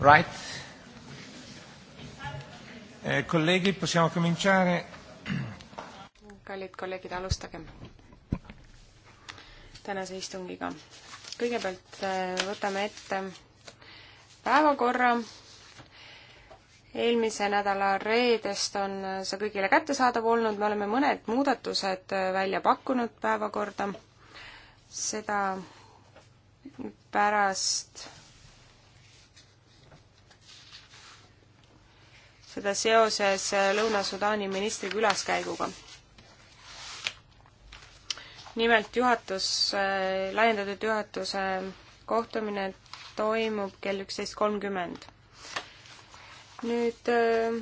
Right. Eh, colleghi, possiamo cominciare. Kallid kolleegid, alustagem tänase istungiga. Kõigepealt eh, võtame ette päevakorra. Eelmise nädala reedest on see kõigile kättesaadav olnud. Me oleme mõned muudatused eh, välja pakkunud päevakorda. Seda pärast seda seoses äh, Lõuna-Sudaani ministri külaskäiguga. nimelt juhatus, äh, laiendatud juhatuse kohtumine toimub kell üksteist kolmkümmend. nüüd äh,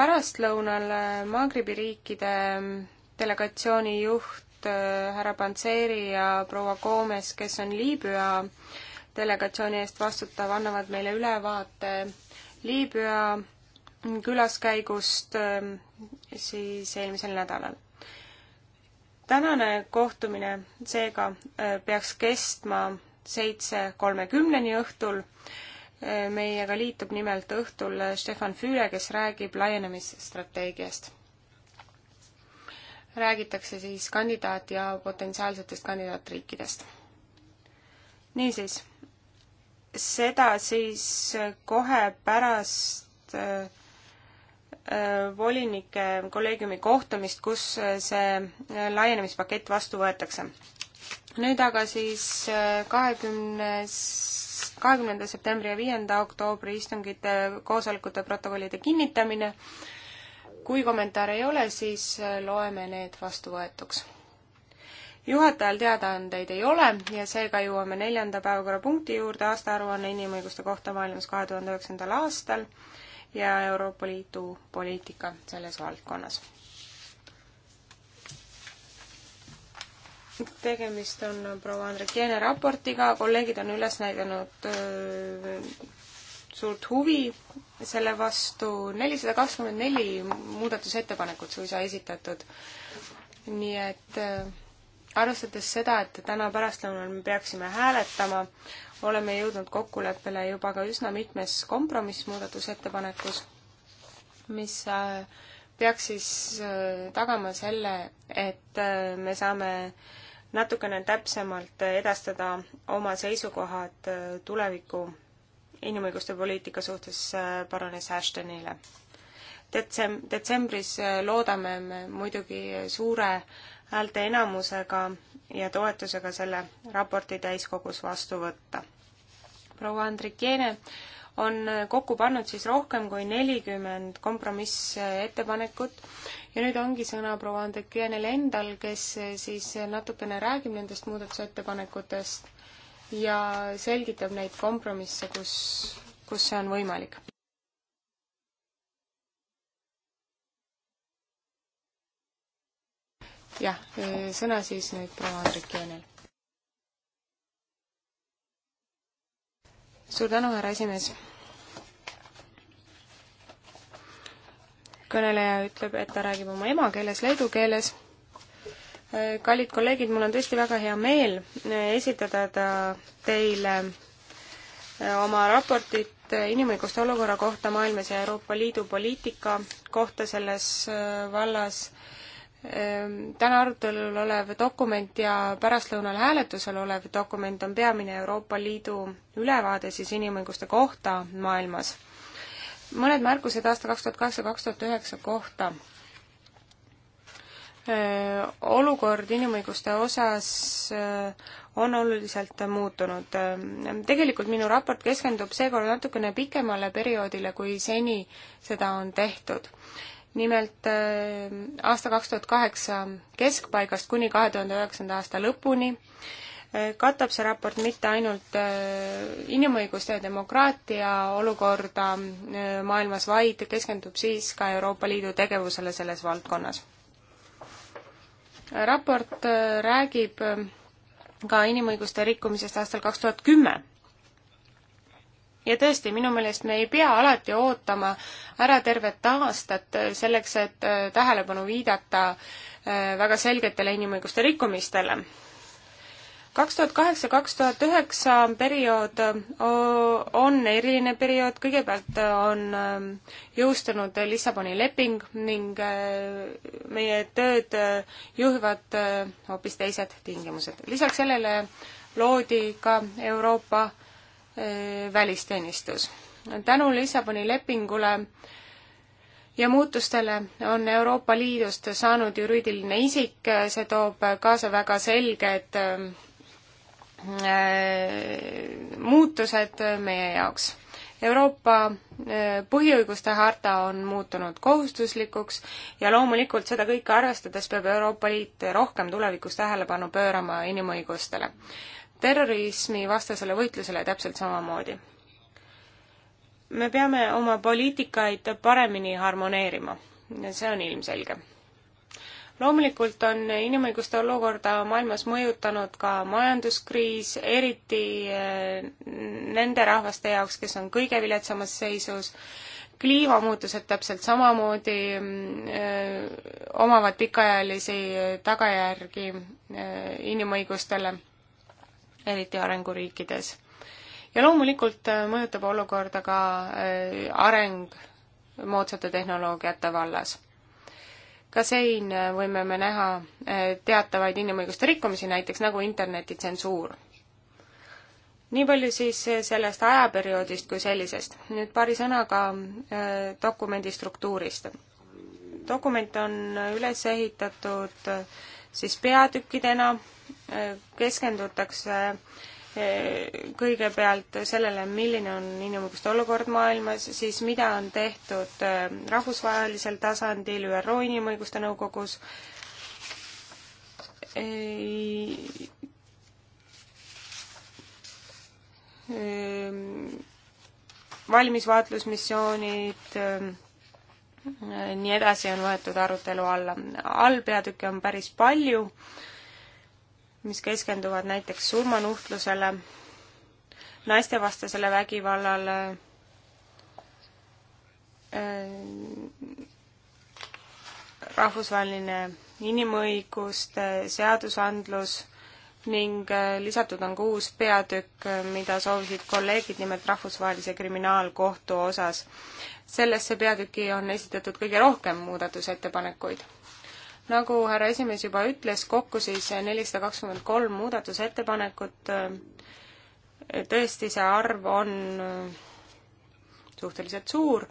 pärastlõunal Maagribi riikide mm, delegatsiooni juht härra Panseri ja proua Koomes, kes on Liibüa delegatsiooni eest vastutav, annavad meile ülevaate Liibüa külaskäigust ähm, siis eelmisel nädalal. tänane kohtumine seega äh, peaks kestma seitse kolmekümneni õhtul. Äh, meiega liitub nimelt õhtul Stefan Füüre, kes räägib laienemisstrateegiast. räägitakse siis kandidaat ja potentsiaalsetest kandidaatriikidest. niisiis, seda siis kohe pärast äh, Äh, volinike kolleegiumi kohtumist, kus äh, see äh, laienemispakett vastu võetakse. nüüd aga siis kahekümnes, kahekümnenda septembri ja viienda oktoobri istungite koosolekute protokollide kinnitamine. kui kommentaare ei ole, siis loeme need vastuvõetuks juhatajal teadaandeid ei ole ja seega jõuame neljanda päevakorrapunkti juurde, aastaaruanne inimõiguste kohta maailmas kahe tuhande üheksandal aastal ja Euroopa Liidu poliitika selles valdkonnas. tegemist on proua Andrek Jeene raportiga, kolleegid on üles näidanud öö, äh, suurt huvi selle vastu, nelisada kakskümmend neli muudatusettepanekut suisa esitatud. nii et öö, äh, arvestades seda, et täna pärastlõunal me peaksime hääletama, oleme jõudnud kokkuleppele juba ka üsna mitmes kompromissmuudatusettepanekus, mis äh, peaks siis äh, tagama selle, et äh, me saame natukene täpsemalt edastada oma seisukohad tuleviku inimõiguste poliitika suhtes paranes Ashtonile. Detsem-, detsembris loodame me muidugi suure häälte enamusega ja toetusega selle raporti täiskogus vastu võtta. proua Andrikiene on kokku pannud siis rohkem kui nelikümmend kompromissettepanekut ja nüüd ongi sõna proua Andrikienel endal, kes siis natukene räägib nendest muudatusettepanekutest ja selgitab neid kompromisse, kus, kus see on võimalik. jah, eh, sõna siis nüüd proua Andrek Jeenel. suur tänu, härra esimees. kõneleja ütleb, et ta räägib oma emakeeles, leedu keeles eh, kallid kolleegid, mul on tõesti väga hea meel eh, esitada ta teile oma raportit inimõiguste olukorra kohta maailmas ja Euroopa Liidu poliitika kohta selles vallas Ehm, täna arutelul olev dokument ja pärastlõunal hääletusel olev dokument on peamine Euroopa Liidu ülevaade siis inimõiguste kohta maailmas. mõned märkused aasta kaks tuhat kaheksa, kaks tuhat üheksa kohta. Ehm, olukord inimõiguste osas ehm, on oluliselt muutunud. tegelikult minu raport keskendub seekord natukene pikemale perioodile, kui seni seda on tehtud nimelt äh, aasta kaks tuhat kaheksa keskpaigast kuni kahe tuhande üheksanda aasta lõpuni äh, katab see raport mitte ainult äh, inimõiguste ja demokraatia olukorda maailmas, vaid keskendub siis ka Euroopa Liidu tegevusele selles valdkonnas. raport räägib ka inimõiguste rikkumisest aastal kaks tuhat kümme ja tõesti, minu meelest me ei pea alati ootama ära tervet aastat selleks, et äh, tähelepanu viidata äh, väga selgetele inimõiguste rikkumistele. kaks tuhat kaheksa, kaks tuhat üheksa periood äh, on eriline periood, kõigepealt on jõustunud Lissaboni leping ning meie tööd juhivad hoopis teised tingimused. lisaks sellele loodi ka Euroopa Äh, välisteenistus. tänu Lissaboni lepingule ja muutustele on Euroopa Liidust saanud juriidiline isik, see toob kaasa väga selged äh, muutused meie jaoks. Euroopa äh, põhiõiguste harta on muutunud kohustuslikuks ja loomulikult seda kõike arvestades peab Euroopa Liit rohkem tulevikus tähelepanu pöörama inimõigustele terrorismivastasele võitlusele täpselt samamoodi. me peame oma poliitikaid paremini harmoneerima, see on ilmselge. loomulikult on inimõiguste olukorda maailmas mõjutanud ka majanduskriis, eriti eh, nende rahvaste jaoks, kes on kõige viletsamas seisus, kliimamuutused täpselt samamoodi öö, eh, omavad pikaajalisi tagajärgi öö, eh, inimõigustele eriti arenguriikides. ja loomulikult äh, mõjutab olukorda ka äh, areng moodsate tehnoloogiate vallas. ka siin äh, võime me näha teatavaid inimõiguste rikkumisi, näiteks nagu interneti tsensuur. nii palju siis sellest ajaperioodist kui sellisest. nüüd paari sõnaga dokumendi struktuurist. dokument on üles ehitatud siis peatükkidena äh, keskendutakse äh, kõigepealt sellele, milline on inimõiguste olukord maailmas, siis mida on tehtud äh, rahvusvahelisel tasandil ÜRO Inimõiguste Nõukogus, valmisvaatlusmissioonid, nii edasi on võetud arutelu alla. allpeatükke on päris palju, mis keskenduvad näiteks surmanuhtlusele, naistevastasele vägivallale, äh, rahvusvaheline inimõiguste seadusandlus ning äh, lisatud on ka uus peatükk, äh, mida soovisid kolleegid, nimelt Rahvusvahelise Kriminaalkohtu osas. sellesse peatüki on esitatud kõige rohkem muudatusettepanekuid. nagu härra esimees juba ütles, kokku siis nelisada kakskümmend kolm muudatusettepanekut, äh, tõesti, see arv on suhteliselt suur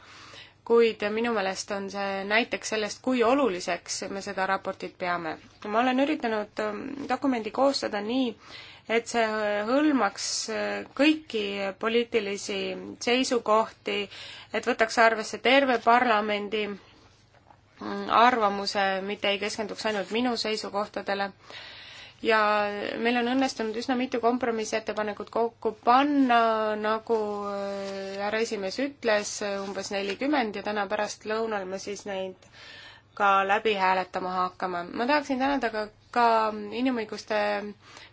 kuid minu meelest on see näiteks sellest, kui oluliseks me seda raportit peame. ma olen üritanud ähm, dokumendi koostada nii, et see hõlmaks äh, kõiki poliitilisi seisukohti, et võtaks arvesse terve parlamendi mm, arvamuse, mitte ei keskenduks ainult minu seisukohtadele ja meil on õnnestunud üsna mitu kompromissettepanekut kokku panna, nagu äh, härra esimees ütles, umbes nelikümmend ja täna pärastlõunal me siis neid ka läbi hääletama hakkame. ma tahaksin tänada ka, ka inimõiguste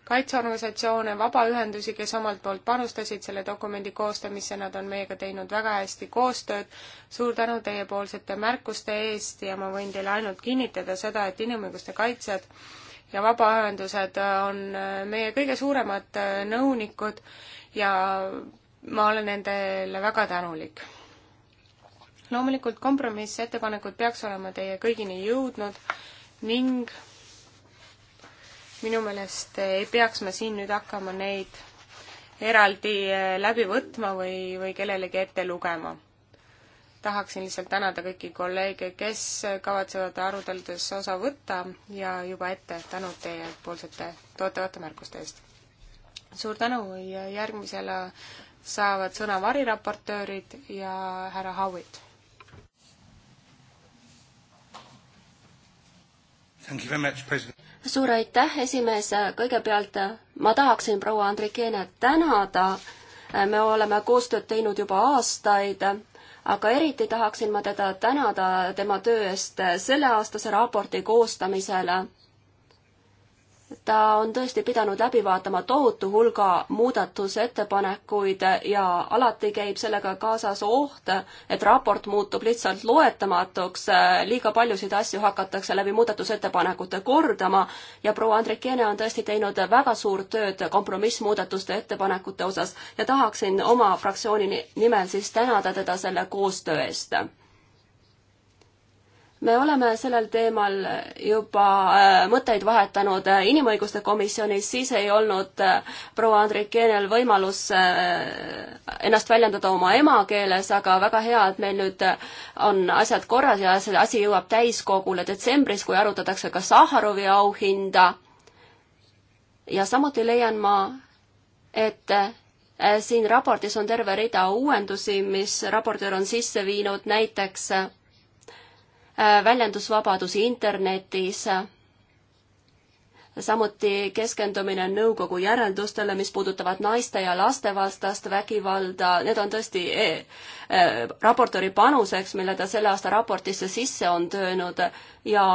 kaitseorganisatsioone, vabaühendusi, kes omalt poolt panustasid selle dokumendi koostamisse, nad on meiega teinud väga hästi koostööd. suur tänu teiepoolsete märkuste eest ja ma võin teile ainult kinnitada seda, et inimõiguste kaitsjad ja vabaühendused äh, on äh, meie kõige suuremad äh, nõunikud ja ma olen nendele väga tänulik. loomulikult kompromissettepanekud peaks olema teie kõigini jõudnud ning minu meelest ei peaks me siin nüüd hakkama neid eraldi läbi võtma või, või kellelegi ette lugema tahaksin lihtsalt tänada kõiki kolleege, kes kavatsevad aruteludes osa võtta ja juba ette tänud teiepoolsete toetavate märkuste eest. suur tänu ja järgmisena saavad sõna variraportöörid ja härra Howitt. suur aitäh, esimees, kõigepealt ma tahaksin proua Andrikeene tänada, me oleme koostööd teinud juba aastaid aga eriti tahaksin ma teda tänada tema töö eest selleaastase raporti koostamisel ta on tõesti pidanud läbi vaatama tohutu hulga muudatusettepanekuid ja alati käib sellega kaasas oht, et raport muutub lihtsalt loetamatuks, liiga paljusid asju hakatakse läbi muudatusettepanekute kordama ja proua Andrikene on tõesti teinud väga suurt tööd kompromissmuudatuste ettepanekute osas ja tahaksin oma fraktsiooni nimel siis tänada teda selle koostöö eest me oleme sellel teemal juba äh, mõtteid vahetanud äh, Inimõiguste Komisjonis, siis ei olnud äh, proua Andrikeenel võimalus ennast väljendada oma emakeeles, aga väga hea, et meil nüüd on asjad korras ja see asi jõuab täiskogule detsembris, kui arutatakse ka Saharovi auhinda. ja samuti leian ma, et siin raportis on terve rida uuendusi, mis raportöör on sisse viinud, näiteks Äh, väljendusvabadus internetis, samuti keskendumine nõukogu järeldustele, mis puudutavad naiste ja laste vastast vägivalda, need on tõesti e e raportööri panuseks, mille ta selle aasta raportisse sisse on töönud ja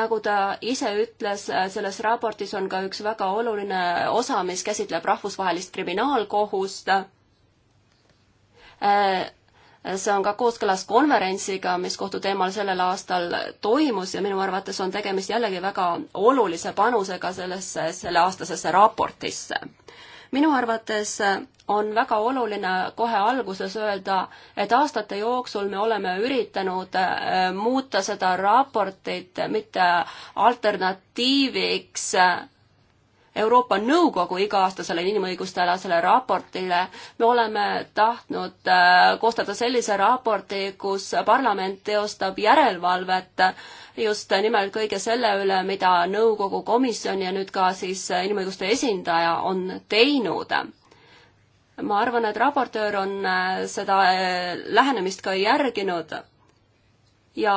nagu ta ise ütles, selles raportis on ka üks väga oluline osa, mis käsitleb rahvusvahelist kriminaalkohust e see on ka kooskõlas konverentsiga, mis kohtuteemal sellel aastal toimus ja minu arvates on tegemist jällegi väga olulise panusega sellesse, selleaastasesse raportisse. minu arvates on väga oluline kohe alguses öelda, et aastate jooksul me oleme üritanud äh, muuta seda raportit mitte alternatiiviks äh, Euroopa Nõukogu iga-aastasele inimõiguste alasele raportile. me oleme tahtnud äh, koostada sellise raporti, kus parlament teostab järelevalvet just nimelt kõige selle üle, mida nõukogu komisjon ja nüüd ka siis inimõiguste esindaja on teinud ma arvan, et raportöör on äh, seda äh, lähenemist ka järginud ja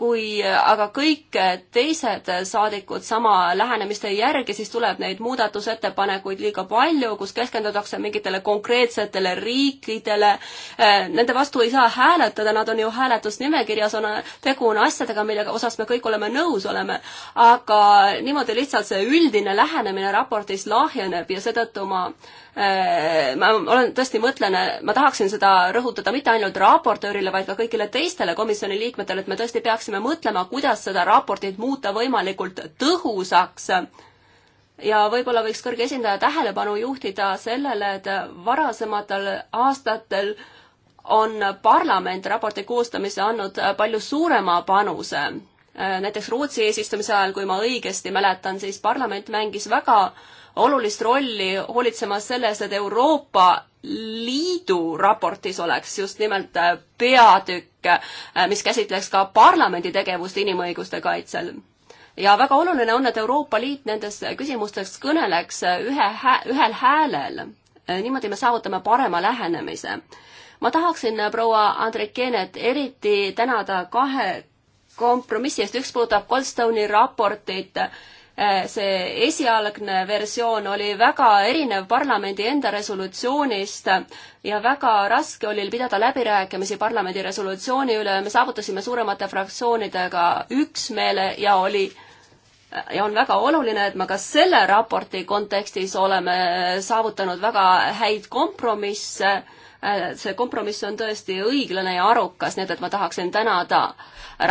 kui aga kõik teised saadikud sama lähenemist ei järgi, siis tuleb neid muudatusettepanekuid liiga palju, kus keskendutakse mingitele konkreetsetele riikidele. Eh, nende vastu ei saa hääletada, nad on ju hääletusnimekirjas, on, tegu on asjadega, millega osas me kõik oleme nõus oleme. aga niimoodi lihtsalt see üldine lähenemine raportis lahjeneb ja seetõttu ma eh, ma olen, tõesti mõtlen, ma tahaksin seda rõhutada mitte ainult raportöörile, vaid ka kõigile teistele komisjoni liikmetele, et me tõesti peaksime peaksime mõtlema, kuidas seda raportit muuta võimalikult tõhusaks ja võib-olla võiks kõrge esindaja tähelepanu juhtida sellele, et varasematel aastatel on parlament raporti koostamisse andnud palju suurema panuse. näiteks Rootsi eesistumise ajal, kui ma õigesti mäletan, siis parlament mängis väga olulist rolli hoolitsemas selles, et Euroopa Liidu raportis oleks just nimelt äh, peatükk, äh, mis käsitleks ka parlamendi tegevust inimõiguste kaitsel ja väga oluline on, et Euroopa Liit nendes küsimustes kõneleks äh, ühe hää-, ühel häälel. niimoodi me saavutame parema lähenemise. ma tahaksin proua Andrikenet eriti tänada kahe kompromissi eest, üks puudutab Goldstone'i raportit Äh, see esialgne versioon oli väga erinev parlamendi enda resolutsioonist ja väga raske oli pidada läbirääkimisi parlamendi resolutsiooni üle, me saavutasime suuremate fraktsioonidega üksmeele ja oli ja on väga oluline, et me ka selle raporti kontekstis oleme saavutanud väga häid kompromisse Äh, see kompromiss on tõesti õiglane ja arukas, nii et, et ma tahaksin tänada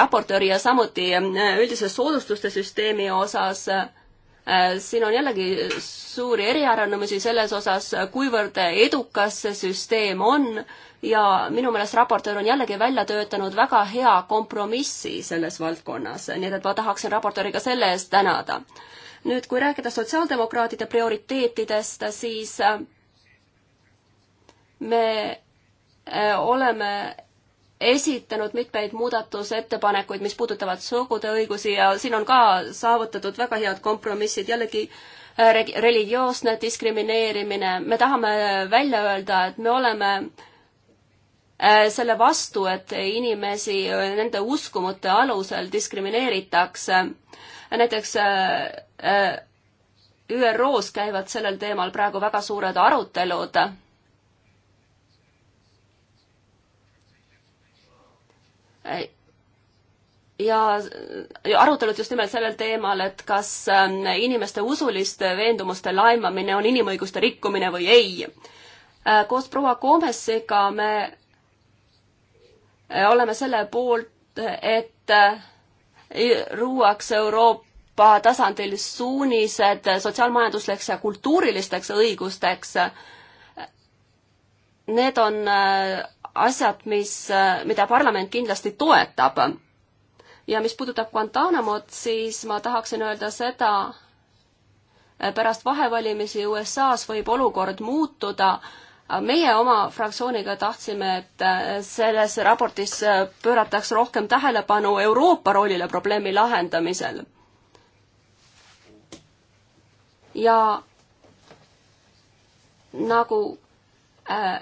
raportööri ja samuti äh, üldise soodustuste süsteemi osas. Äh, siin on jällegi suuri eriarvamusi selles osas, kuivõrd edukas see süsteem on ja minu meelest raportöör on jällegi välja töötanud väga hea kompromissi selles valdkonnas, nii et, et ma tahaksin raportööri ka selle eest tänada. nüüd, kui rääkida sotsiaaldemokraatide prioriteetidest, siis me äh, oleme esitanud mitmeid muudatusettepanekuid, mis puudutavad sugude õigusi ja siin on ka saavutatud väga head kompromissid, jällegi äh, religioosne diskrimineerimine, me tahame välja öelda, et me oleme äh, selle vastu, et inimesi nende uskumute alusel diskrimineeritakse. näiteks ÜRO-s käivad sellel teemal praegu väga suured arutelud ja arutelud just nimelt sellel teemal, et kas ähm, inimeste usuliste veendumuste laimamine on inimõiguste rikkumine või ei. Äh, koos proua Koomesiga me äh, oleme selle poolt, et luuakse äh, Euroopa tasandil suunised sotsiaalmajandusleks ja kultuurilisteks õigusteks. Need on asjad, mis, äh, mida parlament kindlasti toetab. ja mis puudutab Guantanamot, siis ma tahaksin öelda seda, äh, pärast vahevalimisi USA-s võib olukord muutuda. meie oma fraktsiooniga tahtsime, et äh, selles raportis pöörataks rohkem tähelepanu Euroopa rollile probleemi lahendamisel. ja nagu äh,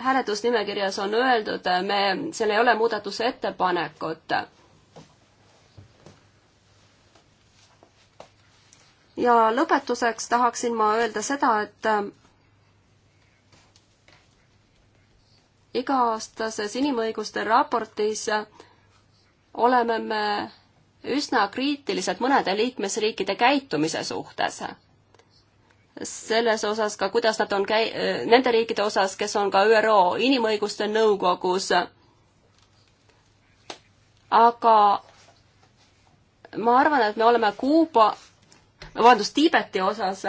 hääletusnimekirjas on öeldud, me, seal ei ole muudatusettepanekut. ja lõpetuseks tahaksin ma öelda seda, et iga-aastases inimõiguste raportis oleme me üsna kriitilised mõnede liikmesriikide käitumise suhtes selles osas ka, kuidas nad on käi-, nende riikide osas, kes on ka ÜRO Inimõiguste Nõukogus. aga ma arvan, et me oleme Kuuba, vabandust, Tiibeti osas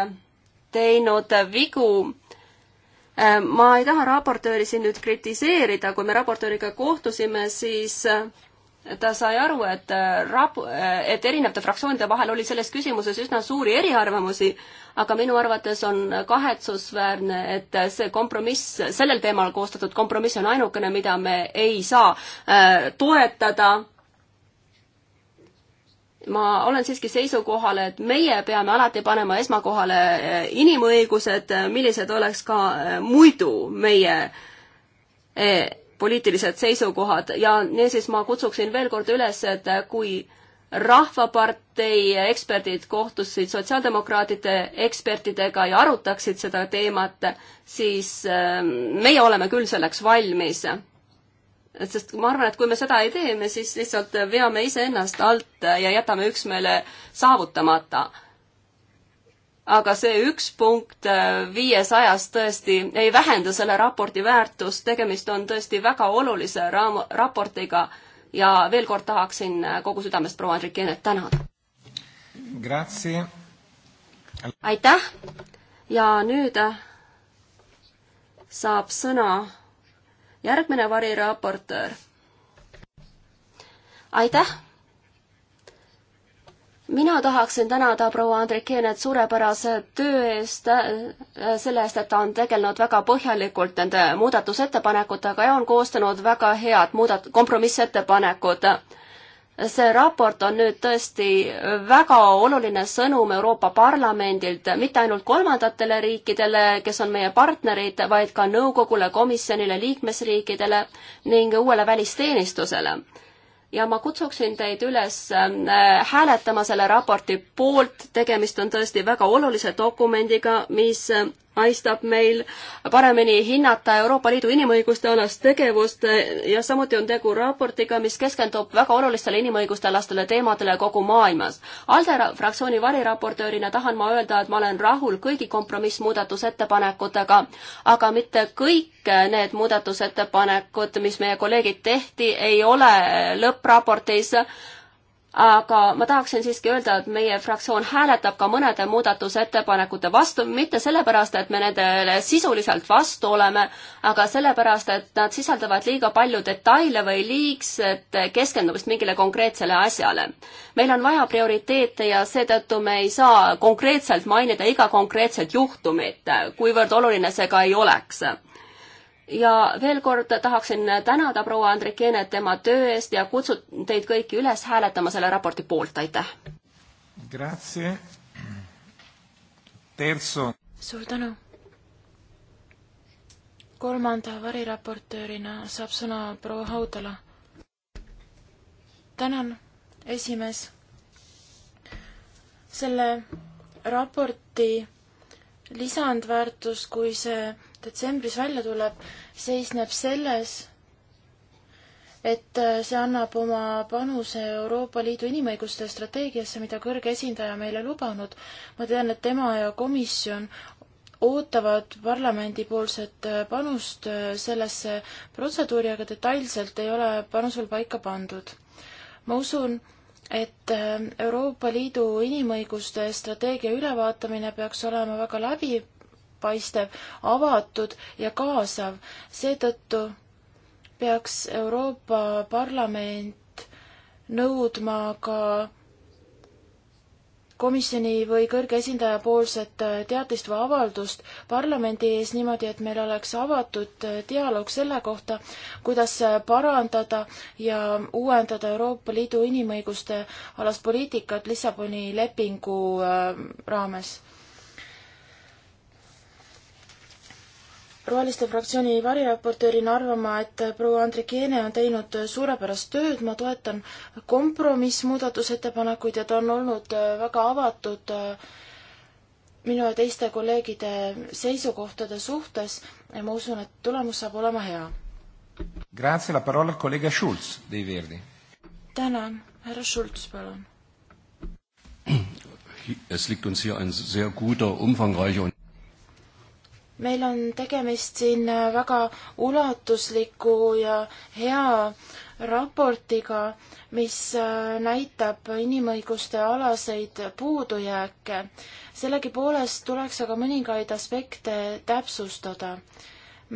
teinud vigu. ma ei taha raportööri siin nüüd kritiseerida, kui me raportööriga kohtusime, siis äh, ta sai aru, et äh, rap-, äh, et erinevate fraktsioonide vahel oli selles küsimuses üsna suuri eriarvamusi, aga minu arvates on kahetsusväärne, et see kompromiss, sellel teemal koostatud kompromiss on ainukene, mida me ei saa äh, toetada. ma olen siiski seisukohal, et meie peame alati panema esmakohale äh, inimõigused, millised oleks ka muidu meie äh, poliitilised seisukohad ja niisiis ma kutsuksin veel kord üles, et kui rahvapartei eksperdid kohtusid sotsiaaldemokraatide ekspertidega ja arutaksid seda teemat, siis ähm, meie oleme küll selleks valmis. sest ma arvan, et kui me seda ei tee, me siis lihtsalt veame iseennast alt ja jätame üksmeele saavutamata aga see üks punkt äh, viiesajast tõesti ei vähenda selle raporti väärtust, tegemist on tõesti väga olulise raam-, raportiga ja veel kord tahaksin äh, kogu südamest proua Andrikenet tänada. aitäh ja nüüd äh, saab sõna järgmine variraportöör. aitäh mina tahaksin tänada proua Andrikeenet suurepärase töö eest, äh, selle eest, et ta on tegelenud väga põhjalikult nende muudatusettepanekutega ja on koostanud väga head muudat-, kompromissettepanekud. see raport on nüüd tõesti väga oluline sõnum Euroopa Parlamendilt, mitte ainult kolmandatele riikidele, kes on meie partnerid, vaid ka nõukogule, komisjonile, liikmesriikidele ning uuele välisteenistusele ja ma kutsuksin teid üles ähm, äh, hääletama selle raporti poolt, tegemist on tõesti väga olulise dokumendiga, mis äh, paistab meil paremini hinnata Euroopa Liidu inimõiguste alast tegevust ja samuti on tegu raportiga, mis keskendub väga olulistele inimõiguste alastele teemadele kogu maailmas. ALDE fraktsiooni variraportöörina tahan ma öelda, et ma olen rahul kõigi kompromissmuudatusettepanekutega, aga mitte kõik need muudatusettepanekud, mis meie kolleegid tehti, ei ole lõppraportis aga ma tahaksin siiski öelda, et meie fraktsioon hääletab ka mõnede muudatusettepanekute vastu, mitte sellepärast, et me nendele sisuliselt vastu oleme, aga sellepärast, et nad sisaldavad liiga palju detaile või liigset keskendumist mingile konkreetsele asjale. meil on vaja prioriteete ja seetõttu me ei saa konkreetselt mainida iga konkreetset juhtumit, kuivõrd oluline see ka ei oleks ja veel kord tahaksin tänada proua Andrikeenet tema töö eest ja kutsun teid kõiki üles hääletama selle raporti poolt, aitäh! suur tänu! kolmanda variraportöörina saab sõna proua Haudala. tänan, esimees! selle raporti lisandväärtus, kui see detsembris välja tuleb, seisneb selles, et äh, see annab oma panuse Euroopa Liidu inimõiguste strateegiasse, mida kõrge esindaja meile lubanud. ma tean, et tema ja komisjon ootavad parlamendipoolset äh, panust äh, sellesse protseduuri, aga detailselt ei ole panusel paika pandud. ma usun, et Euroopa Liidu inimõiguste strateegia ülevaatamine peaks olema väga läbi paistev, avatud ja kaasav. seetõttu peaks Euroopa Parlament nõudma ka komisjoni või kõrge esindaja poolset äh, teatist või avaldust parlamendi ees niimoodi, et meil oleks avatud äh, dialoog selle kohta, kuidas äh, parandada ja uuendada Euroopa Liidu inimõiguste alast poliitikat Lissaboni lepingu raames roheliste fraktsiooni variraportöörina arvama, et proua Andrikeene on teinud suurepärast tööd, ma toetan kompromissmuudatusettepanekuid ja ta on olnud väga avatud äh, minu ja teiste kolleegide seisukohtade suhtes ja ma usun, et tulemus saab olema hea. Grazie, la parola kolleeg Schulz, Dei Verdi. tänan, härra Schulz, palun. Es liegt uns hier ein sehr guter, umfangreicher und meil on tegemist siin väga ulatusliku ja hea raportiga, mis äh, näitab inimõiguste alaseid puudujääke. sellegipoolest tuleks aga mõningaid aspekte täpsustada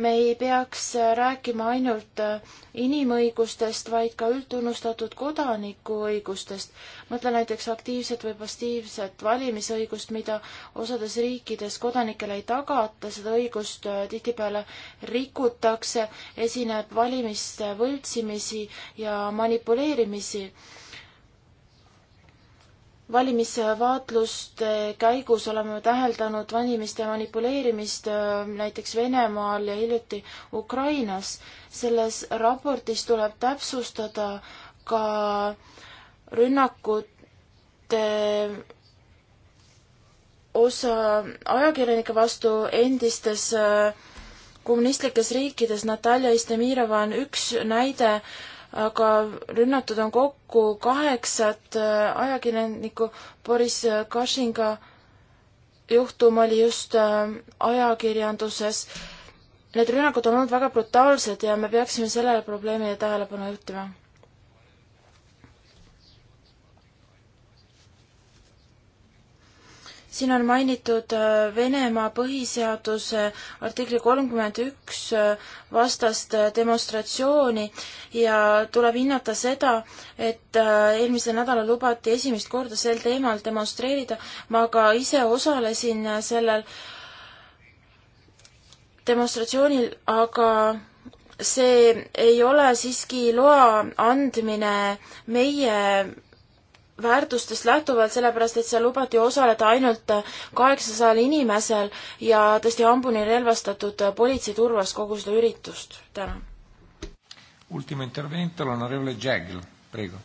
me ei peaks äh, rääkima ainult äh, inimõigustest, vaid ka üldtunnustatud kodanikuõigustest. mõtle näiteks aktiivset või passiivset valimisõigust, mida osades riikides kodanikele ei tagata, seda õigust äh, tihtipeale rikutakse, esineb valimiste võltsimisi ja manipuleerimisi valimisvaatluste käigus oleme täheldanud valimiste manipuleerimist äh, näiteks Venemaal ja hiljuti Ukrainas. selles raportis tuleb täpsustada ka rünnakute osa ajakirjanike vastu endistes äh, kommunistlikes riikides. Natalja Istemirova on üks näide aga rünnatud on kokku kaheksat äh, ajakirjanikku. Boris Kašinga juhtum oli just äh, ajakirjanduses. Need rünnakud on olnud väga brutaalsed ja me peaksime sellele probleemile tähelepanu juhtima siin on mainitud äh, Venemaa põhiseaduse artikli kolmkümmend üks äh, vastast äh, demonstratsiooni ja tuleb hinnata seda, et eelmisel nädalal lubati esimest korda sel teemal demonstreerida. ma ka ise osalesin sellel demonstratsioonil, aga see ei ole siiski loa andmine meie väärtustest lähtuvalt, sellepärast et seal lubati osaleda ainult kaheksasajal inimesel ja tõesti hambuni relvastatud politsei turvas kogu seda üritust. tänan. Ultimo intervento, onorevole Jägl, prego.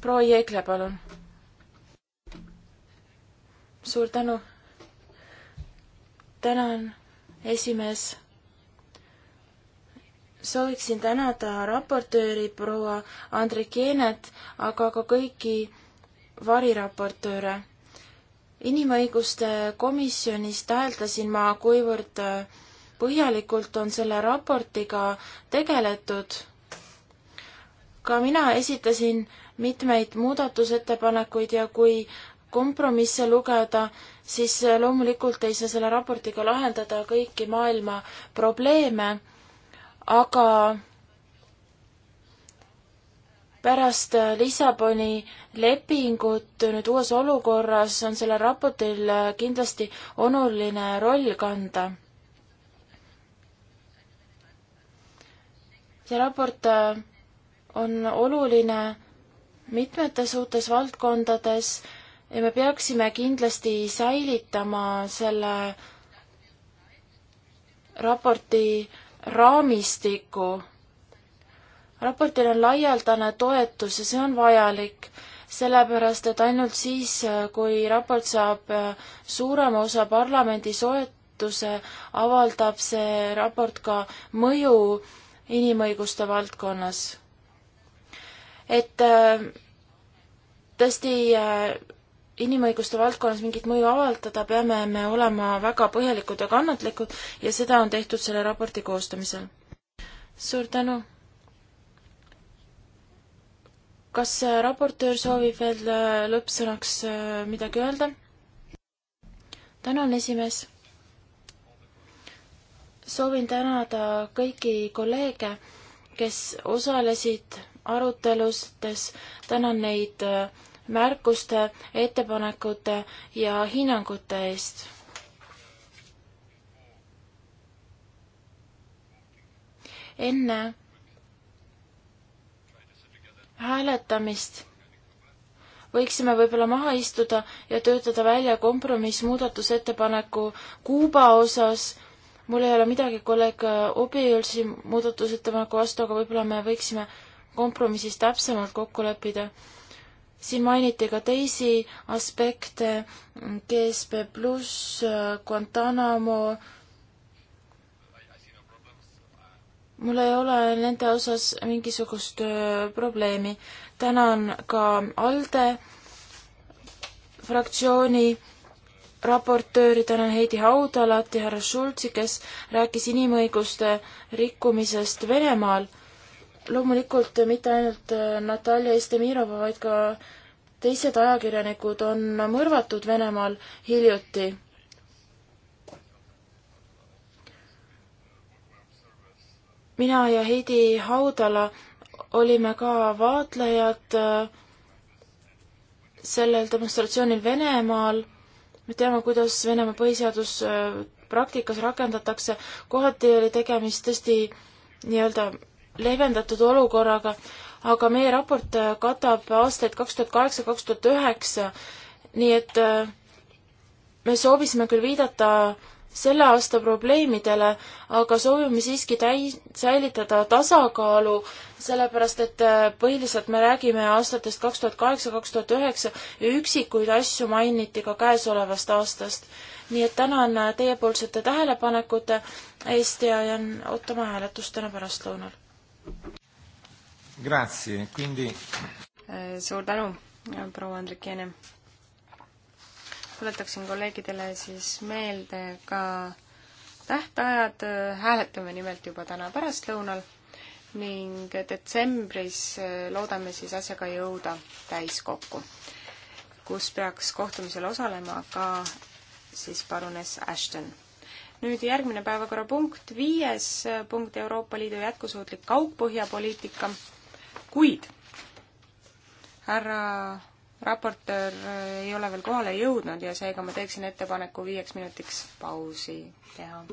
proua Jeegle, palun. suur tänu. tänan, esimees sooviksin tänada raportööri proua Andrikeenet, aga ka kõiki variraportööre. inimõiguste komisjonis täheldasin ma, kuivõrd äh, põhjalikult on selle raportiga tegeletud. ka mina esitasin mitmeid muudatusettepanekuid ja kui kompromisse lugeda, siis äh, loomulikult ei saa selle raportiga lahendada kõiki maailma probleeme aga pärast Lissaboni lepingut nüüd uues olukorras on sellel raportil kindlasti oluline roll kanda. see raport on oluline mitmetes uutes valdkondades ja me peaksime kindlasti säilitama selle raporti äh, raamistiku. raportil on laialdane toetus ja see on vajalik, sellepärast et ainult siis, kui raport saab äh, suurema osa parlamendi soetuse, avaldab see raport ka mõju inimõiguste valdkonnas. et äh, tõesti äh, inimõiguste valdkonnas mingit mõju avaldada, peame me olema väga põhjalikud ja kannatlikud ja seda on tehtud selle raporti koostamisel. suur tänu! kas äh, raportöör soovib veel äh, lõppsõnaks äh, midagi öelda? tänan, esimees! soovin tänada kõiki kolleege, kes osalesid arutelustes, tänan neid äh, märkuste, ettepanekute ja hinnangute eest. enne hääletamist võiksime võib-olla maha istuda ja töötada välja kompromiss muudatusettepaneku Kuuba osas. mul ei ole midagi kolleeg Obiülsi muudatusettepaneku vastu, aga võib-olla me võiksime kompromissis täpsemalt kokku leppida siin mainiti ka teisi aspekte, GSP pluss, Guantanamo. mul ei ole nende osas mingisugust äh, probleemi. tänan ka ALDE fraktsiooni raportööri, tänan Heidi Haudalat ja härra Schultzi, kes rääkis inimõiguste rikkumisest Venemaal loomulikult mitte ainult äh, Natalja Istemirova, vaid ka teised ajakirjanikud on mõrvatud Venemaal hiljuti. mina ja Heidi Haudala olime ka vaatlejad äh, sellel demonstratsioonil Venemaal. me teame, kuidas Venemaa põhiseadus äh, praktikas rakendatakse. kohati oli tegemist tõesti nii-öelda leevendatud olukorraga, aga meie raport äh, katab aastaid kaks tuhat kaheksa, kaks tuhat üheksa, nii et äh, me soovisime küll viidata selle aasta probleemidele, aga soovime siiski täi-, säilitada tasakaalu, sellepärast et äh, põhiliselt me räägime aastatest kaks tuhat kaheksa, kaks tuhat üheksa ja üksikuid asju mainiti ka käesolevast aastast. nii et tänan teiepoolsete tähelepanekute eest ja jään ootama hääletust täna pärastlõunal Grazie, quindi. Eh, suur tänu, proua Andrikiene. tuletaksin kolleegidele siis meelde ka tähtajad, hääletame nimelt juba täna pärastlõunal ning detsembris eh, loodame siis asjaga jõuda täiskokku, kus peaks kohtumisel osalema ka siis parunes Ashton nüüd järgmine päevakorrapunkt, viies punkt Euroopa Liidu jätkusuutlik kaugpõhjapoliitika, kuid härra raportöör ei ole veel kohale jõudnud ja seega ma teeksin ettepaneku viieks minutiks pausi teha.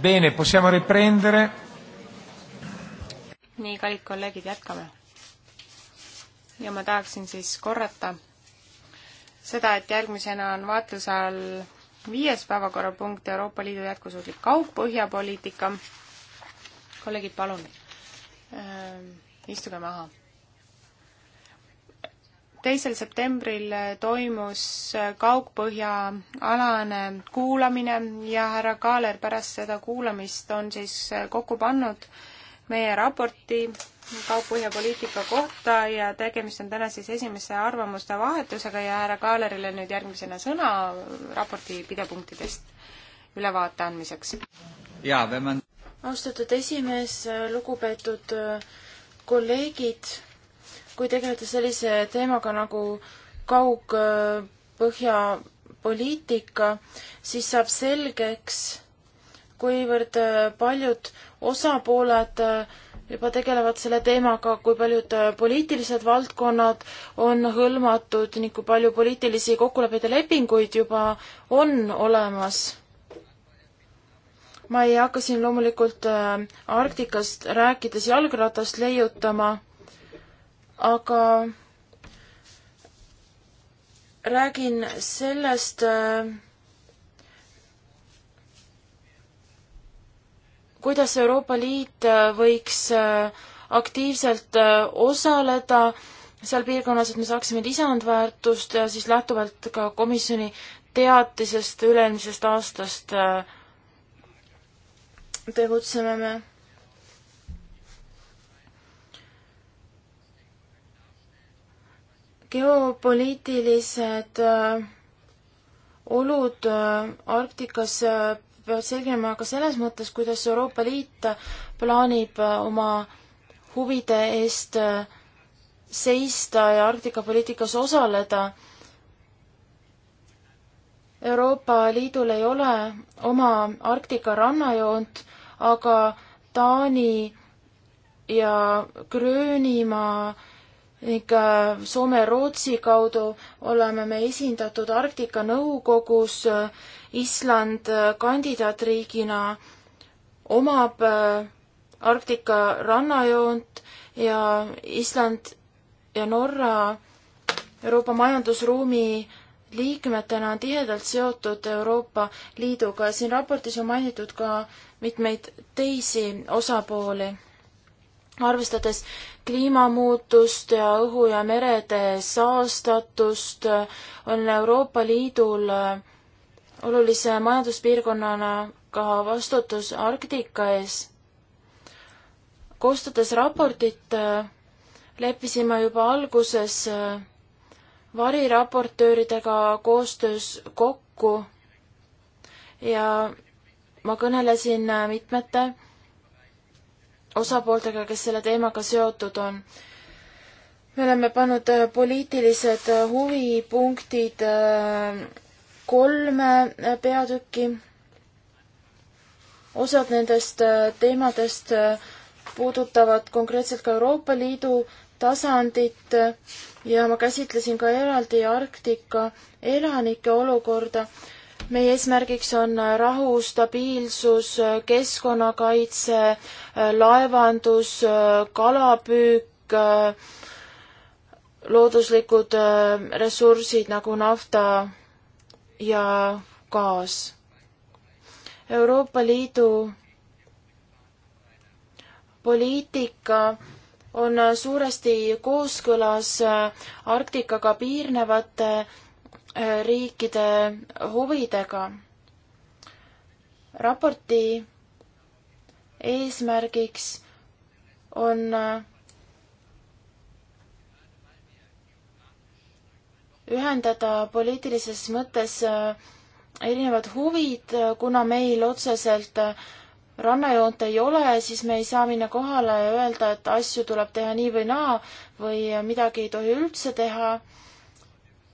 Bene, possiamo riprendere. nii, kallid kolleegid, jätkame. ja ma tahaksin siis korrata seda, et järgmisena on vaatluse all viies päevakorrapunkt Euroopa Liidu jätkusuutlik kaugpõhjapoliitika. kolleegid, palun äh, istuge maha teisel septembril toimus Kaugpõhja alane kuulamine ja härra Kaaler pärast seda kuulamist on siis kokku pannud meie raporti Kaugpõhja poliitika kohta ja tegemist on täna siis esimese arvamuste vahetusega ja härra Kaalerile nüüd järgmisena sõna raporti pidepunktidest ülevaate andmiseks. jaa, Vemmen. austatud esimees, lugupeetud kolleegid kui tegeleda sellise teemaga nagu kaugpõhjapoliitika, siis saab selgeks, kuivõrd äh, paljud osapooled äh, juba tegelevad selle teemaga, kui paljud äh, poliitilised valdkonnad on hõlmatud ning kui palju poliitilisi kokkuleppeid ja lepinguid juba on olemas. ma ei hakka siin loomulikult Arktikast rääkides jalgratast leiutama, aga räägin sellest, äh, kuidas Euroopa Liit äh, võiks äh, aktiivselt osaleda seal piirkonnas, et me saaksime lisandväärtust ja siis lähtuvalt ka komisjoni teatisest üle-eelmisest aastast tegutseme me geopoliitilised äh, olud äh, Arktikas äh, peavad selginema ka selles mõttes, kuidas Euroopa Liit plaanib oma huvide eest seista ja Arktika poliitikas osaleda. Euroopa Liidul ei ole oma Arktika rannajoont, aga Taani ja Gröönimaa ning Soome ja Rootsi kaudu oleme me esindatud Arktika Nõukogus. Island kandidaatriigina omab äh, Arktika rannajoont ja Island ja Norra Euroopa majandusruumi liikmetena on tihedalt seotud Euroopa Liiduga ja siin raportis on mainitud ka mitmeid teisi osapooli. arvestades kliimamuutust ja õhu ja merede saastatust, on Euroopa Liidul äh, olulise majanduspiirkonnana ka vastutus Arktika ees. koostades raportit, äh, leppisime juba alguses äh, variraportööridega koostöös kokku ja ma kõnelesin mitmete osapooltega, kes selle teemaga seotud on. me oleme pannud äh, poliitilised äh, huvipunktid äh, kolme peatüki. osad nendest teemadest puudutavad konkreetselt ka Euroopa Liidu tasandit ja ma käsitlesin ka eraldi Arktika elanike olukorda meie eesmärgiks on rahu, stabiilsus, keskkonnakaitse, laevandus, kalapüük, looduslikud äh, ressursid nagu nafta ja gaas. Euroopa Liidu poliitika on suuresti kooskõlas äh, Arktikaga piirnevate riikide huvidega. raporti eesmärgiks on äh, ühendada poliitilises mõttes äh, erinevad huvid, äh, kuna meil otseselt rannajoont ei ole, siis me ei saa minna kohale ja öelda, et asju tuleb teha nii või naa või midagi ei tohi üldse teha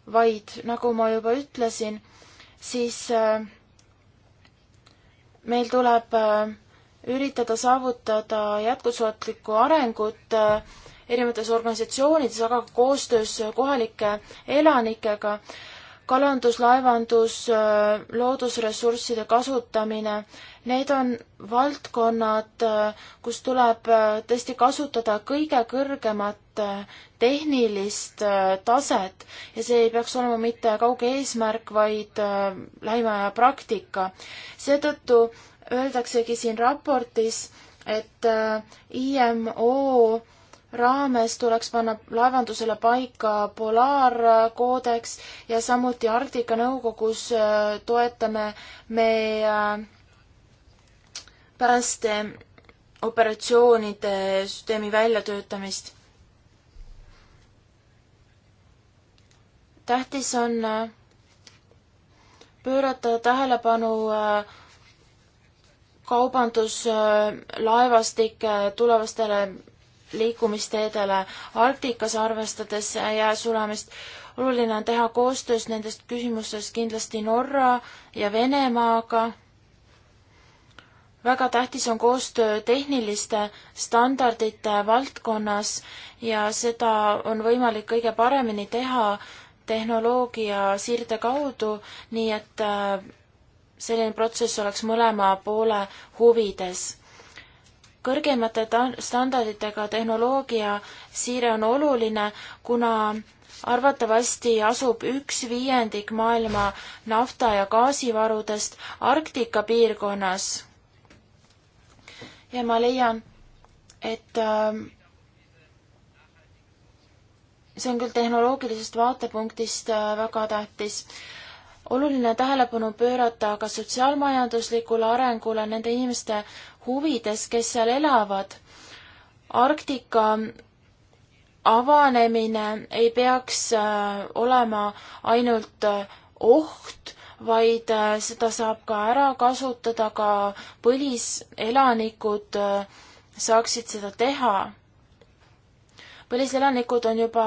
vaid nagu ma juba ütlesin, siis äh, meil tuleb äh, üritada saavutada jätkusuutlikku arengut äh, erinevates organisatsioonides, aga ka koostöös kohalike elanikega. kalanduslaevandus, loodusressursside kasutamine, need on valdkonnad, kus tuleb tõesti kasutada kõige kõrgemat Äh, tehnilist äh, taset ja see ei peaks olema mitte kauge eesmärk, vaid äh, lähima aja praktika. seetõttu öeldaksegi siin raportis, et IMO raames tuleks panna laevandusele paika polaarkoodeks ja samuti Arktika Nõukogus toetame me päästeoperatsioonide süsteemi väljatöötamist. tähtis on äh, pöörata tähelepanu äh, kaubanduslaevastike äh, tulevastele liikumisteedele Arktikas, arvestades jää sulamist. oluline on teha koostöös nendest küsimustest kindlasti Norra ja Venemaaga väga tähtis on koostöö tehniliste standardite valdkonnas ja seda on võimalik kõige paremini teha tehnoloogia siirde kaudu, nii et äh, selline protsess oleks mõlema poole huvides kõrgemate standarditega tehnoloogia siire on oluline, kuna arvatavasti asub üks viiendik maailma nafta- ja gaasivarudest Arktika piirkonnas. ja ma leian, et äh, see on küll tehnoloogilisest vaatepunktist äh, väga tähtis. oluline tähelepanu pöörata ka sotsiaalmajanduslikule arengule nende inimeste huvides, kes seal elavad. Arktika avanemine ei peaks äh, olema ainult äh, oht, vaid seda saab ka ära kasutada, ka põliselanikud saaksid seda teha põliselanikud on juba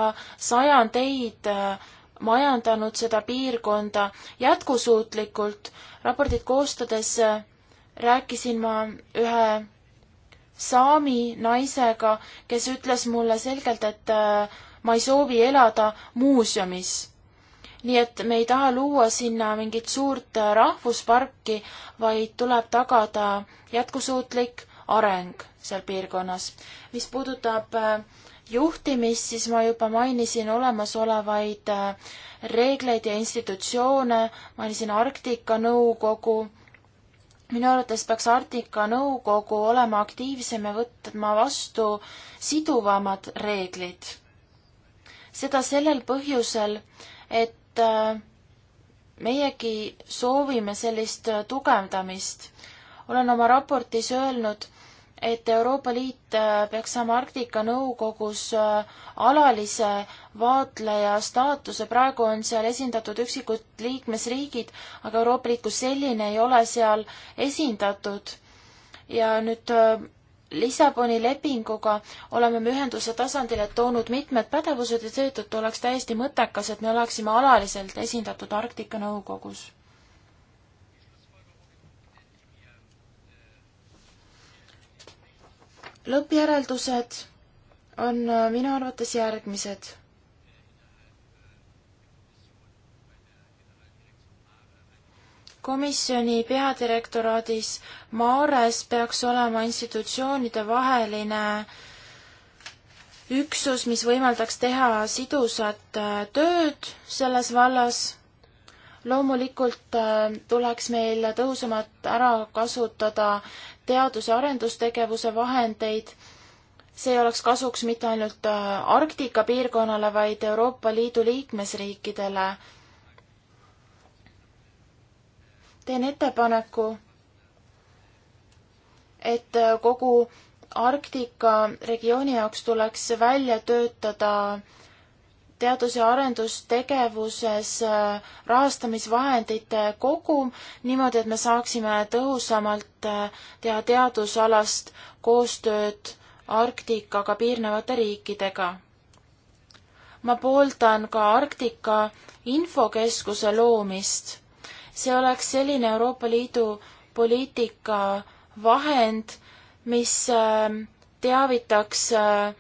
sajandeid äh, majandanud seda piirkonda jätkusuutlikult. raportit koostades äh, rääkisin ma ühe saami naisega, kes ütles mulle selgelt, et äh, ma ei soovi elada muuseumis. nii et me ei taha luua sinna mingit suurt rahvusparki, vaid tuleb tagada jätkusuutlik areng seal piirkonnas. mis puudutab juhtimist, siis ma juba mainisin olemasolevaid äh, reegleid ja institutsioone, mainisin Arktika Nõukogu. minu arvates peaks Arktika Nõukogu olema aktiivsem ja võtma vastu siduvamad reeglid. seda sellel põhjusel, et äh, meiegi soovime sellist tugevdamist. olen oma raportis öelnud, et Euroopa Liit äh, peaks saama Arktika Nõukogus äh, alalise vaatleja staatuse, praegu on seal esindatud üksikud liikmesriigid, aga Euroopa Liit kui selline ei ole seal esindatud. ja nüüd äh, Lissaboni lepinguga oleme me ühenduse tasandile toonud mitmed pädevused ja seetõttu oleks täiesti mõttekas, et me oleksime alaliselt esindatud Arktika Nõukogus lõppjäreldused on äh, minu arvates järgmised. komisjoni peadirektoraadis Maores peaks olema institutsioonide vaheline üksus, mis võimaldaks teha sidusat äh, tööd selles vallas loomulikult äh, tuleks meil tõhusamalt ära kasutada teadus- ja arendustegevuse vahendeid. see oleks kasuks mitte ainult äh, Arktika piirkonnale, vaid Euroopa Liidu liikmesriikidele. teen ettepaneku, et äh, kogu Arktika regiooni jaoks tuleks välja töötada äh, teadus- ja arendustegevuses äh, rahastamisvahendite kogum niimoodi, et me saaksime tõhusamalt äh, teha teadusalast koostööd Arktikaga piirnevate riikidega. ma pooldan ka Arktika infokeskuse loomist. see oleks selline Euroopa Liidu poliitika vahend, mis äh, teavitaks äh,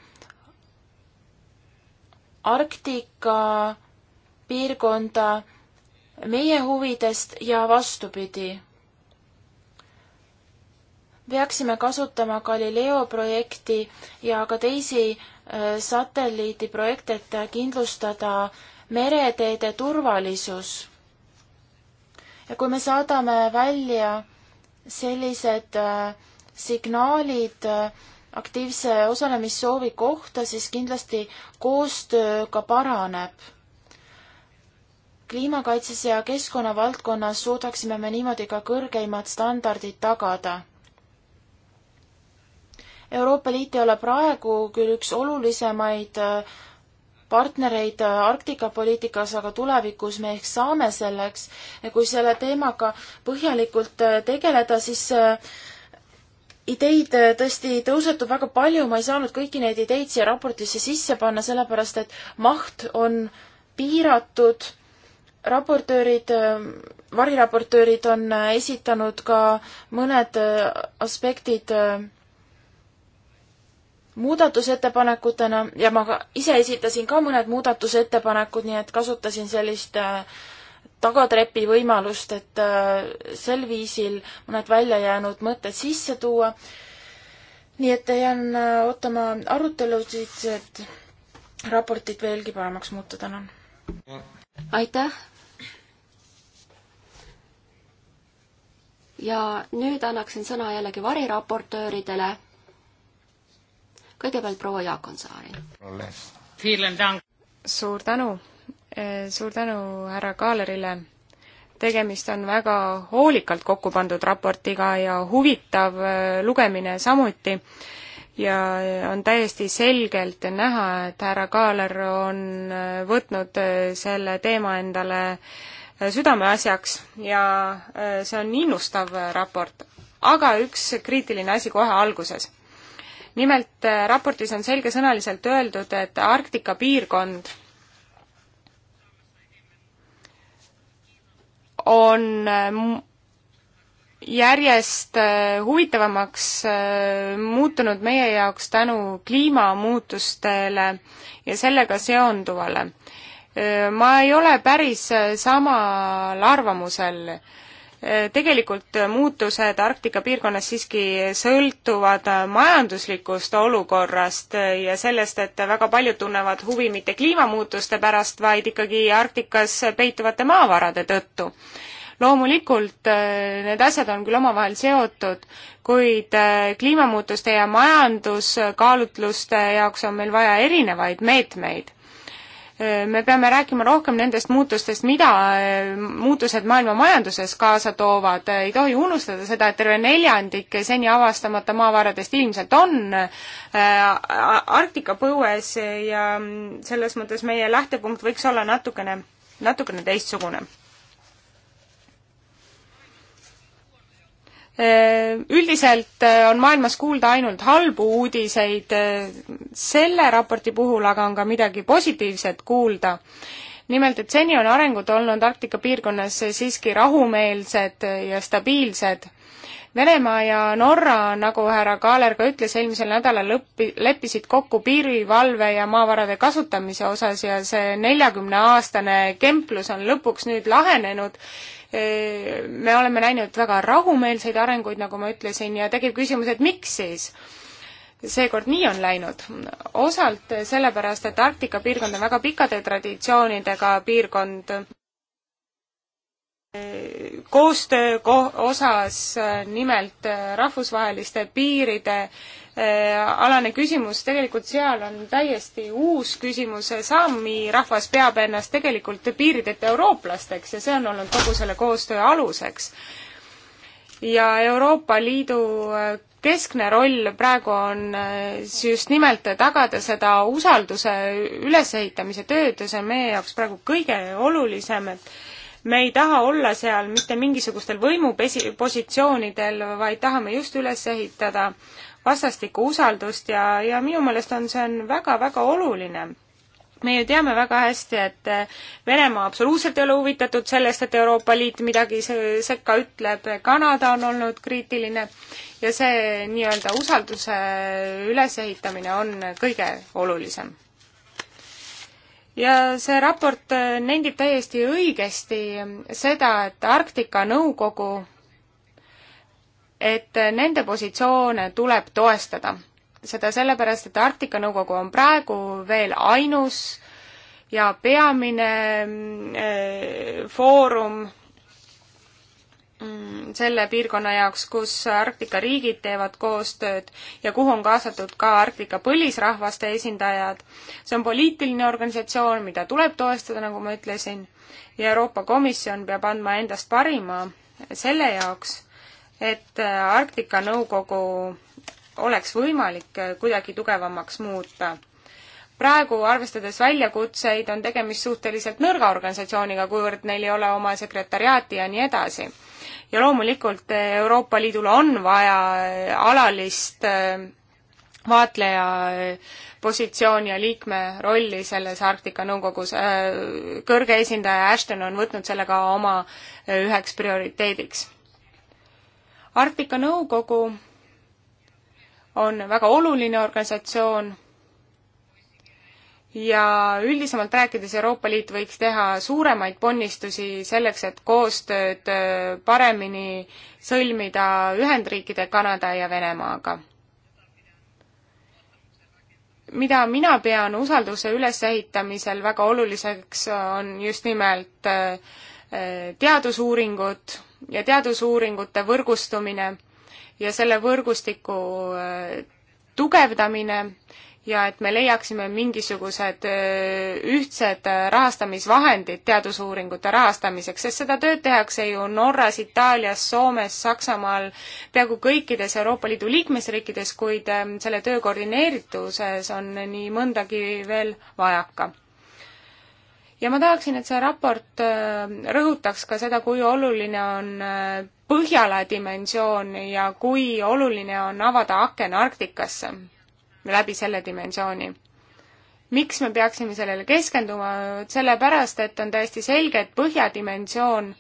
Arktika piirkonda meie huvidest ja vastupidi. peaksime kasutama Galileo projekti ja ka teisi äh, satelliidiprojekte, et kindlustada mereteede turvalisus. ja kui me saadame välja sellised äh, signaalid, äh, aktiivse osalemissoovi kohta, siis kindlasti koostöö ka paraneb. kliimakaitses ja keskkonna valdkonnas suudaksime me niimoodi ka kõrgeimad standardid tagada. Euroopa Liit ei ole praegu küll üks olulisemaid äh, partnereid äh, Arktika poliitikas, aga tulevikus me ehk saame selleks ja kui selle teemaga põhjalikult äh, tegeleda, siis ideid äh, tõesti tõusetub väga palju, ma ei saanud kõiki neid ideid siia raportisse sisse panna, sellepärast et maht on piiratud, raportöörid, ähm, variraportöörid on äh, esitanud ka mõned äh, aspektid muudatusettepanekutena ja ma ka ise esitasin ka mõned muudatusettepanekud, nii et kasutasin sellist äh, tagatrepi võimalust, et äh, sel viisil mõned väljajäänud mõtted sisse tuua. nii et jään äh, ootama arutelusid, et raportit veelgi paremaks muuta, tänan. aitäh. ja nüüd annaksin sõna jällegi variraportööridele. kõigepealt proua Jaakonsaari. suur tänu Eh, suur tänu härra Kaalerile. tegemist on väga hoolikalt kokku pandud raportiga ja huvitav eh, lugemine samuti ja on täiesti selgelt näha, et härra Kaaler on eh, võtnud selle teema endale südameasjaks ja see on innustav raport. aga üks kriitiline asi kohe alguses. nimelt raportis on selgesõnaliselt öeldud, et Arktika piirkond on äh, järjest äh, huvitavamaks äh, muutunud meie jaoks tänu kliimamuutustele ja sellega seonduvale. ma ei ole päris samal arvamusel tegelikult muutused Arktika piirkonnas siiski sõltuvad majanduslikust olukorrast ja sellest, et väga paljud tunnevad huvi mitte kliimamuutuste pärast, vaid ikkagi Arktikas peituvate maavarade tõttu loomulikult äh, need asjad on küll omavahel seotud, kuid äh, kliimamuutuste ja majanduskaalutluste jaoks on meil vaja erinevaid meetmeid me peame rääkima rohkem nendest muutustest, mida eh, muutused maailma majanduses kaasa toovad, ei tohi unustada seda, et terve neljandik seni avastamata maavaradest ilmselt on eh, Arktika põues ja mm, selles mõttes meie lähtepunkt võiks olla natukene, natukene teistsugune Äh, üldiselt äh, on maailmas kuulda ainult halbu uudiseid, äh, selle raporti puhul aga on ka midagi positiivset kuulda. nimelt, et seni on arengud olnud Arktika piirkonnas siiski rahumeelsed ja stabiilsed. Venemaa ja Norra, nagu härra Kaaler ka ütles, eelmisel nädalal lõppi, leppisid kokku piirivalve ja maavarade kasutamise osas ja see neljakümneaastane kemplus on lõpuks nüüd lahenenud me oleme näinud väga rahumeelseid arenguid, nagu ma ütlesin, ja tekib küsimus, et miks siis? seekord nii on läinud. osalt sellepärast, et Arktika piirkond on väga pikkade traditsioonidega piirkond koostöö ko-, osas nimelt rahvusvaheliste piiride Äh, alane küsimus, tegelikult seal on täiesti uus küsimus, saami rahvas peab ennast tegelikult piirideta eurooplasteks ja see on olnud kogu selle koostöö aluseks. ja Euroopa Liidu äh, keskne roll praegu on äh, just nimelt tagada seda usalduse ülesehitamise tööd ja see on meie jaoks praegu kõige olulisem, et me ei taha olla seal mitte mingisugustel võimupesi-, positsioonidel, vaid tahame just üles ehitada äh, vastastikku usaldust ja, ja minu meelest on see on väga-väga oluline me ju teame väga hästi, et eh, Venemaa absoluutselt ei ole huvitatud sellest, et Euroopa Liit midagi sekka ütleb, Kanada on olnud kriitiline ja see nii-öelda usalduse ülesehitamine on kõige olulisem. ja see raport eh, nendib täiesti õigesti eh, seda, et Arktika Nõukogu et nende positsioone tuleb toestada. seda sellepärast, et Arktika Nõukogu on praegu veel ainus ja peamine mm, äh, foorum mm, selle piirkonna jaoks, kus Arktika riigid teevad koostööd ja kuhu on kaasatud ka Arktika põlisrahvaste esindajad. see on poliitiline organisatsioon, mida tuleb toestada, nagu ma ütlesin, ja Euroopa Komisjon peab andma endast parima selle jaoks et äh, Arktika Nõukogu oleks võimalik äh, kuidagi tugevamaks muuta. praegu, arvestades väljakutseid, on tegemist suhteliselt nõrga organisatsiooniga, kuivõrd neil ei ole oma sekretariaati ja nii edasi. ja loomulikult äh, Euroopa Liidul on vaja alalist vaatleja positsiooni ja liikme rolli selles Arktika Nõukogus. kõrge esindaja Ashton on võtnud selle ka oma üheks prioriteediks Arktika Nõukogu on väga oluline organisatsioon ja üldisemalt rääkides Euroopa Liit võiks teha suuremaid ponnistusi selleks, et koostööd äh, paremini sõlmida Ühendriikide, Kanada ja Venemaaga. mida mina pean usalduse ülesehitamisel väga oluliseks, on just nimelt äh, äh, teadusuuringud ja teadusuuringute võrgustumine ja selle võrgustiku äh, tugevdamine ja et me leiaksime mingisugused äh, ühtsed äh, rahastamisvahendid teadusuuringute rahastamiseks, sest seda tööd tehakse ju Norras, Itaalias, Soomes, Saksamaal, peaaegu kõikides Euroopa Liidu liikmesriikides, kuid selle töö koordineerituses on nii mõndagi veel vajaka ja ma tahaksin, et see raport äh, rõhutaks ka seda, kui oluline on äh, Põhjala dimensioon ja kui oluline on avada aken Arktikasse läbi selle dimensiooni. miks me peaksime sellele keskenduma, sellepärast et on täiesti selge, et Põhja dimensioon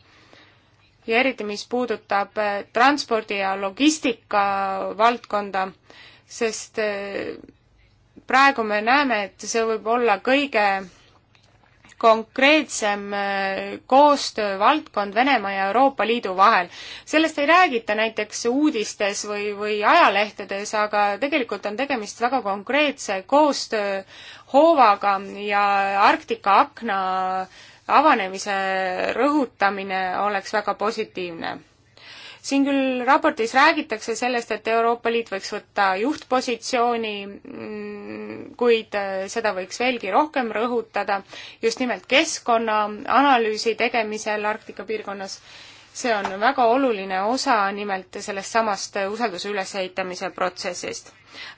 ja eriti, mis puudutab äh, transpordi ja logistika valdkonda, sest praegu me näeme, et see võib olla kõige konkreetsem äh, koostöövaldkond Venemaa ja Euroopa Liidu vahel. sellest ei räägita näiteks uudistes või, või ajalehtedes, aga tegelikult on tegemist väga konkreetse koostööhoovaga ja Arktika akna avanemise rõhutamine oleks väga positiivne siin küll raportis räägitakse sellest, et Euroopa Liit võiks võtta juhtpositsiooni, mm, kuid äh, seda võiks veelgi rohkem rõhutada just nimelt keskkonnaanalüüsi tegemisel Arktika piirkonnas. see on väga oluline osa nimelt sellest samast usalduse ülesehitamise protsessist.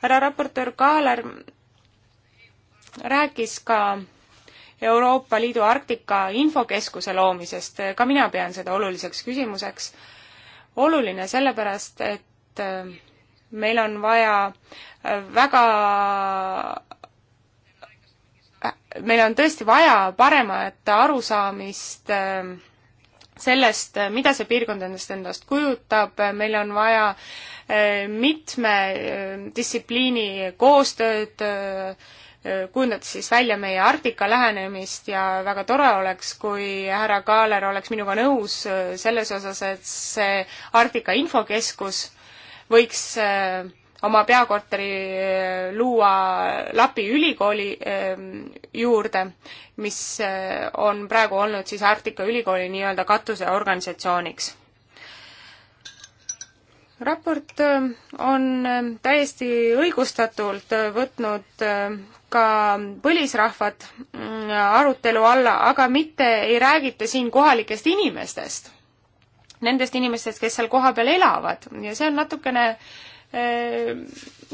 härra raportöör Kaaler rääkis ka Euroopa Liidu Arktika infokeskuse loomisest, ka mina pean seda oluliseks küsimuseks oluline sellepärast, et äh, meil on vaja äh, väga, äh, meil on tõesti vaja paremat arusaamist sellest, mida see piirkond endast endast kujutab, meil on vaja mitme distsipliini koostööd, kujundades siis välja meie Arktika lähenemist ja väga tore oleks, kui härra Kaaler oleks minuga nõus äh, selles osas, et see Arktika infokeskus võiks äh, oma peakorteri äh, luua Lapi ülikooli ähm, juurde, mis on praegu olnud siis Arktika ülikooli nii-öelda katuseorganisatsiooniks. raport on täiesti õigustatult võtnud ka põlisrahvad mm, arutelu alla, aga mitte ei räägita siin kohalikest inimestest, nendest inimestest, kes seal kohapeal elavad ja see on natukene eh,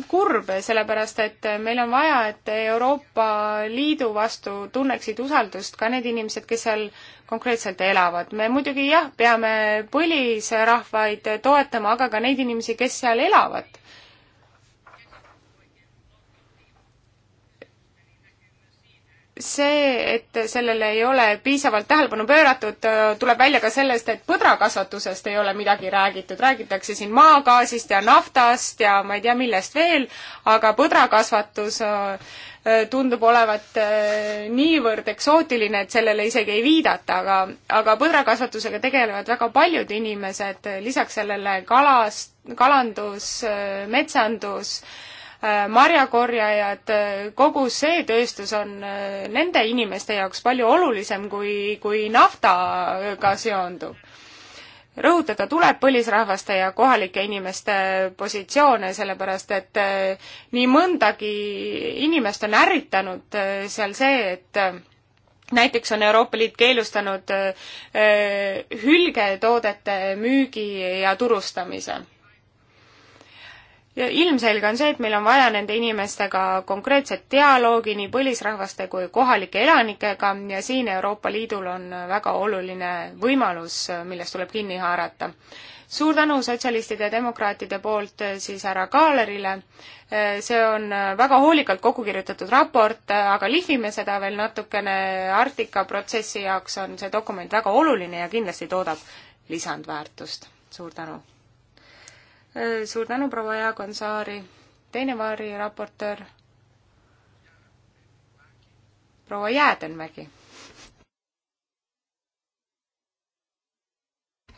kurb, sellepärast et meil on vaja, et Euroopa Liidu vastu tunneksid usaldust ka need inimesed, kes seal konkreetselt elavad. me muidugi jah, peame põlisrahvaid toetama, aga ka neid inimesi, kes seal elavad see, et sellele ei ole piisavalt tähelepanu pööratud, tuleb välja ka sellest, et põdrakasvatusest ei ole midagi räägitud, räägitakse siin maagaasist ja naftast ja ma ei tea, millest veel, aga põdrakasvatus äh, tundub olevat äh, niivõrd eksootiline, et sellele isegi ei viidata, aga, aga põdrakasvatusega tegelevad väga paljud inimesed, lisaks sellele kalast, kalandus, äh, metsandus, Äh, marjakorjajad, äh, kogu see tööstus on äh, nende inimeste jaoks palju olulisem kui, kui naftaga seonduv. rõhutada tuleb põlisrahvaste ja kohalike inimeste positsioone, sellepärast et nii mõndagi inimest on ärritanud seal see, et näiteks on Euroopa Liit keelustanud hülgetoodete müügi ja turustamise ja ilmselge on see, et meil on vaja nende inimestega konkreetset dialoogi nii põlisrahvaste kui kohalike elanikega ja siin Euroopa Liidul on väga oluline võimalus, millest tuleb kinni haarata. suur tänu sotsialistide ja demokraatide poolt eh, siis härra Kaalerile, eh, see on eh, väga hoolikalt kokku kirjutatud raport, aga lihvime seda veel natukene, Arktika protsessi jaoks on see dokument väga oluline ja kindlasti toodab lisandväärtust. suur tänu! Äh, suur tänu, proua Jaagonsaari. teine variraportöör, proua Jäädenmägi.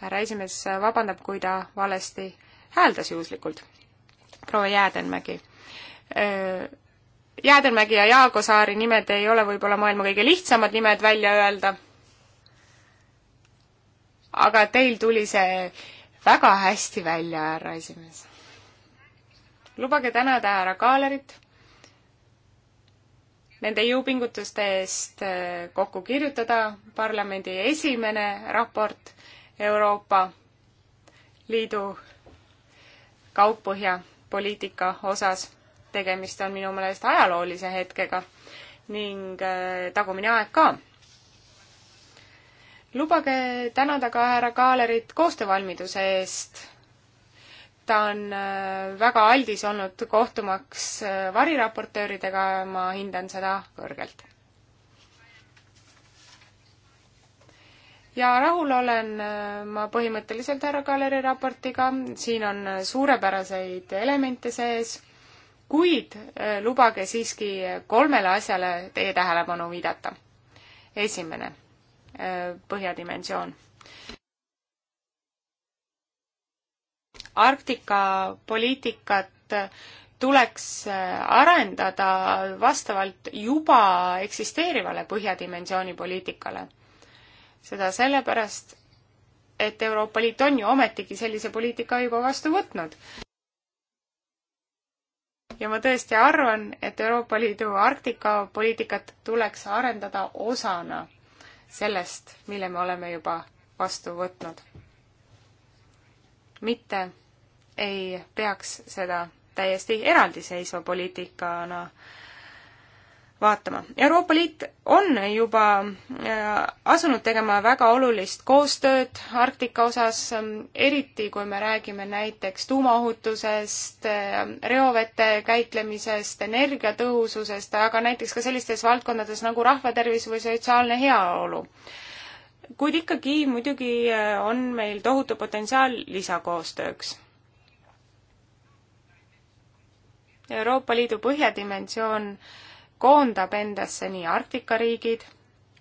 härra esimees vabandab, kui ta valesti hääldas juhuslikult. proua Jäädenmägi. Äh, Jäädenmägi ja Jaagosaari nimed ei ole võib-olla maailma kõige lihtsamad nimed välja öelda, aga teil tuli see väga hästi välja, härra esimees. lubage tänada härra Kaalerit nende jõupingutuste eest äh, kokku kirjutada parlamendi esimene raport Euroopa Liidu kaugpõhja poliitika osas. tegemist on minu meelest ajaloolise hetkega ning äh, tagumine aeg ka lubage tänada ka härra Kaalerit koostöövalmiduse eest. ta on äh, väga aldis olnud kohtumaks äh, variraportööridega, ma hindan seda kõrgelt. ja rahul olen äh, ma põhimõtteliselt härra Kaaleri raportiga, siin on suurepäraseid elemente sees, kuid lubage siiski kolmele asjale teie tähelepanu viidata. esimene põhjadimensioon. Arktika poliitikat tuleks arendada vastavalt juba eksisteerivale põhjadimensiooni poliitikale. seda sellepärast, et Euroopa Liit on ju ometigi sellise poliitika juba vastu võtnud. ja ma tõesti arvan, et Euroopa Liidu Arktika poliitikat tuleks arendada osana sellest, mille me oleme juba vastu võtnud. mitte ei peaks seda täiesti eraldiseisva poliitikana vaatama. Euroopa Liit on juba äh, asunud tegema väga olulist koostööd Arktika osas, ähm, eriti kui me räägime näiteks tuumaohutusest, äh, reovete käitlemisest, energiatõhususest, aga näiteks ka sellistes valdkondades nagu rahvatervis või sotsiaalne heaolu. kuid ikkagi muidugi äh, on meil tohutu potentsiaal lisakoostööks Euroopa Liidu põhjadimensioon koondab endasse nii Arktika riigid,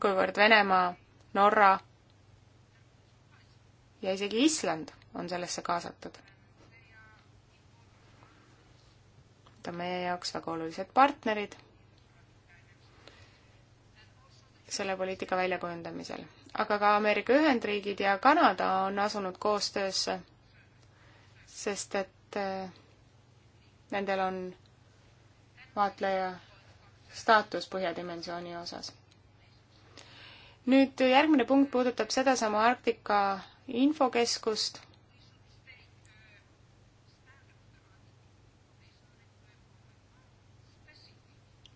kuivõrd Venemaa, Norra ja isegi Island on sellesse kaasatud. Nad on meie jaoks väga olulised partnerid selle poliitika väljakujundamisel. aga ka Ameerika Ühendriigid ja Kanada on asunud koostöösse, sest et eh, nendel on vaatleja staatus Põhjadimensiooni osas. nüüd järgmine punkt puudutab sedasama Arktika infokeskust.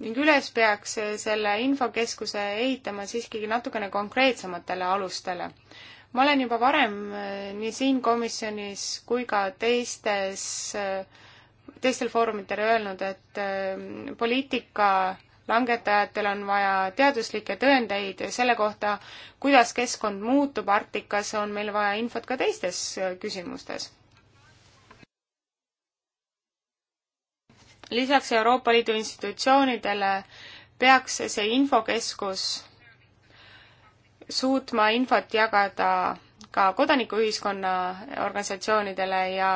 ning üles peaks selle infokeskuse ehitama siiski natukene konkreetsematele alustele ma olen juba varem nii siin komisjonis kui ka teistes teistel foorumitel öelnud, et äh, poliitika langetajatel on vaja teaduslikke tõendeid selle kohta, kuidas keskkond muutub Arktikas, on meil vaja infot ka teistes äh, küsimustes. lisaks Euroopa Liidu institutsioonidele peaks see infokeskus suutma infot jagada ka kodanikuühiskonna organisatsioonidele ja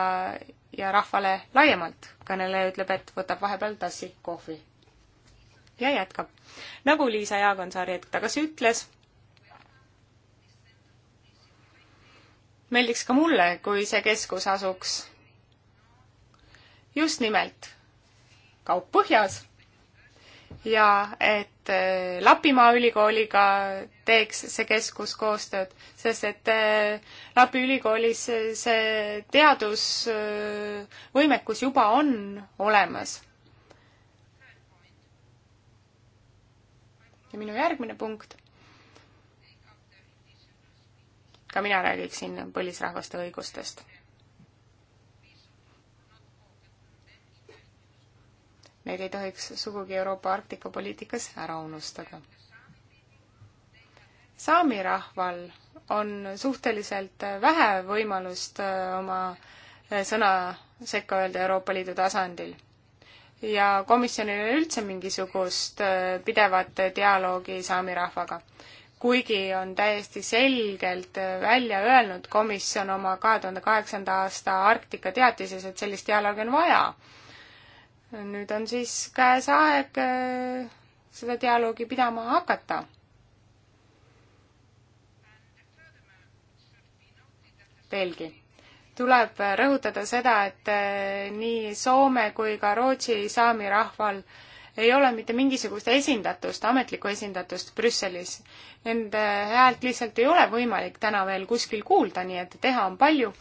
ja rahvale laiemalt. kõneleja ütleb, et võtab vahepeal tassi kohvi. ja jätkab. nagu Liisa Jaagonsaari hetk tagasi ütles, meeldiks ka mulle, kui see keskus asuks just nimelt kaugpõhjas ja et eh, Lapimaa ülikooliga teeks see keskus koostööd, sest et eh, Lapi ülikoolis see teadusvõimekus eh, juba on olemas. ja minu järgmine punkt. ka mina räägiksin põlisrahvaste õigustest Neid ei tohiks sugugi Euroopa Arktika poliitikas ära unustada. saami rahval on suhteliselt vähe võimalust äh, oma äh, sõna sekka öelda Euroopa Liidu tasandil. ja komisjonil ei ole üldse mingisugust äh, pidevat dialoogi saami rahvaga. kuigi on täiesti selgelt välja öelnud komisjon oma kahe tuhande kaheksanda aasta Arktika teatises, et sellist dialoogi on vaja nüüd on siis käes aeg äh, seda dialoogi pidama hakata. veelgi tuleb rõhutada seda, et äh, nii Soome kui ka Rootsi saami rahval ei ole mitte mingisugust esindatust, ametlikku esindatust Brüsselis. Nende häält lihtsalt ei ole võimalik täna veel kuskil kuulda, nii et teha on palju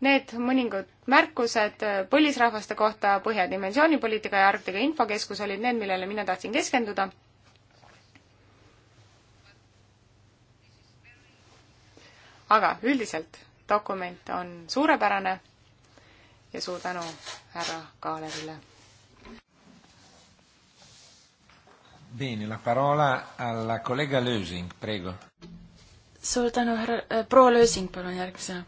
Need mõningud märkused põlisrahvaste kohta Põhja dimensioonipoliitika ja Arktika infokeskus olid need, millele mina tahtsin keskenduda. aga üldiselt dokument on suurepärane ja suur tänu härra Kaalerile. Bene, la parola alla collega Lösing, prego. suur tänu, härra äh,, proua Lösing, palun järgmisena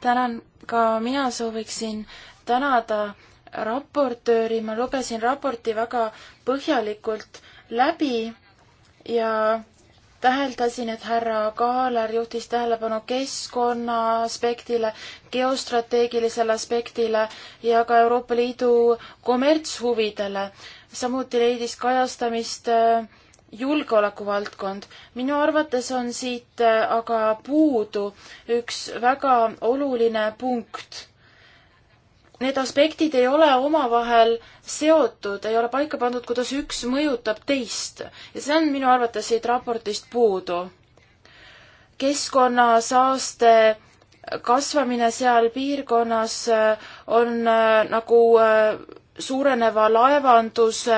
tänan, ka mina sooviksin tänada raportööri, ma lugesin raporti väga põhjalikult läbi ja täheldasin, et härra Kaaler juhtis tähelepanu keskkonna aspektile, geostrateegilisele aspektile ja ka Euroopa Liidu kommertshuvidele. samuti leidis kajastamist äh, julgeolekuvaldkond. minu arvates on siit äh, aga puudu üks väga oluline punkt. Need aspektid ei ole omavahel seotud, ei ole paika pandud, kuidas üks mõjutab teist ja see on minu arvates siit raportist puudu. keskkonnasaaste kasvamine seal piirkonnas äh, on äh, nagu suureneva laevanduse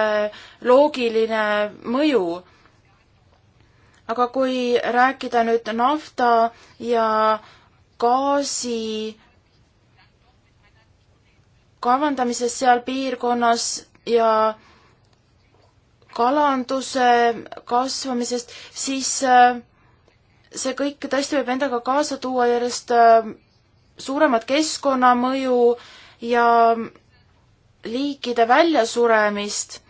loogiline mõju. aga kui rääkida nüüd nafta ja gaasi kaevandamisest seal piirkonnas ja kalanduse kasvamisest, siis äh, see kõik tõesti võib endaga kaasa tuua järjest äh, suuremat keskkonnamõju ja liikide väljasuremist.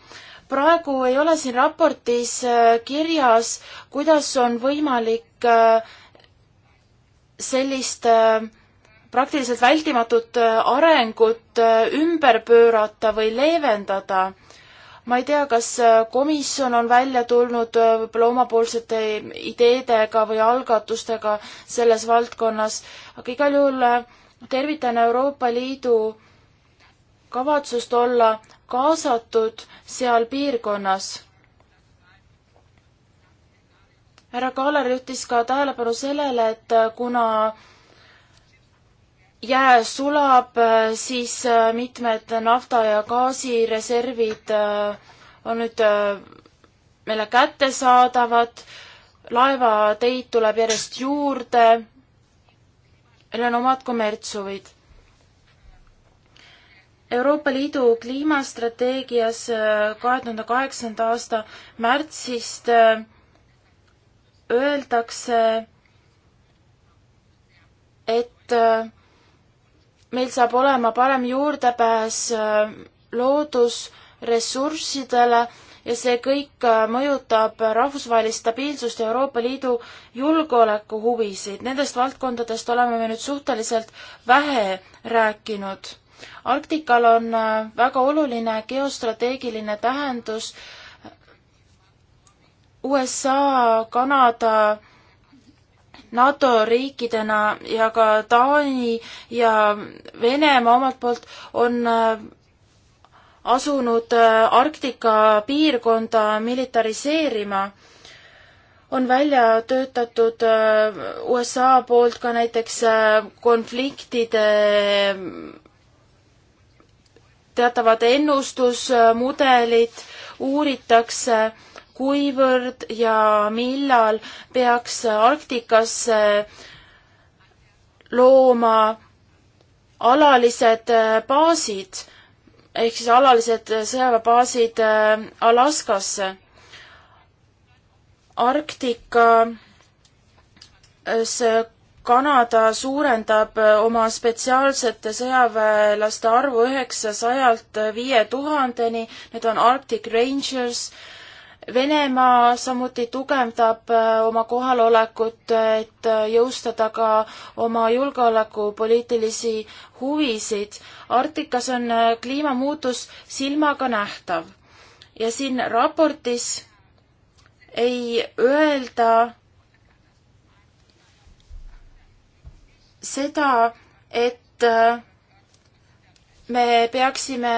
praegu ei ole siin raportis äh, kirjas, kuidas on võimalik äh, sellist äh, praktiliselt vältimatut arengut ümber pöörata või leevendada ma ei tea, kas komisjon on välja tulnud võib-olla omapoolsete ideedega või algatustega selles valdkonnas, aga igal juhul tervitan Euroopa Liidu kavatsust olla kaasatud seal piirkonnas. härra Kaaler juhtis ka tähelepanu sellele, et kuna jää sulab, siis mitmed nafta- ja gaasireservid äh, on nüüd äh, meile kättesaadavad, laevateid tuleb järjest juurde, meil on omad kommertshuvid Euroopa Liidu kliimastrateegias äh, kahe tuhande kaheksanda aasta märtsist äh, öeldakse, et äh, meil saab olema parem juurdepääs loodusressurssidele ja see kõik mõjutab rahvusvahelist stabiilsust ja Euroopa Liidu julgeolekuhuvisid. Nendest valdkondadest oleme me nüüd suhteliselt vähe rääkinud Arktikal on äh, väga oluline geostrateegiline tähendus. USA, Kanada, NATO riikidena ja ka Taani ja Venemaa omalt poolt on äh, asunud äh, Arktika piirkonda militariseerima. on välja töötatud USA poolt ka näiteks konfliktide teatavad ennustusmudelid, uuritakse, kuivõrd ja millal peaks Arktikasse looma alalised baasid ehk siis alalised sõjaväebaasid Alaskasse. Arktika Kanada suurendab äh, oma spetsiaalsete sõjaväelaste arvu üheksasajalt äh, viie tuhandeni, need on Arctic Rangers. Venemaa samuti tugevdab äh, oma kohalolekut, et jõustada ka oma julgeolekupoliitilisi huvisid. Arktikas on kliimamuutus silmaga nähtav ja siin raportis ei öelda seda, et äh, me peaksime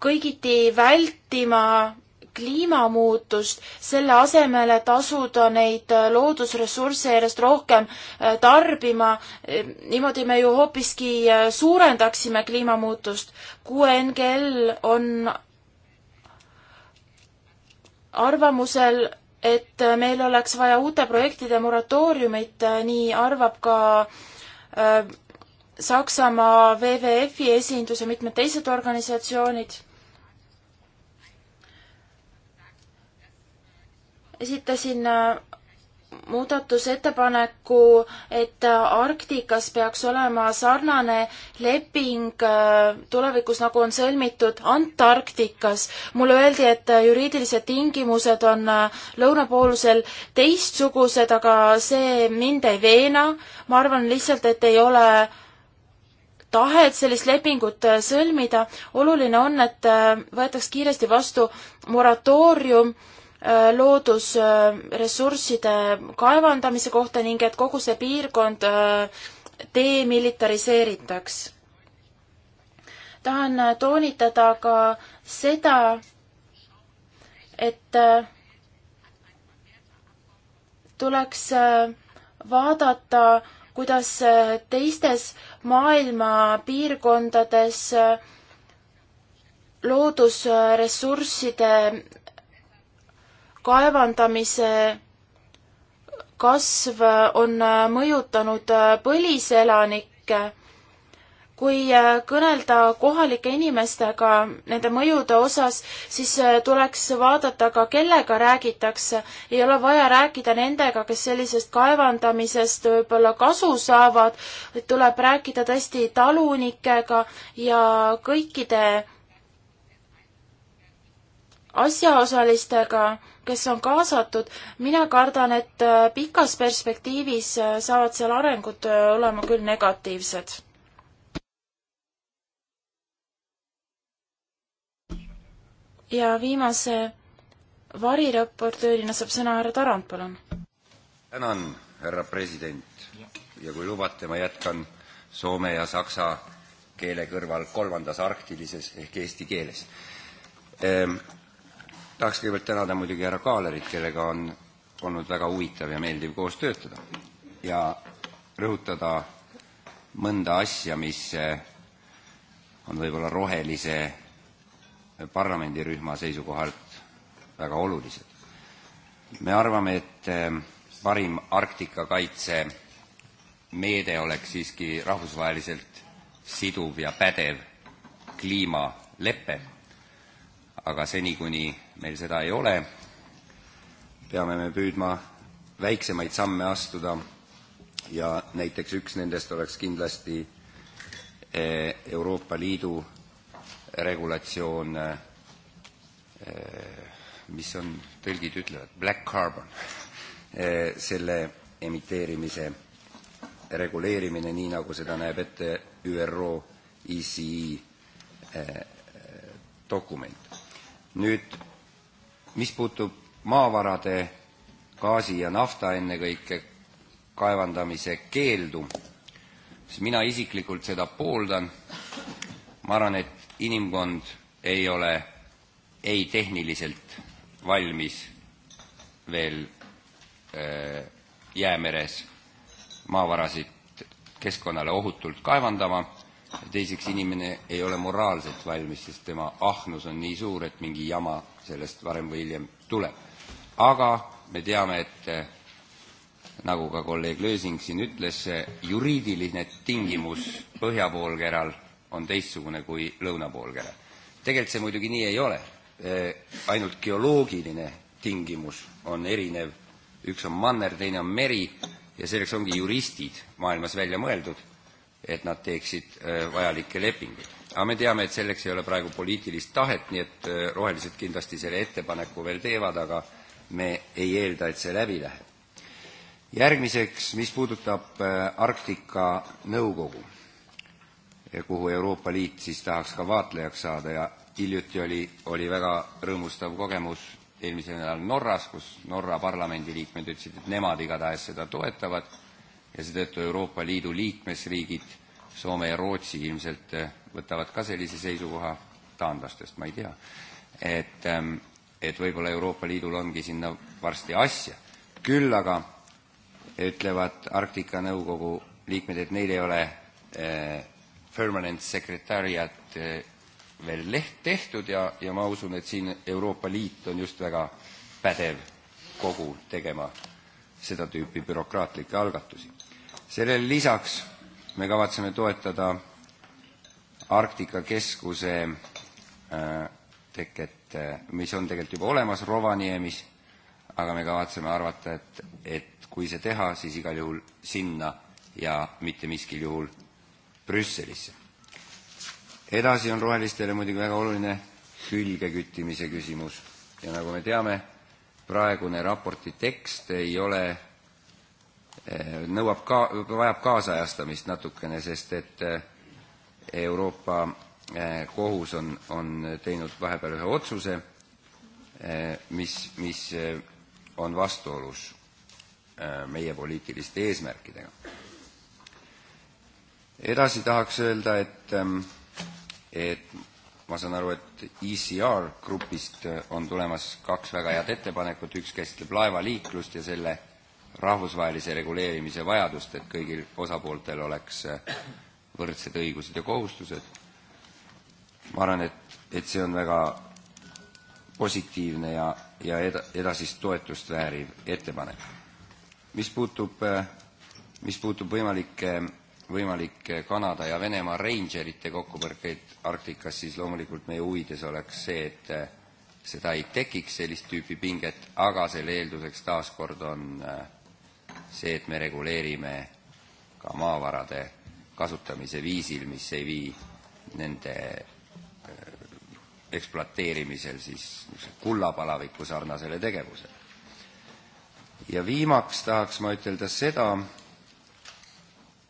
kõigiti vältima kliimamuutust, selle asemel, et asuda neid äh, loodusressursse järjest rohkem äh, tarbima, niimoodi me ju hoopiski suurendaksime kliimamuutust. QNGL on arvamusel, et meil oleks vaja uute projektide moratooriumit, nii arvab ka äh, Saksamaa WWF-i esindus ja mitmed teised organisatsioonid. esitasin äh, muudatusettepaneku, et Arktikas peaks olema sarnane leping äh, tulevikus, nagu on sõlmitud Antarktikas. mulle öeldi, et juriidilised tingimused on äh, lõunapoolusel teistsugused, aga see mind ei veena. ma arvan lihtsalt, et ei ole tahet sellist lepingut äh, sõlmida. oluline on, et võetaks kiiresti vastu moratoorium Äh, loodusressursside kaevandamise kohta ning et kogu see piirkond äh, demilitariseeritaks. tahan äh, toonitada ka seda, et tuleks vaadata, kuidas teistes maailma piirkondades loodusressursside kaevandamise kasv on mõjutanud põliselanikke. kui kõnelda kohalike inimestega nende mõjude osas, siis tuleks vaadata ka, kellega räägitakse. ei ole vaja rääkida nendega, kes sellisest kaevandamisest võib-olla kasu saavad, vaid tuleb rääkida tõesti talunikega ja kõikide asjaosalistega, kes on kaasatud, mina kardan, et äh, pikas perspektiivis äh, saavad seal arengud äh, olema küll negatiivsed. ja viimase variraportöörina saab sõna härra Tarand, palun. tänan, härra president. ja kui lubate, ma jätkan soome ja saksa keele kõrval kolmandas arktilises ehk eesti keeles ehm, tahaks kõigepealt tänada muidugi härra Kaalerit, kellega on olnud väga huvitav ja meeldiv koos töötada ja rõhutada mõnda asja, mis eh, on võib-olla rohelise parlamendirühma seisukohalt väga olulised. me arvame, et eh, parim Arktika kaitse meede oleks siiski rahvusvaheliselt siduv ja pädev kliimalepe aga seni, kuni meil seda ei ole, peame me püüdma väiksemaid samme astuda ja näiteks üks nendest oleks kindlasti eh, Euroopa Liidu regulatsioon, eh, eh, mis on, tõlgid ütlevad, black carbon, selle emiteerimise reguleerimine, nii nagu seda näeb ette ÜRO ECE e, dokument nüüd, mis puutub maavarade, gaasi ja nafta ennekõike kaevandamise keeldu, siis mina isiklikult seda pooldan. ma arvan, et inimkond ei ole ei tehniliselt valmis veel äh, jäämeres maavarasid keskkonnale ohutult kaevandama teiseks inimene ei ole moraalselt valmis, sest tema ahnus on nii suur, et mingi jama sellest varem või hiljem tuleb. aga me teame, et eh, nagu ka kolleeg Lösing siin ütles, juriidiline tingimus põhjapoolkeral on teistsugune kui lõunapoolkeral. tegelikult see muidugi nii ei ole, eh, ainult geoloogiline tingimus on erinev, üks on manner, teine on meri ja selleks ongi juristid maailmas välja mõeldud et nad teeksid äh, vajalikke lepinguid. aga me teame, et selleks ei ole praegu poliitilist tahet, nii et äh, rohelised kindlasti selle ettepaneku veel teevad, aga me ei eelda, et see läbi läheb. järgmiseks, mis puudutab äh, Arktika Nõukogu, kuhu Euroopa Liit siis tahaks ka vaatlejaks saada ja hiljuti oli, oli väga rõõmustav kogemus eelmisel nädalal Norras, kus Norra parlamendi liikmed ütlesid, et nemad igatahes seda toetavad ja seetõttu Euroopa Liidu liikmesriigid, Soome ja Rootsi ilmselt äh, võtavad ka sellise seisukoha, taanlastest ma ei tea, et, ähm, et võib-olla Euroopa Liidul ongi sinna varsti asja. küll aga ütlevad Arktika Nõukogu liikmed, et neil ei ole eh, permanent secretariat eh, äh, veel leht tehtud ja, ja ma usun, et siin Euroopa Liit on just väga pädev kogu tegema seda tüüpi bürokraatlikke algatusi sellele lisaks me kavatseme toetada Arktika Keskuse äh, teket, äh, mis on tegelikult juba olemas Rovaniemis, aga me kavatseme arvata, et, et kui see teha, siis igal juhul sinna ja mitte miskil juhul Brüsselisse. edasi on rohelistele muidugi väga oluline külge küttimise küsimus ja nagu me teame, praegune raporti tekst ei ole nõuab ka, vajab kaasajastamist natukene, sest et eh, Euroopa eh, kohus on, on teinud vahepeal ühe otsuse, eh, mis, mis on vastuolus meie poliitiliste eesmärkidega. edasi tahaks öelda, et, et ma saan aru, et ECR grupist on tulemas kaks väga head ettepanekut, üks käsitleb laevaliiklust ja selle rahvusvahelise reguleerimise vajadust, et kõigil osapooltel oleks äh, võrdsed õigused ja kohustused. ma arvan, et, et see on väga positiivne ja, ja eda-, edasist toetust vääriv ettepanek. mis puutub, äh, mis puutub võimalike, võimalike Kanada ja Venemaa reingerite kokkupõrkeid Arktikas, siis loomulikult meie huvides oleks see, et äh, seda ei tekiks, sellist tüüpi pinget, aga selle eelduseks taaskord on äh, see, et me reguleerime ka maavarade kasutamise viisil, mis ei vii nende äh, ekspluateerimisel siis kullapalaviku sarnasele tegevusele. ja viimaks tahaks ma ütelda seda,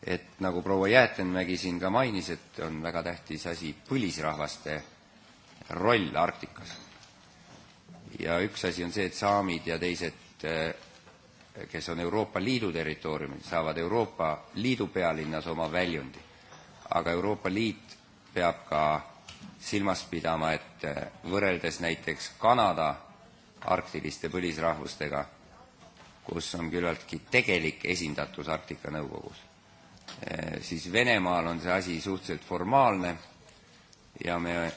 et nagu proua Jäätenmägi siin ka mainis, et on väga tähtis asi põlisrahvaste roll Arktikas. ja üks asi on see, et saamid ja teised äh, kes on Euroopa Liidu territooriumil, saavad Euroopa Liidu pealinnas oma väljundi. aga Euroopa Liit peab ka silmas pidama, et eh, võrreldes näiteks Kanada arktiliste põlisrahvustega, kus on küllaltki tegelik esindatus Arktika Nõukogus, eh, siis Venemaal on see asi suhteliselt formaalne ja me,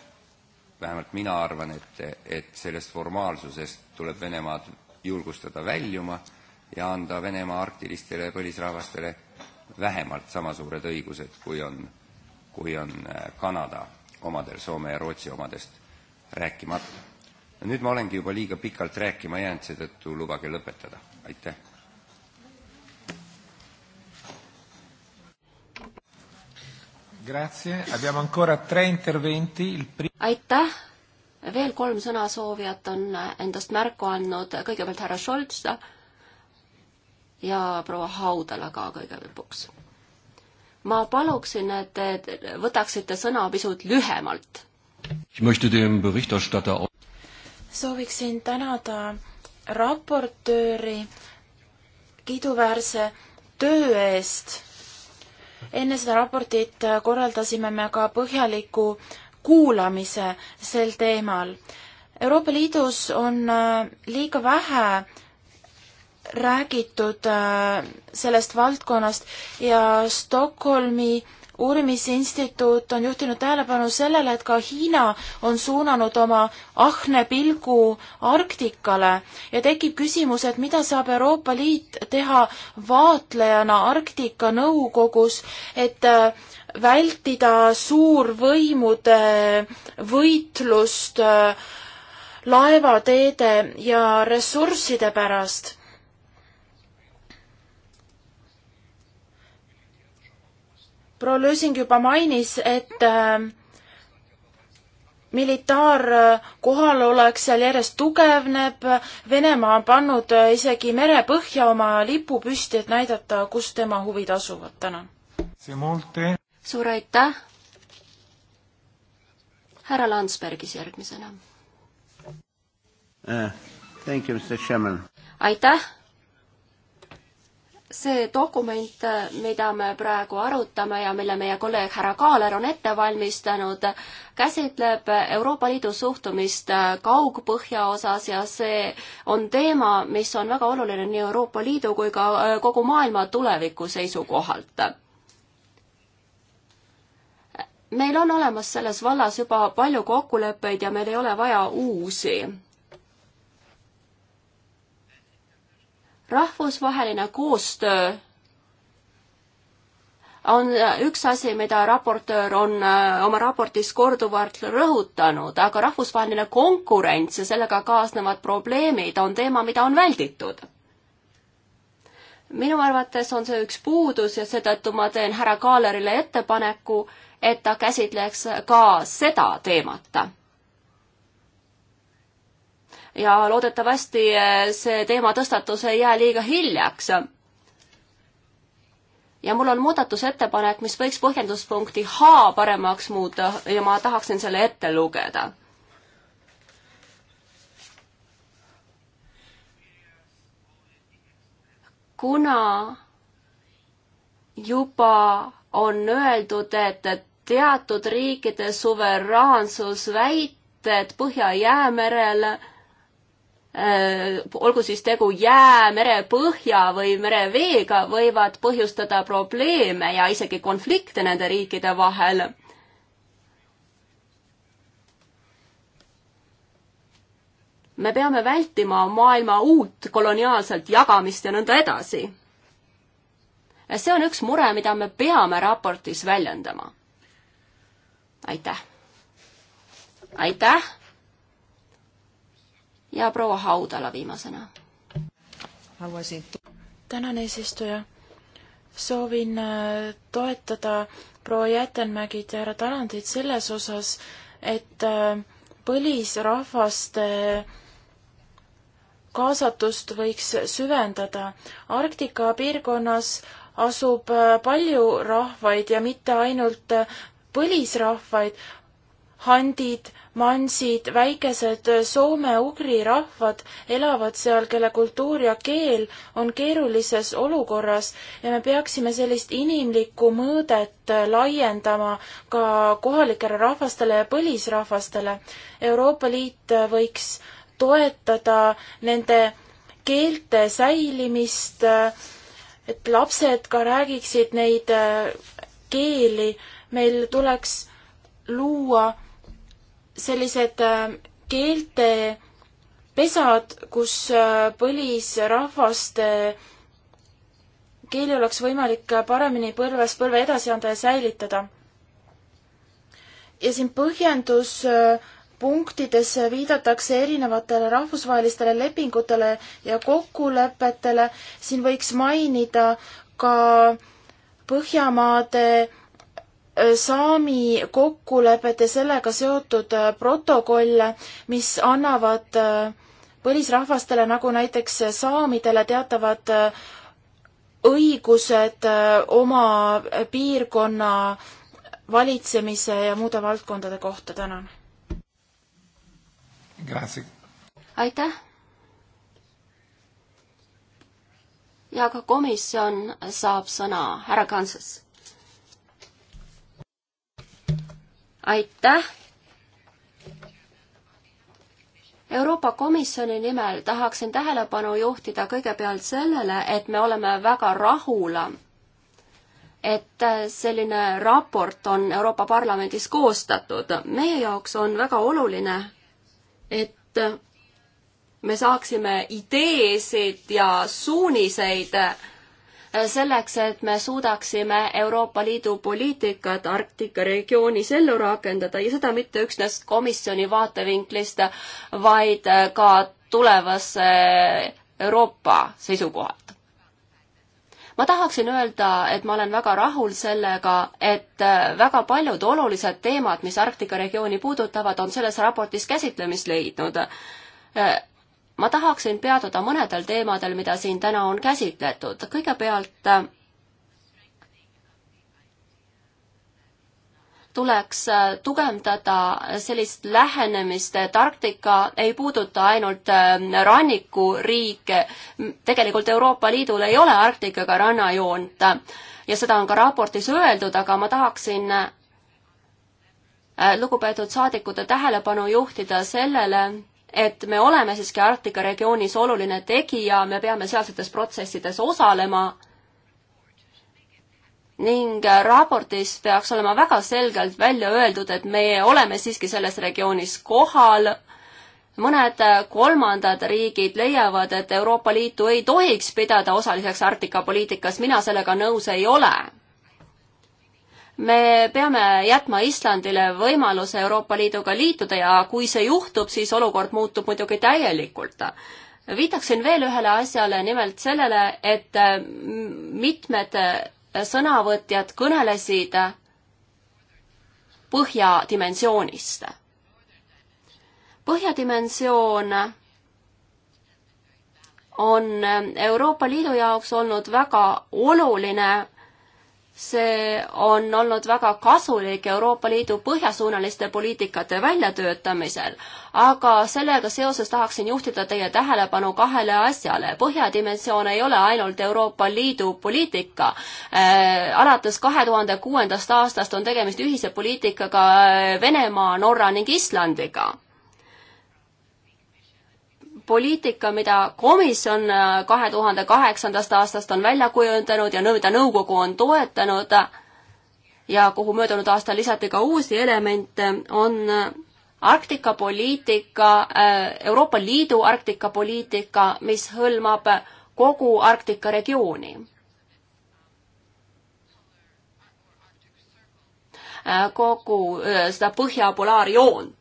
vähemalt mina arvan, et, et sellest formaalsusest tuleb Venemaad julgustada väljuma ja anda Venemaa arktilistele põlisrahvastele vähemalt sama suured õigused, kui on, kui on äh, Kanada omadel, Soome ja Rootsi omadest rääkimata. no nüüd ma olengi juba liiga pikalt rääkima jäänud, seetõttu lubage lõpetada, aitäh. aitäh, veel kolm sõnasoovijat on äh, endast märku andnud, kõigepealt härra Scholz, ja proua Haudala ka kõige lõpuks. ma paluksin, et te võtaksite sõna pisut lühemalt. sooviksin tänada raportööri kiiduväärse töö eest. enne seda raportit korraldasime me ka põhjaliku kuulamise sel teemal. Euroopa Liidus on liiga vähe räägitud äh, sellest valdkonnast ja Stockholmi uurimisinstituut on juhtinud tähelepanu sellele, et ka Hiina on suunanud oma ahne pilgu Arktikale ja tekib küsimus, et mida saab Euroopa Liit teha vaatlejana Arktika nõukogus, et äh, vältida suurvõimude võitlust äh, laevateede ja ressursside pärast proua Lösing juba mainis, et äh, militaarkohalolek äh, seal järjest tugevneb, Venemaa on pannud äh, isegi merepõhja oma lipu püsti, et näidata, kus tema huvid asuvad täna. suur aitäh! härra Landsbergis järgmisena äh,. aitäh! see dokument, mida me praegu arutame ja mille meie kolleeg härra Kaaler on ette valmistanud, käsitleb Euroopa Liidu suhtumist kaugpõhja osas ja see on teema, mis on väga oluline nii Euroopa Liidu kui ka äh, kogu maailma tuleviku seisukohalt. meil on olemas selles vallas juba palju kokkuleppeid ja meil ei ole vaja uusi rahvusvaheline koostöö on äh, üks asi, mida raportöör on äh, oma raportis korduvalt rõhutanud, aga rahvusvaheline konkurents ja sellega kaasnevad probleemid on teema, mida on välditud. minu arvates on see üks puudus ja seetõttu ma teen härra Kaalerile ettepaneku, et ta käsitleks ka seda teemat ja loodetavasti eh, see teema tõstatus ei jää liiga hiljaks ja mul on muudatusettepanek, mis võiks põhjenduspunkti H paremaks muuta ja ma tahaksin selle ette lugeda. kuna juba on öeldud, et teatud riikide suveräänsusväited Põhja-Jäämerel Äh, olgu siis tegu jää, merepõhja või mereveega, võivad põhjustada probleeme ja isegi konflikte nende riikide vahel. me peame vältima maailma uut koloniaalset jagamist ja nõnda edasi. see on üks mure, mida me peame raportis väljendama. aitäh! aitäh! ja proua Haudala viimasena. tänan, eesistuja. soovin äh, toetada proua Jätenmägid ja härra Talandit selles osas, et äh, põlisrahvaste kaasatust võiks süvendada. Arktika piirkonnas asub äh, palju rahvaid ja mitte ainult põlisrahvaid, handid, mansid, väikesed soome-ugri rahvad elavad seal, kelle kultuur ja keel on keerulises olukorras ja me peaksime sellist inimlikku mõõdet laiendama ka kohalikele rahvastele ja põlisrahvastele. Euroopa Liit võiks toetada nende keelte säilimist, et lapsed ka räägiksid neid keeli, meil tuleks luua sellised äh, keeltepesad, kus äh, põlisrahvaste keeli oleks võimalik äh, paremini põlvest põlve edasi anda ja säilitada. ja siin põhjendus punktides viidatakse erinevatele rahvusvahelistele lepingutele ja kokkulepetele, siin võiks mainida ka Põhjamaade saami kokkulepet ja sellega seotud äh, protokolle, mis annavad äh, põlisrahvastele, nagu näiteks saamidele, teatavad äh, õigused oma piirkonna valitsemise ja muude valdkondade kohta, tänan. aitäh. ja ka komisjon saab sõna, härra Kansas aitäh! Euroopa Komisjoni nimel tahaksin tähelepanu juhtida kõigepealt sellele, et me oleme väga rahul, et selline raport on Euroopa Parlamendis koostatud. meie jaoks on väga oluline, et me saaksime ideesid ja suuniseid äh, Äh, selleks, et me suudaksime Euroopa Liidu poliitikat Arktika regioonis ellu rakendada ja seda mitte üksnes komisjoni vaatevinklist, vaid äh, ka tulevase Euroopa seisukohalt. ma tahaksin öelda, et ma olen väga rahul sellega, et äh, väga paljud olulised teemad, mis Arktika regiooni puudutavad, on selles raportis käsitlemist leidnud ma tahaksin peatuda mõnedel teemadel, mida siin täna on käsitletud. kõigepealt äh, tuleks äh, tugevdada sellist lähenemist, et Arktika ei puuduta ainult äh, rannikuriike. tegelikult Euroopa Liidul ei ole Arktikaga rannajoont ja seda on ka raportis öeldud, aga ma tahaksin lugupeetud saadikute tähelepanu juhtida sellele, et me oleme siiski Arktika regioonis oluline tegija, me peame sealsetes protsessides osalema ning äh, raportis peaks olema väga selgelt välja öeldud, et meie oleme siiski selles regioonis kohal. mõned äh, kolmandad riigid leiavad, et Euroopa Liitu ei tohiks pidada osaliseks Arktika poliitikas, mina sellega nõus ei ole me peame jätma Islandile võimaluse Euroopa Liiduga liituda ja kui see juhtub, siis olukord muutub muidugi täielikult. viitaksin veel ühele asjale, nimelt sellele, et äh, mitmed äh, sõnavõtjad kõnelesid põhjadimensioonist. põhjadimensioon on äh, Euroopa Liidu jaoks olnud väga oluline see on olnud väga kasulik Euroopa Liidu põhjasuunaliste poliitikate väljatöötamisel, aga sellega seoses tahaksin juhtida teie tähelepanu kahele asjale. põhjadimensioon ei ole ainult Euroopa Liidu poliitika. Äh, alates kahe tuhande kuuendast aastast on tegemist ühise poliitikaga äh, Venemaa, Norra ning Islandiga poliitika, mida komisjon äh, kahe tuhande kaheksandast aastast on välja kujundanud ja mida nõukogu on toetanud ja kuhu möödunud aastal lisati ka uusi elemente, on äh, Arktika poliitika, äh, Euroopa Liidu Arktika poliitika, mis hõlmab kogu Arktika regiooni kogu seda põhja polaarjoont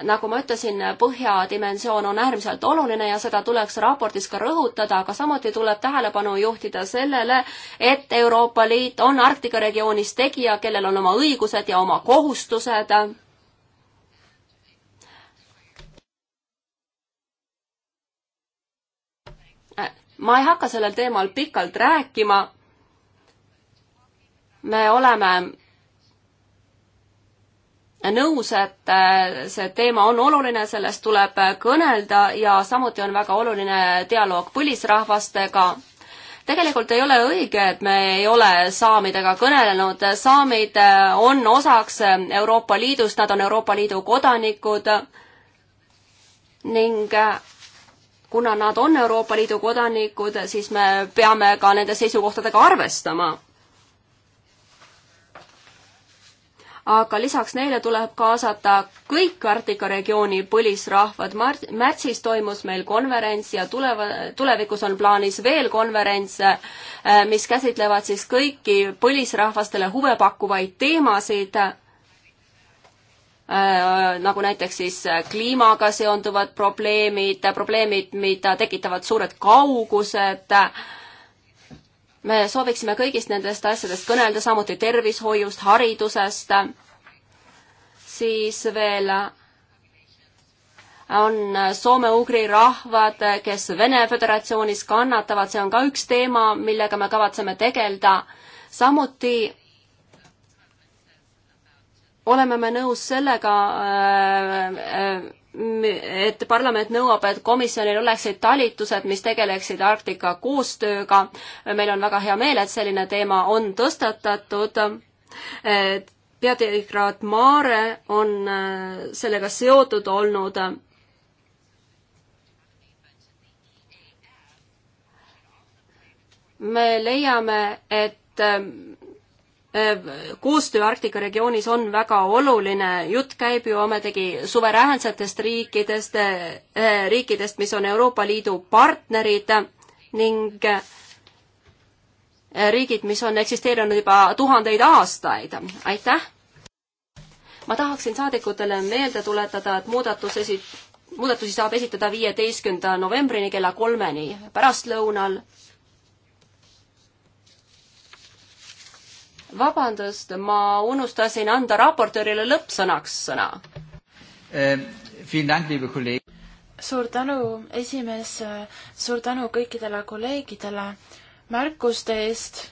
nagu ma ütlesin, põhjadimensioon on äärmiselt oluline ja seda tuleks raportis ka rõhutada, aga samuti tuleb tähelepanu juhtida sellele, et Euroopa Liit on Arktika regioonis tegija, kellel on oma õigused ja oma kohustused. ma ei hakka sellel teemal pikalt rääkima. me oleme nõus, et äh, see teema on oluline, sellest tuleb äh, kõnelda ja samuti on väga oluline dialoog põlisrahvastega. tegelikult ei ole õige, et me ei ole saamidega kõnelenud, saamid äh, on osaks Euroopa Liidust, nad on Euroopa Liidu kodanikud ning kuna nad on Euroopa Liidu kodanikud, siis me peame ka nende seisukohtadega arvestama aga lisaks neile tuleb kaasata kõik Arktika regiooni põlisrahvad. märtsis toimus meil konverents ja tuleva, tulevikus on plaanis veel konverentse, äh, mis käsitlevad siis kõiki põlisrahvastele huve pakkuvaid teemasid äh, nagu näiteks siis kliimaga seonduvad probleemid, probleemid, mida tekitavad suured kaugused äh,, me sooviksime kõigist nendest asjadest kõnelda, samuti tervishoiust, haridusest, siis veel on soome-ugri rahvad, kes Vene Föderatsioonis kannatavad, see on ka üks teema, millega me kavatseme tegeleda. samuti oleme me nõus sellega äh, äh, et parlament nõuab, et komisjonil oleksid talitused, mis tegeleksid Arktika koostööga. meil on väga hea meel, et selline teema on tõstatatud. peadirektoraat Maare on äh, sellega seotud olnud. me leiame, et äh, Äh, koostöö Arktika regioonis on väga oluline, jutt käib ju ometigi suveräänsetest riikidest, äh, riikidest, mis on Euroopa Liidu partnerid ning äh, riigid, mis on eksisteerinud juba tuhandeid aastaid. aitäh! ma tahaksin saadikutele meelde tuletada, et muudatus esi-, muudatusi saab esitada viieteistkümnenda novembrini kella kolmeni pärastlõunal vabandust, ma unustasin anda raportöörile lõppsõnaks sõna eh,. suur tänu, esimees, suur tänu kõikidele kolleegidele märkuste eest.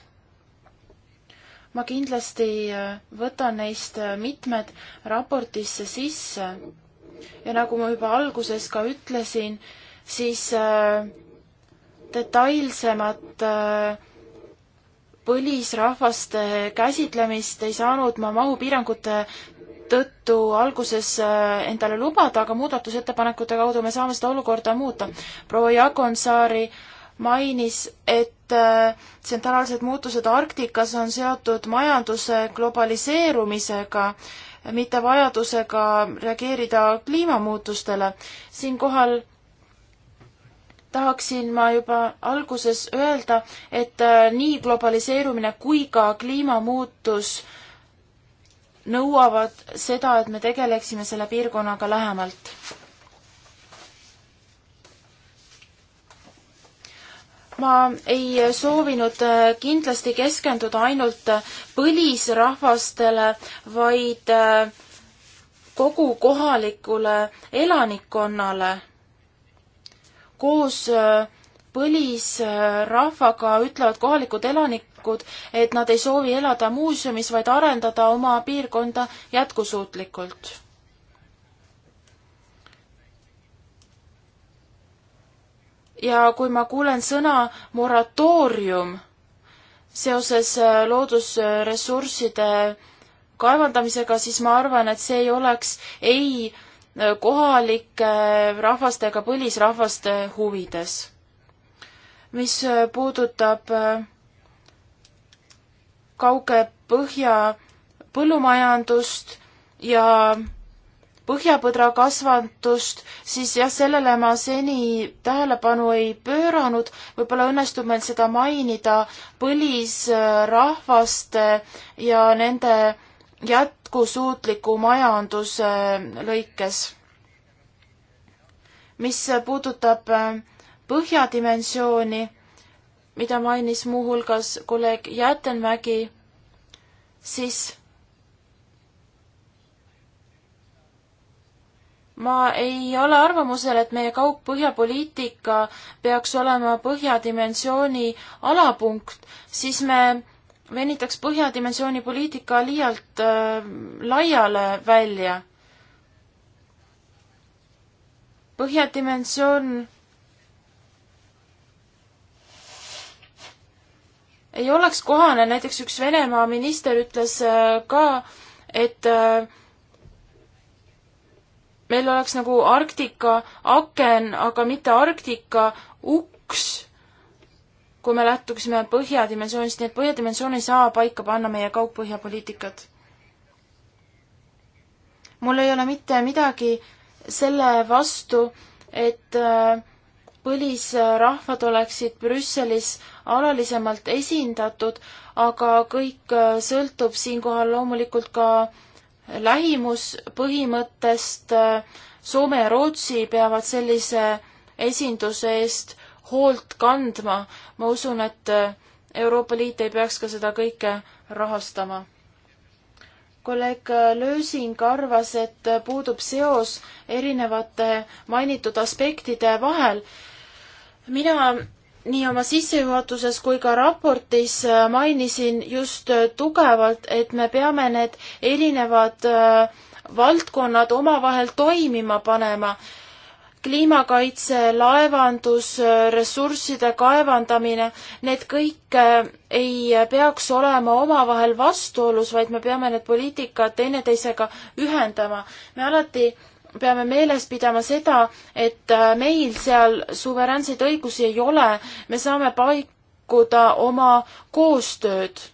ma kindlasti võtan neist mitmed raportisse sisse ja nagu ma juba alguses ka ütlesin, siis eh, detailsemat äh, põlisrahvaste käsitlemist ei saanud ma mahupiirangute tõttu alguses äh, endale lubada, aga muudatusettepanekute kaudu me saame seda olukorda muuta. proua Jagonsaari mainis, et äh, tsentraalsed muutused Arktikas on seotud majanduse globaliseerumisega, mitte vajadusega reageerida kliimamuutustele. siinkohal tahaksin ma juba alguses öelda, et äh, nii globaliseerumine kui ka kliimamuutus nõuavad seda, et me tegeleksime selle piirkonnaga lähemalt. ma ei soovinud äh, kindlasti keskenduda ainult põlisrahvastele, vaid äh, kogu kohalikule elanikkonnale koos äh, põlisrahvaga äh, ütlevad kohalikud elanikud, et nad ei soovi elada muuseumis, vaid arendada oma piirkonda jätkusuutlikult. ja kui ma kuulen sõna moratoorium seoses äh, loodusressursside kaevandamisega, siis ma arvan, et see ei oleks ei äh, kohalike rahvastega põlisrahvaste huvides. mis puudutab äh, kauge põhja põllumajandust ja põhjapõdra kasvatust, siis jah, sellele ma seni tähelepanu ei pööranud, võib-olla õnnestub meil seda mainida põlisrahvaste ja nende jätkusuutliku majanduse lõikes. mis puudutab äh, põhjadimensiooni, mida mainis muuhulgas kolleeg Jäätenmägi, siis ma ei ole arvamusel, et meie kaugpõhjapoliitika peaks olema põhjadimensiooni alapunkt, siis me venitaks põhjadimensiooni poliitika liialt äh, laiale välja. põhjadimensioon ei oleks kohane, näiteks üks Venemaa minister ütles äh, ka, et äh, meil oleks nagu Arktika aken, aga mitte Arktika uks kui me lähtuksime põhjadimensioonist, nii et põhjadimensioon ei saa paika panna meie kaugpõhjapoliitikat. mul ei ole mitte midagi selle vastu, et äh, põlisrahvad oleksid Brüsselis alalisemalt esindatud, aga kõik äh, sõltub siinkohal loomulikult ka lähimuspõhimõttest. Äh, Soome ja Rootsi peavad sellise esinduse eest hoolt kandma. ma usun, et äh, Euroopa Liit ei peaks ka seda kõike rahastama. kolleeg äh, Lösing arvas, et äh, puudub seos erinevate mainitud aspektide vahel. mina nii oma sissejuhatuses kui ka raportis mainisin just tugevalt, et me peame need erinevad valdkonnad omavahel toimima panema kliimakaitse, laevandus, ressursside kaevandamine, need kõik äh, ei peaks olema omavahel vastuolus, vaid me peame need poliitikad teineteisega ühendama. me alati peame meeles pidama seda, et äh, meil seal suveräänseid õigusi ei ole, me saame paikuda oma koostööd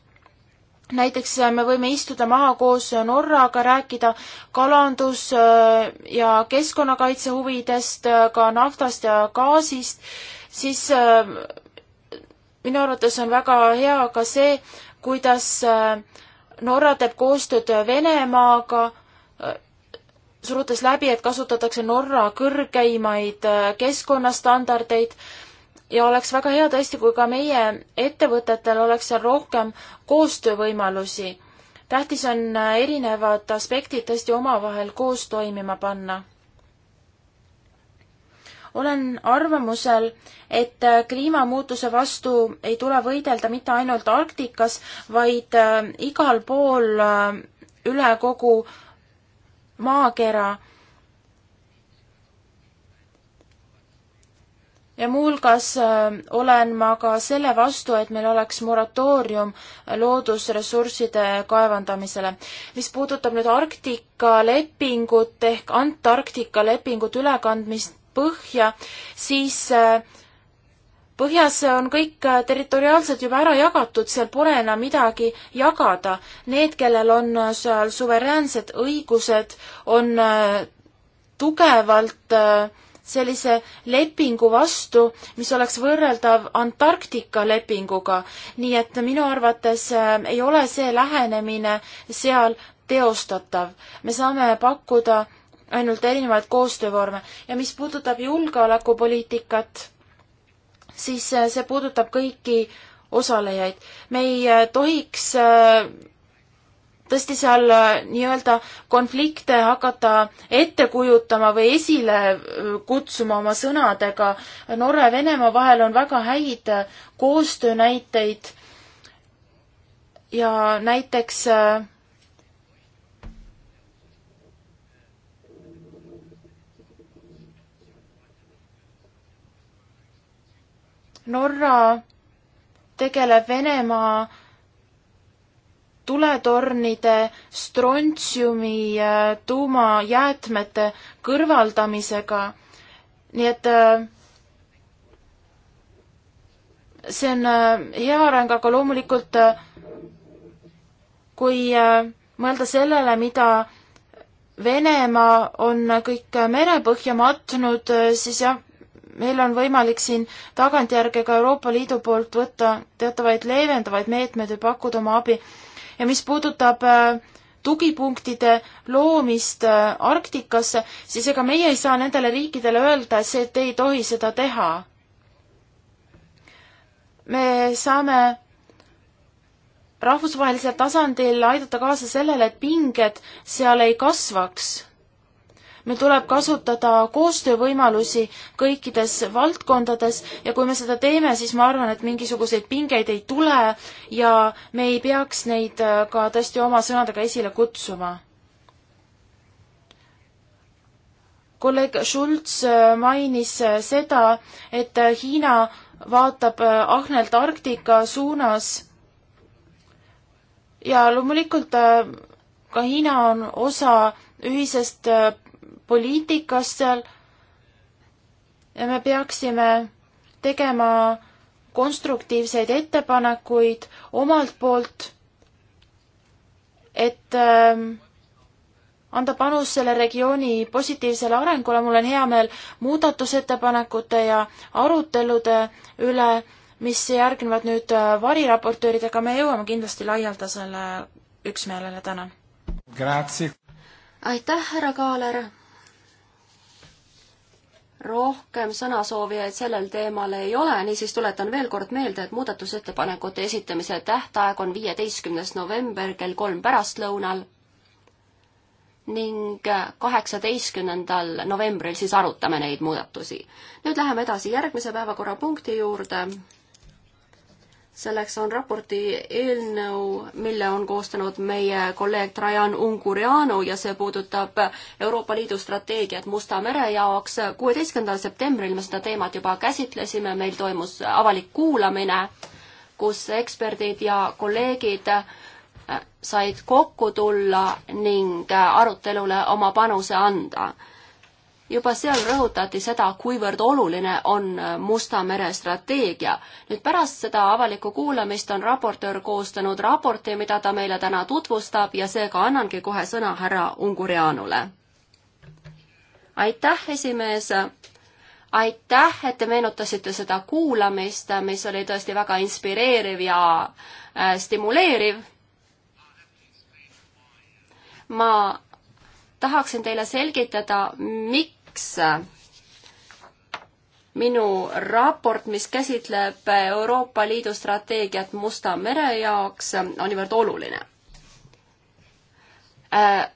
näiteks äh, me võime istuda maha koos äh, Norraga, rääkida kalandus- äh, ja keskkonnakaitse huvidest, ka naftast ja gaasist, siis minu arvates on väga hea ka see, kuidas Norra teeb koostööd Venemaaga, surudes läbi, et kasutatakse Norra kõrgeimaid keskkonnastandardeid ja oleks väga hea tõesti, kui ka meie ettevõtetel oleks seal rohkem koostöövõimalusi. tähtis on äh, erinevad aspektid tõesti omavahel koos toimima panna. olen arvamusel, et äh, kliimamuutuse vastu ei tule võidelda mitte ainult Arktikas, vaid äh, igal pool üle kogu maakera ja muuhulgas äh, olen ma ka selle vastu, et meil oleks moratoorium loodusressursside kaevandamisele. mis puudutab nüüd Arktika lepingut ehk Antarktika lepingut ülekandmist põhja, siis äh, põhjas on kõik äh, territoriaalselt juba ära jagatud, seal pole enam midagi jagada. Need, kellel on seal suveräänsed õigused, on tugevalt äh, sellise lepingu vastu, mis oleks võrreldav Antarktika lepinguga. nii et minu arvates äh, ei ole see lähenemine seal teostatav. me saame pakkuda ainult erinevaid koostöövorme ja mis puudutab julgeolekupoliitikat, siis äh, see puudutab kõiki osalejaid. me ei äh, tohiks tõesti seal äh, nii-öelda konflikte hakata ette kujutama või esile äh, kutsuma oma sõnadega. Norra ja Venemaa vahel on väga häid äh, koostöönäiteid ja näiteks Norra tegeleb Venemaa tuletornide strontsiumi äh, tuumajäätmete kõrvaldamisega. nii et äh, see on äh, hea areng, aga loomulikult kui mõelda sellele, mida Venemaa on kõik merepõhja matnud, siis jah, meil on võimalik siin tagantjärge ka Euroopa Liidu poolt võtta teatavaid leevendavaid meetmeid ja pakkuda oma abi ja mis puudutab äh, tugipunktide loomist äh, Arktikasse, siis ega meie ei saa nendele riikidele öelda, et see, et ei tohi seda teha. me saame rahvusvahelisel tasandil aidata kaasa sellele, et pinged seal ei kasvaks meil tuleb kasutada koostöövõimalusi kõikides valdkondades ja kui me seda teeme, siis ma arvan, et mingisuguseid pingeid ei tule ja me ei peaks neid äh, ka tõesti oma sõnadega esile kutsuma. kolleeg Schulz äh, mainis äh, seda, et Hiina vaatab ahnelt Arktika suunas ja loomulikult ka Hiina on osa ühisest poliitikast seal ja me peaksime tegema konstruktiivseid ettepanekuid omalt poolt, et äh, anda panus selle regiooni positiivsele arengule, mul on hea meel muudatusettepanekute ja arutelude üle, mis järgnevad nüüd äh, variraportööridega, me jõuame kindlasti laialdasele üksmeelele, tänan. aitäh, härra Kaaler! rohkem sõnasoovijaid sellel teemal ei ole, niisiis tuletan veel kord meelde, et muudatusettepanekute esitamise tähtaeg on viieteistkümnes november kell kolm pärastlõunal ning kaheksateistkümnendal novembril siis arutame neid muudatusi. nüüd läheme edasi järgmise päevakorrapunkti juurde selleks on raporti eelnõu, mille on koostanud meie kolleeg Trajan Unguriano ja see puudutab Euroopa Liidu strateegiat Musta mere jaoks. kuueteistkümnendal septembril me seda teemat juba käsitlesime, meil toimus avalik kuulamine, kus eksperdid ja kolleegid äh, said kokku tulla ning äh, arutelule oma panuse anda juba seal rõhutati seda, kuivõrd oluline on Musta mere strateegia. nüüd pärast seda avalikku kuulamist on raportöör koostanud raporti, mida ta meile täna tutvustab ja seega annangi kohe sõna härra Ungurjanule. aitäh, esimees! aitäh, et te meenutasite seda kuulamist, mis oli tõesti väga inspireeriv ja äh, stimuleeriv. ma tahaksin teile selgitada, miks teiseks, äh, minu raport, mis käsitleb Euroopa Liidu strateegiat Musta mere jaoks, äh, on niivõrd oluline. Äh,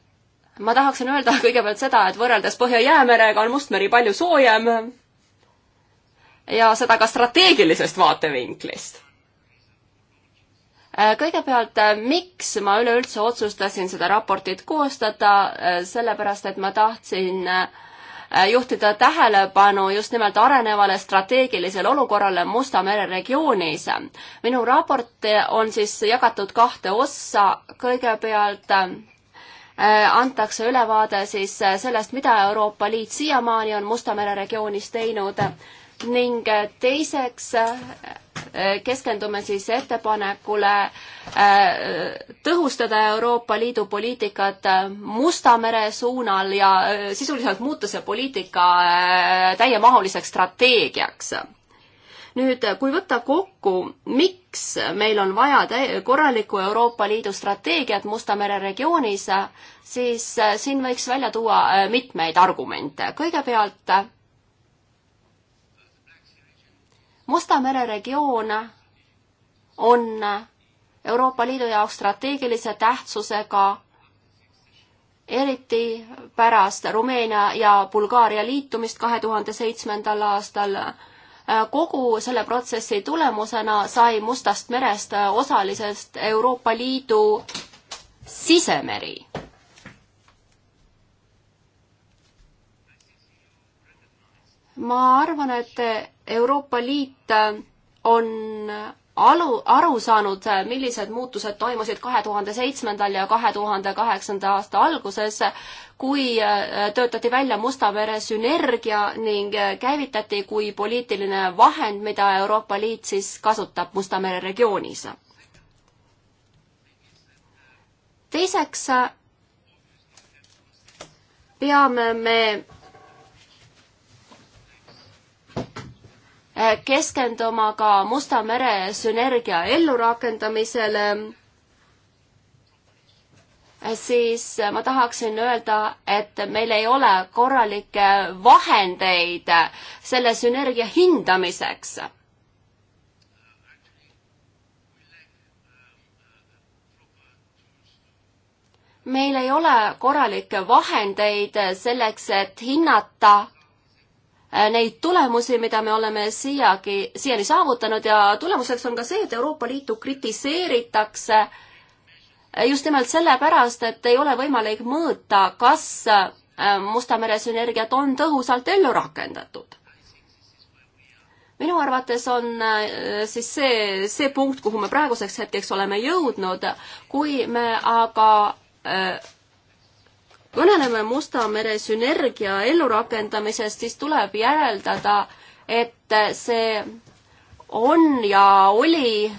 ma tahaksin öelda kõigepealt seda, et võrreldes Põhja-Jäämerega on Mustmeri palju soojem ja seda ka strateegilisest vaatevinklist. kõigepealt, miks ma üleüldse otsustasin seda raportit koostada, sellepärast et ma tahtsin äh, Äh, juhtida tähelepanu just nimelt arenevale strateegilisele olukorrale Musta mere regioonis. minu raport on siis jagatud kahte ossa, kõigepealt äh, antakse ülevaade siis äh, sellest, mida Euroopa Liit siiamaani on Musta mere regioonis teinud ning teiseks Eh, keskendume siis ettepanekule eh, tõhustada Euroopa Liidu poliitikat eh, Musta mere suunal ja sisuliselt muuta see poliitika täiemahuliseks strateegiaks. nüüd, kui võtta kokku, miks meil on vaja korralikku Euroopa Liidu strateegiat Musta mere regioonis, siis siin võiks välja tuua mitmeid argumente. kõigepealt Musta mere regioon on Euroopa Liidu jaoks strateegilise tähtsusega eriti pärast Rumeenia ja Bulgaaria liitumist kahe tuhande seitsmendal aastal. kogu selle protsessi tulemusena sai Mustast merest osalisest Euroopa Liidu sisemeri ma arvan, et Euroopa Liit on alu, aru saanud, millised muutused toimusid kahe tuhande seitsmendal ja kahe tuhande kaheksanda aasta alguses, kui töötati välja Musta mere sünergia ning käivitati kui poliitiline vahend, mida Euroopa Liit siis kasutab Musta mere regioonis. teiseks peame me Äh, keskenduma ka Musta mere sünergia ellurakendamisele, äh, siis äh, ma tahaksin öelda, et meil ei ole korralikke vahendeid selle sünergia hindamiseks meil ei ole korralikke vahendeid selleks, et hinnata Äh, neid tulemusi, mida me oleme siiagi, siiani saavutanud ja tulemuseks on ka see, et Euroopa Liitu kritiseeritakse äh, just nimelt sellepärast, et ei ole võimalik mõõta, kas äh, Musta mere sünergiat on tõhusalt ellu rakendatud. minu arvates on siis see, see punkt, kuhu me praeguseks hetkeks oleme jõudnud, kui me aga kõneleme Musta mere sünergia ellurakendamisest, siis tuleb järeldada, et see on ja oli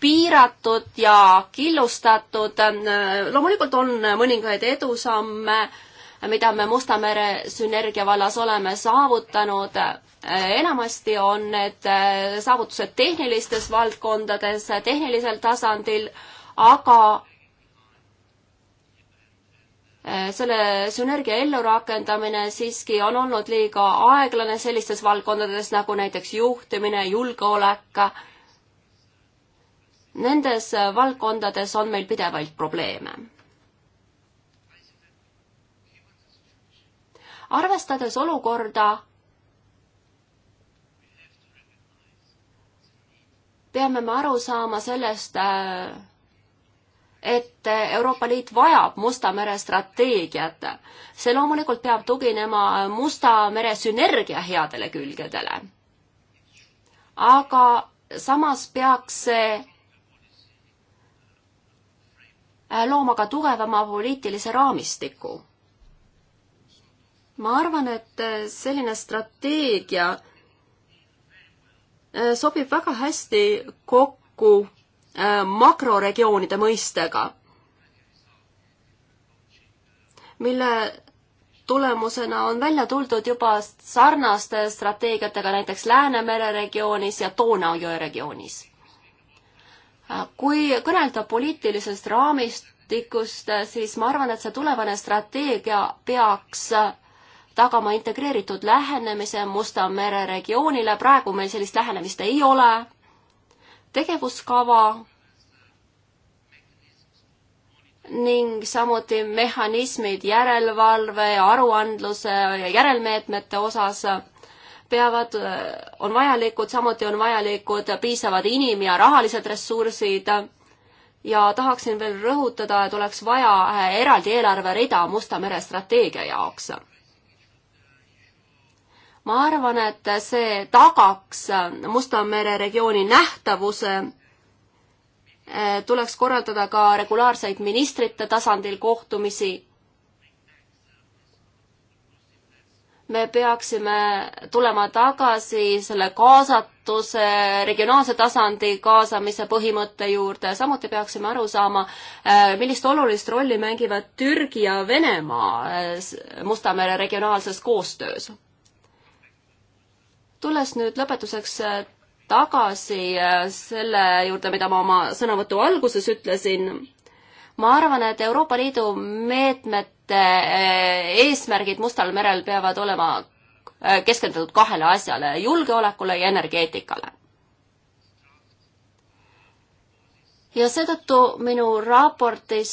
piiratud ja killustatud. loomulikult on mõningaid edusamme, mida me Musta mere sünergia vallas oleme saavutanud. enamasti on need saavutused tehnilistes valdkondades, tehnilisel tasandil, aga Äh, selle sünergia ellurakendamine siiski on olnud liiga aeglane sellistes valdkondades nagu näiteks juhtimine, julgeolek. Nendes valdkondades on meil pidevalt probleeme. arvestades olukorda, peame me aru saama sellest, äh, et Euroopa Liit vajab Musta mere strateegiat. see loomulikult peab tuginema Musta mere sünergia headele külgedele. aga samas peaks see looma ka tugevama poliitilise raamistiku. ma arvan, et selline strateegia sobib väga hästi kokku Äh, makroregioonide mõistega, mille tulemusena on välja tuldud juba sarnaste strateegiatega näiteks Läänemere regioonis ja Donaujõe regioonis. Äh, kui kõnelda poliitilisest raamistikust, siis ma arvan, et see tulevane strateegia peaks äh, tagama integreeritud lähenemise Musta mere regioonile, praegu meil sellist lähenemist ei ole tegevuskava ning samuti mehhanismid järelevalve, aruandluse ja järelmeetmete osas peavad, on vajalikud, samuti on vajalikud piisavad inim- ja rahalised ressursid. ja tahaksin veel rõhutada, et oleks vaja äh, eraldi eelarverida Musta mere strateegia jaoks ma arvan, et see tagaks Musta mere regiooni nähtavuse. Äh, tuleks korraldada ka regulaarseid ministrite tasandil kohtumisi. me peaksime tulema tagasi selle kaasatuse, regionaalse tasandi kaasamise põhimõtte juurde, samuti peaksime aru saama, äh, millist olulist rolli mängivad Türgi ja Venemaa äh, Musta mere regionaalses koostöös tulles nüüd lõpetuseks äh, tagasi äh, selle juurde, mida ma oma sõnavõtu alguses ütlesin, ma arvan, et Euroopa Liidu meetmete äh, eesmärgid Mustal merel peavad olema keskendatud kahele asjale, julgeolekule ja energeetikale. ja seetõttu minu raportis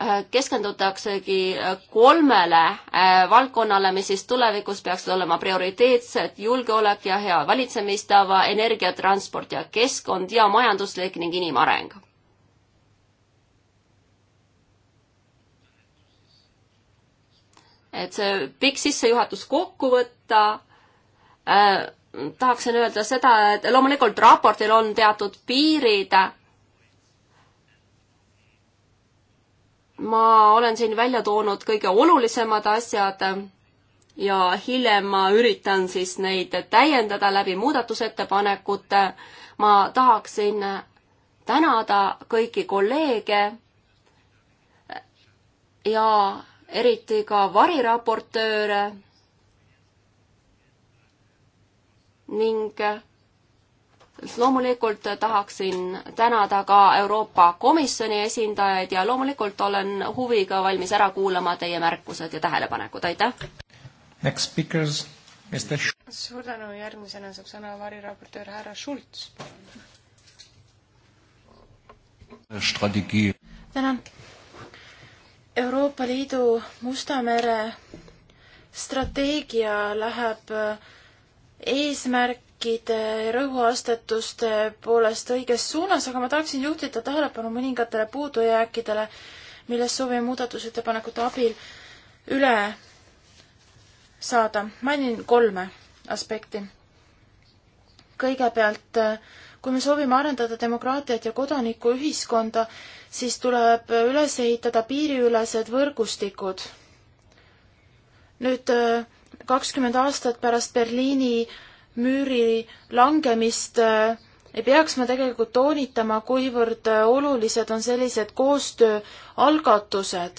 Äh, keskendutaksegi äh, kolmele äh, valdkonnale, mis siis tulevikus peaksid olema prioriteetsed, julgeolek ja hea valitsemistava, energia, transport ja keskkond ja majanduslik ning inimareng. et see pikk sissejuhatus kokku võtta äh,, tahaksin öelda seda, et loomulikult raportil on teatud piirid äh,, ma olen siin välja toonud kõige olulisemad asjad ja hiljem ma üritan siis neid täiendada läbi muudatusettepanekute. ma tahaksin tänada kõiki kolleege ja eriti ka variraportööre ning loomulikult tahaksin tänada ka Euroopa Komisjoni esindajaid ja loomulikult olen huviga valmis ära kuulama teie märkused ja tähelepanekud, aitäh! Next speakers, Mr. suur tänu, järgmisena saab sõna variraportöör härra Schultz. strateegia. tänan. Euroopa Liidu Musta mere strateegia läheb eesmärk kõikide rõhuastetuste poolest õiges suunas, aga ma tahaksin juhtida tähelepanu mõningatele puudujääkidele, millest soovime muudatusettepanekute abil üle saada. mainin kolme aspekti. kõigepealt, kui me soovime arendada demokraatiat ja kodanikuühiskonda, siis tuleb üles ehitada piiriülesed võrgustikud. nüüd kakskümmend aastat pärast Berliini müüri langemist äh, ei peaks me tegelikult toonitama, kuivõrd äh, olulised on sellised koostööalgatused.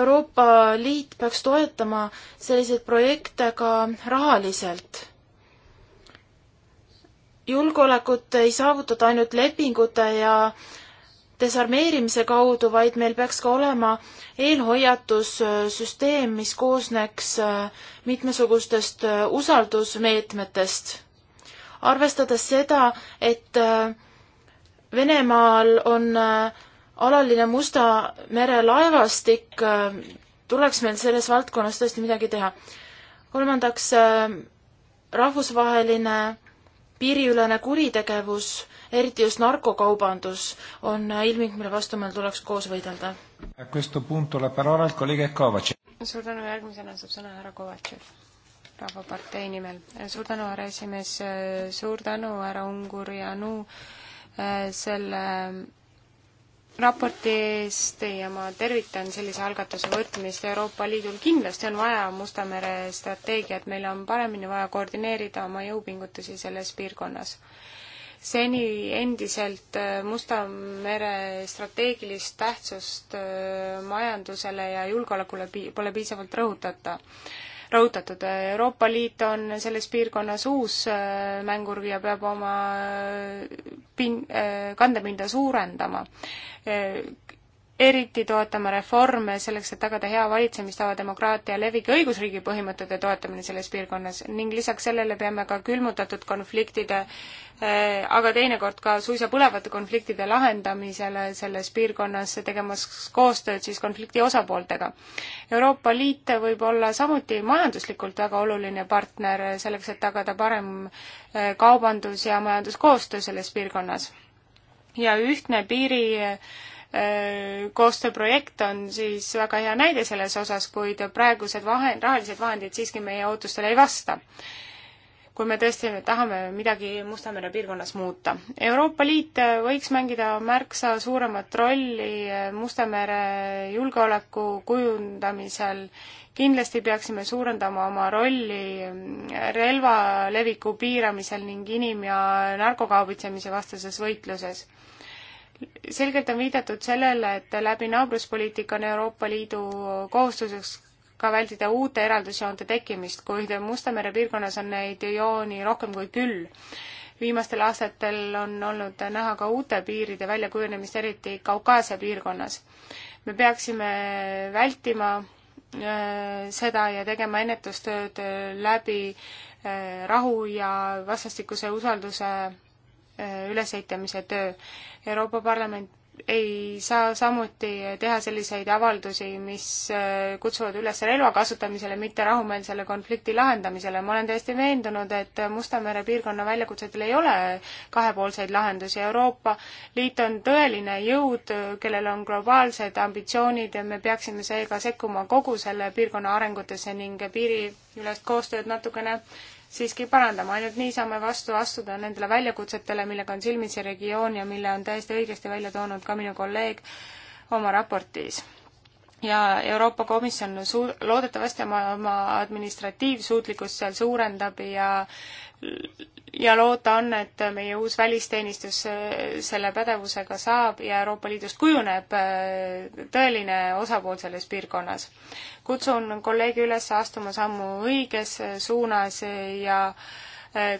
Euroopa Liit peaks toetama selliseid projekte ka rahaliselt. julgeolekut ei saavutata ainult lepingute ja äh, desarmeerimise kaudu, vaid meil peaks ka olema eelhoiatussüsteem, mis koosneks äh, mitmesugustest äh, usaldusmeetmetest. arvestades seda, et äh, Venemaal on alaline Musta mere laevastik, tuleks meil selles valdkonnas tõesti midagi teha. kolmandaks, rahvusvaheline piiriülene kuritegevus, eriti just narkokaubandus, on ilming, mille vastu meil tuleks koos võidelda. suur tänu, järgmisena saab sõna härra Kovatšev Rahvapartei nimel. suur tänu, härra esimees, suur tänu, härra Ungur ja Anu selle raporti eest ja ma tervitan sellise algatuse võtmist Euroopa Liidul. kindlasti on vaja Musta mere strateegiat, meil on paremini vaja koordineerida oma jõupingutusi selles piirkonnas. seni endiselt äh, Musta mere strateegilist tähtsust äh, majandusele ja julgeolekule pii-, pole piisavalt rõhutata rõhutatud. Euroopa Liit on selles piirkonnas uus äh, mängur ja peab oma pin-, äh, kandepinda suurendama. Äh, eriti toetama reforme selleks, et tagada hea valitsemistava demokraatia levik ja õigusriigi põhimõtete toetamine selles piirkonnas ning lisaks sellele peame ka külmutatud konfliktide, äh, aga teinekord ka suisa põlevate konfliktide lahendamisele selles piirkonnas, tegemas koostööd siis konflikti osapooltega. Euroopa Liit võib olla samuti majanduslikult väga oluline partner selleks, et tagada parem äh, kaubandus- ja majanduskoostöö selles piirkonnas. ja ühtne piiri äh, Äh, koostööprojekt on siis väga hea näide selles osas, kuid praegused vahend, rahalised vahendid siiski meie ootustele ei vasta. kui me tõesti nüüd tahame midagi Musta mere piirkonnas muuta. Euroopa Liit võiks mängida märksa suuremat rolli Musta mere julgeoleku kujundamisel. kindlasti peaksime suurendama oma rolli relvaleviku piiramisel ning inim- ja narkokaubitsemise vastases võitluses selgelt on viidatud sellele, et läbi naabruspoliitika on Euroopa Liidu kohustuseks ka vältida uute eraldusjoonte tekkimist, kuid Musta mere piirkonnas on neid jooni rohkem kui küll. viimastel aastatel on olnud näha ka uute piiride väljakujunemist, eriti Kaukaasia piirkonnas. me peaksime vältima äh, seda ja tegema ennetustööd äh, läbi äh, rahu ja vastastikuse usalduse ülesehitamise töö. Euroopa Parlament ei saa samuti teha selliseid avaldusi, mis äh, kutsuvad üles relva kasutamisele, mitte rahumeelsele konflikti lahendamisele. ma olen täiesti veendunud, et Musta mere piirkonna väljakutsetel ei ole kahepoolseid lahendusi. Euroopa Liit on tõeline jõud, kellel on globaalsed ambitsioonid ja me peaksime seega sekkuma kogu selle piirkonna arengutesse ning piiriülest koostööd natukene siiski parandama, ainult nii saame vastu astuda nendele väljakutsetele, millega on silmitsi regioon ja mille on täiesti õigesti välja toonud ka minu kolleeg oma raportis. ja Euroopa Komisjon suur, loodetavasti oma, oma administratiivsuutlikkust seal suurendab ja äh, ja loota on, et meie uus välisteenistus selle pädevusega saab ja Euroopa Liidust kujuneb äh, tõeline osapool selles piirkonnas. kutsun kolleegi üles astuma sammu õiges suunas ja äh,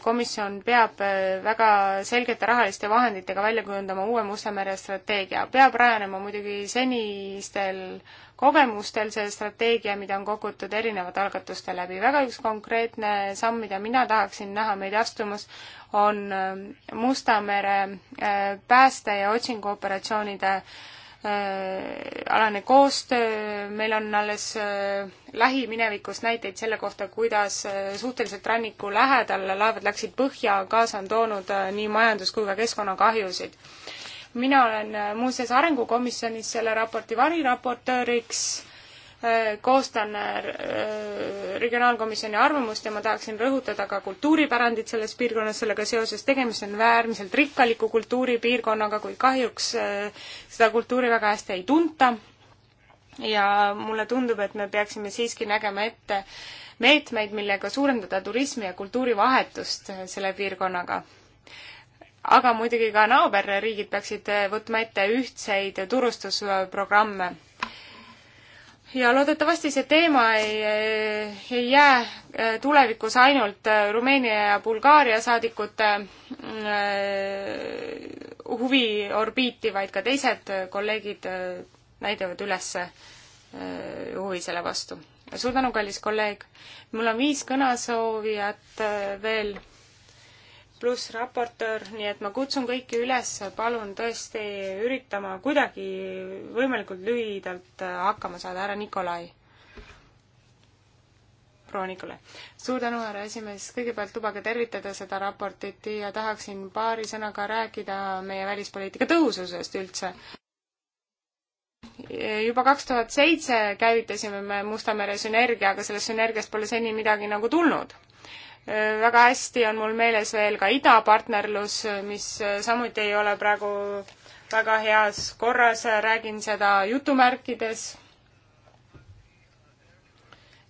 komisjon peab äh, väga selgete rahaliste vahenditega välja kujundama uue Mustamere strateegia. peab rajanema muidugi senistel kogemustel see strateegia, mida on kogutud erinevate algatuste läbi. väga üks konkreetne samm, mida mina tahaksin näha meid astumas, on äh, Musta mere äh, pääste- ja otsinguoperatsioonide Äh, alane koostöö, meil on alles äh, lähiminevikust näiteid selle kohta, kuidas äh, suhteliselt ranniku lähedal laevad läksid põhja, kaasa on toonud nii majandus- kui ka keskkonnakahjusid. mina olen muuseas Arengukomisjonis selle raporti variraportööriks koostan äh, regionaalkomisjoni arvamust ja ma tahaksin rõhutada ka kultuuripärandit selles piirkonnas, sellega seoses tegemist on äärmiselt rikkaliku kultuuripiirkonnaga, kuid kahjuks äh, seda kultuuri väga hästi ei tunta. ja mulle tundub, et me peaksime siiski nägema ette meetmeid, millega suurendada turismi ja kultuurivahetust äh, selle piirkonnaga aga muidugi ka naaberriigid peaksid võtma ette ühtseid turustusprogramme ja loodetavasti see teema ei, ei jää äh, tulevikus ainult äh, Rumeenia ja Bulgaaria saadikute äh, huviorbiiti, vaid ka teised kolleegid näidavad üles huvi selle vastu. suur tänu, kallis kolleeg! mul on viis kõnesoovijat veel pluss raportöör, nii et ma kutsun kõiki üles, palun tõesti üritama kuidagi võimalikult lühidalt äh, hakkama saada, härra Nikolai. proua Nikolai. suur tänu, härra esimees, kõigepealt lubage tervitada seda raportit ja tahaksin paari sõnaga rääkida meie välispoliitika tõhususest üldse juba kaks tuhat seitse käivitasime me Musta mere sünergia, aga sellest sünergiast pole seni midagi nagu tulnud väga hästi on mul meeles veel ka idapartnerlus, mis samuti ei ole praegu väga heas korras, räägin seda jutumärkides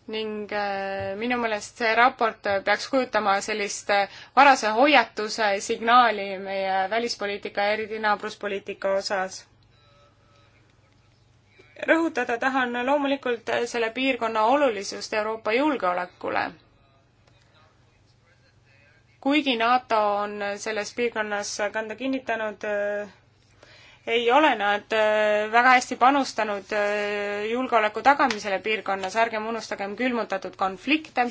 ning äh, minu meelest see raport peaks kujutama sellist äh, varase hoiatuse signaali meie välispoliitika ja eriti naabruspoliitika osas. rõhutada tahan loomulikult selle piirkonna olulisust Euroopa julgeolekule kuigi NATO on selles piirkonnas kanda kinnitanud, äh, ei ole nad äh, väga hästi panustanud äh, julgeoleku tagamisele piirkonnas, ärgem unustagem külmutatud konflikte,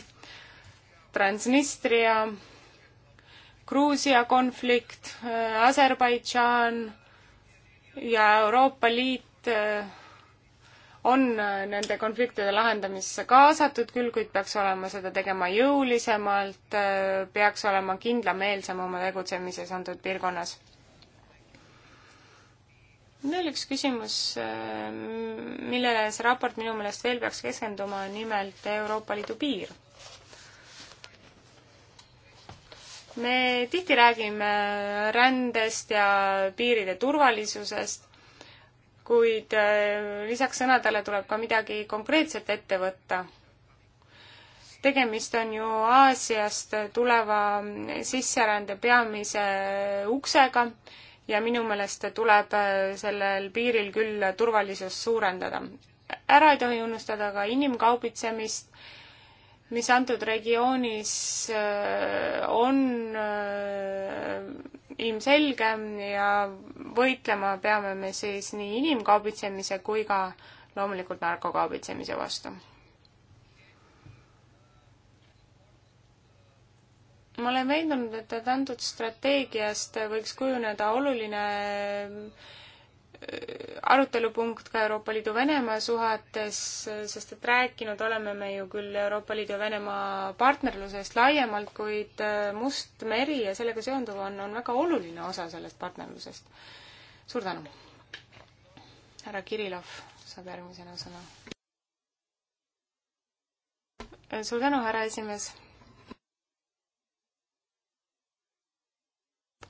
Transnistria, Gruusia konflikt, Aserbaidžaan ja Euroopa Liit on äh, nende konfliktide lahendamisse kaasatud küll, kuid peaks olema seda tegema jõulisemalt, äh, peaks olema kindlameelsem oma tegutsemises antud piirkonnas. veel üks küsimus, äh, millele see raport minu meelest veel peaks keskenduma, on nimelt Euroopa Liidu piir. me tihti räägime rändest ja piiride turvalisusest kuid äh, lisaks sõnadele tuleb ka midagi konkreetset ette võtta. tegemist on ju Aasiast tuleva sisserände peamise uksega ja minu meelest tuleb äh, sellel piiril küll turvalisust suurendada. ära ei tohi unustada ka inimkaubitsemist, mis antud regioonis äh, on ilmselge ja võitlema peame me siis nii inimkaubitsemise kui ka loomulikult narkokaubitsemise vastu. ma olen veendunud, et antud strateegiast võiks kujuneda oluline arutelupunkt ka Euroopa Liidu Venemaa suhetes, sest et rääkinud oleme me ju küll Euroopa Liidu ja Venemaa partnerlusest laiemalt, kuid äh, Must meri ja sellega seonduv on, on väga oluline osa sellest partnerlusest. suur tänu! härra Kirillov saab järgmisena sõna. suur tänu, härra esimees!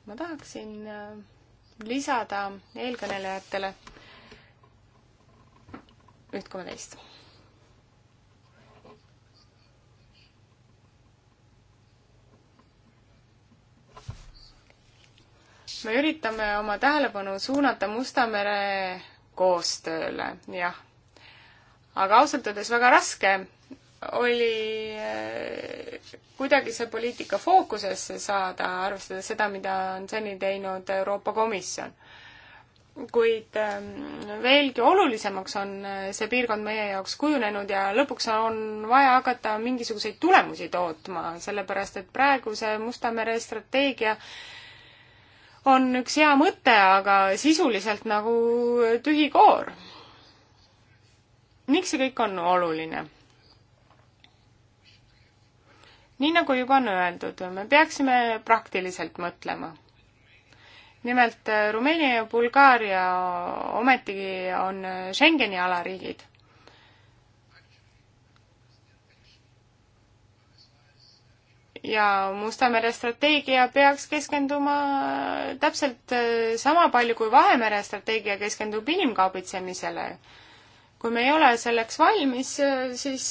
ma tahaksin äh, lisada eelkõnelejatele üht koma teist. me üritame oma tähelepanu suunata Musta mere koostööle, jah. aga ausalt öeldes väga raske oli eh, kuidagi see poliitika fookusesse saada, arvestades seda, mida on seni teinud Euroopa Komisjon. kuid eh, veelgi olulisemaks on eh, see piirkond meie jaoks kujunenud ja lõpuks on vaja hakata mingisuguseid tulemusi tootma, sellepärast et praegu see Musta mere strateegia on üks hea mõte, aga sisuliselt nagu tühi koor miks see kõik on oluline? nii nagu juba on öeldud, me peaksime praktiliselt mõtlema. nimelt äh, Rumeenia ja Bulgaaria ometigi on äh, Schengeni alariigid ja Musta mere strateegia peaks keskenduma äh, täpselt sama palju, kui Vahemere strateegia keskendub inimkaubitsemisele kui me ei ole selleks valmis, siis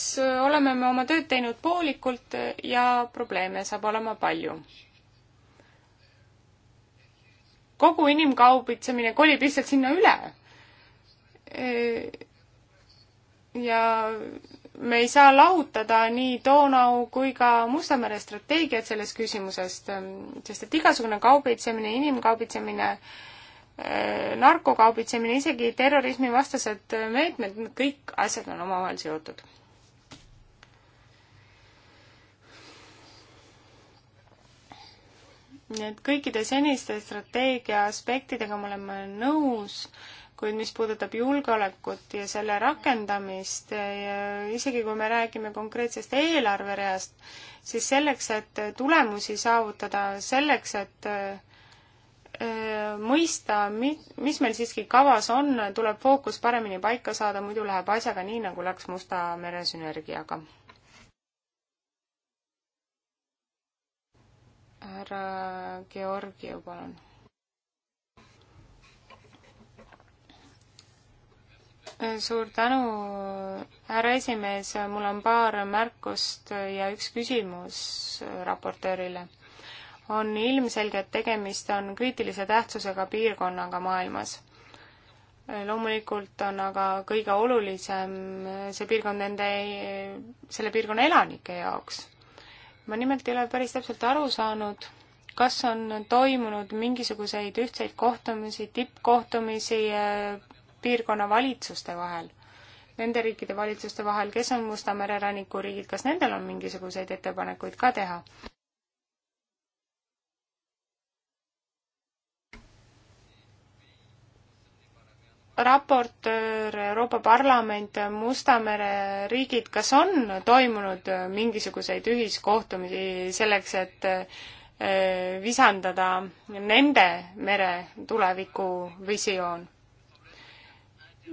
oleme me oma tööd teinud poolikult ja probleeme saab olema palju. kogu inimkaubitsemine kolib lihtsalt sinna üle. ja me ei saa lahutada nii Donau kui ka Musta mere strateegiat sellest küsimusest, sest et igasugune kaubitsemine, inimkaubitsemine äh, Äh, narkokaubitsemine, isegi terrorismivastased meetmed, kõik asjad on omavahel seotud. nii et kõikide seniste strateegia aspektidega me oleme nõus, kuid mis puudutab julgeolekut ja selle rakendamist, isegi kui me räägime konkreetsest eelarvereast, siis selleks, et tulemusi saavutada, selleks, et Äh, mõista, mi-, mis meil siiski kavas on, tuleb fookus paremini paika saada, muidu läheb asjaga nii, nagu läks Musta mere sünergiaga. härra Georgiev, palun. suur tänu, härra esimees, mul on paar märkust ja üks küsimus raportöörile on ilmselge, et tegemist on kriitilise tähtsusega piirkonnaga maailmas. loomulikult on aga kõige olulisem see piirkond nende, selle piirkonna elanike jaoks. ma nimelt ei ole päris täpselt aru saanud, kas on toimunud mingisuguseid ühtseid kohtumisi, tippkohtumisi eh, piirkonna valitsuste vahel, nende riikide valitsuste vahel, kes on Musta mere ranniku riigid, kas nendel on mingisuguseid ettepanekuid ka teha? raportöör, Euroopa Parlament, Mustamere riigid, kas on toimunud mingisuguseid ühiskohtumisi selleks, et eh, visandada nende mere tulevikuvisioon?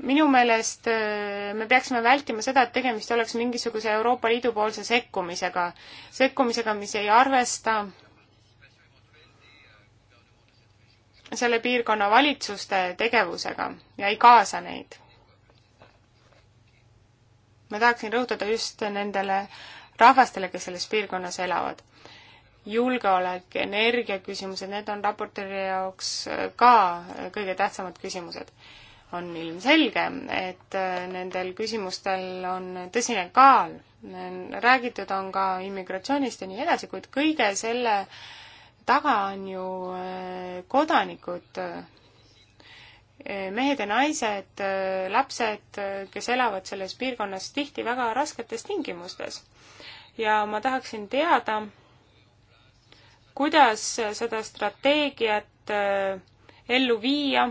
minu meelest eh, me peaksime vältima seda, et tegemist oleks mingisuguse Euroopa Liidu poolse sekkumisega, sekkumisega, mis ei arvesta selle piirkonna valitsuste tegevusega ja ei kaasa neid. ma tahaksin rõhutada just nendele rahvastele, kes selles piirkonnas elavad. julgeolek, energiaküsimused, need on raportööri jaoks ka kõige tähtsamad küsimused. on ilmselge, et nendel küsimustel on tõsine kaal. räägitud on ka immigratsioonist ja nii edasi, kuid kõige selle äh, taga on ju äh, kodanikud, äh, mehed ja naised, äh, lapsed, kes elavad selles piirkonnas tihti väga rasketes tingimustes. ja ma tahaksin teada, kuidas seda strateegiat ellu viia,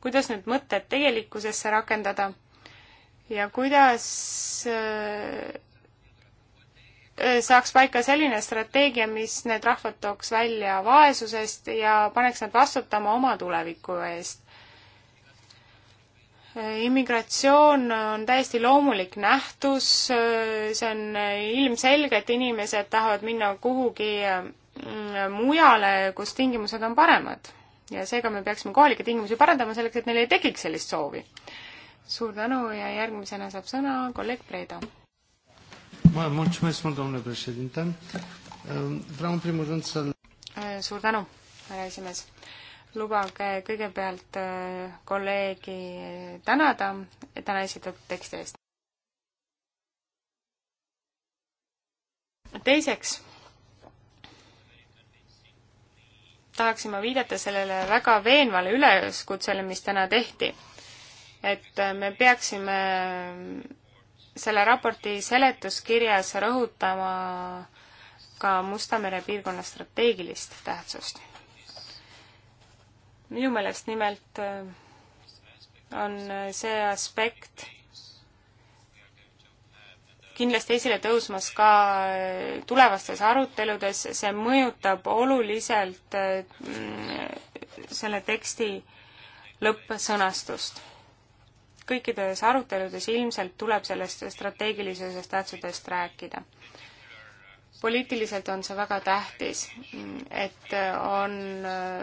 kuidas need mõtted tegelikkusesse rakendada ja kuidas Eh, saaks paika selline strateegia, mis need rahvad tooks välja vaesusest ja paneks nad vastutama oma tuleviku eest. Eh, immigratsioon on täiesti loomulik nähtus, eh, see on ilmselge, et inimesed tahavad minna kuhugi mm, mujale, kus tingimused on paremad. ja seega me peaksime kohalikke tingimusi parandama selleks, et neil ei tekiks sellist soovi. suur tänu ja järgmisena saab sõna kolleeg Preeda Mă, mulțumesc mult, domnule președinte. Ehm, vreau în primul rând să... Eh, suur tänu, härra esimees. Lubage kõigepealt eh, kolleegi tänada täna esitatud teksti eest. teiseks tahaksin ma viidata sellele väga veenvale üleskutsele, mis täna tehti. et eh, me peaksime selle raporti seletuskirjas rõhutama ka Musta mere piirkonna strateegilist tähtsust. minu meelest nimelt äh, on äh, see aspekt kindlasti esile tõusmas ka äh, tulevastes aruteludes, see mõjutab oluliselt selle teksti lõppsõnastust kõikides aruteludes ilmselt tuleb sellest strateegilisest tähtsusest rääkida. poliitiliselt on see väga tähtis, et on äh,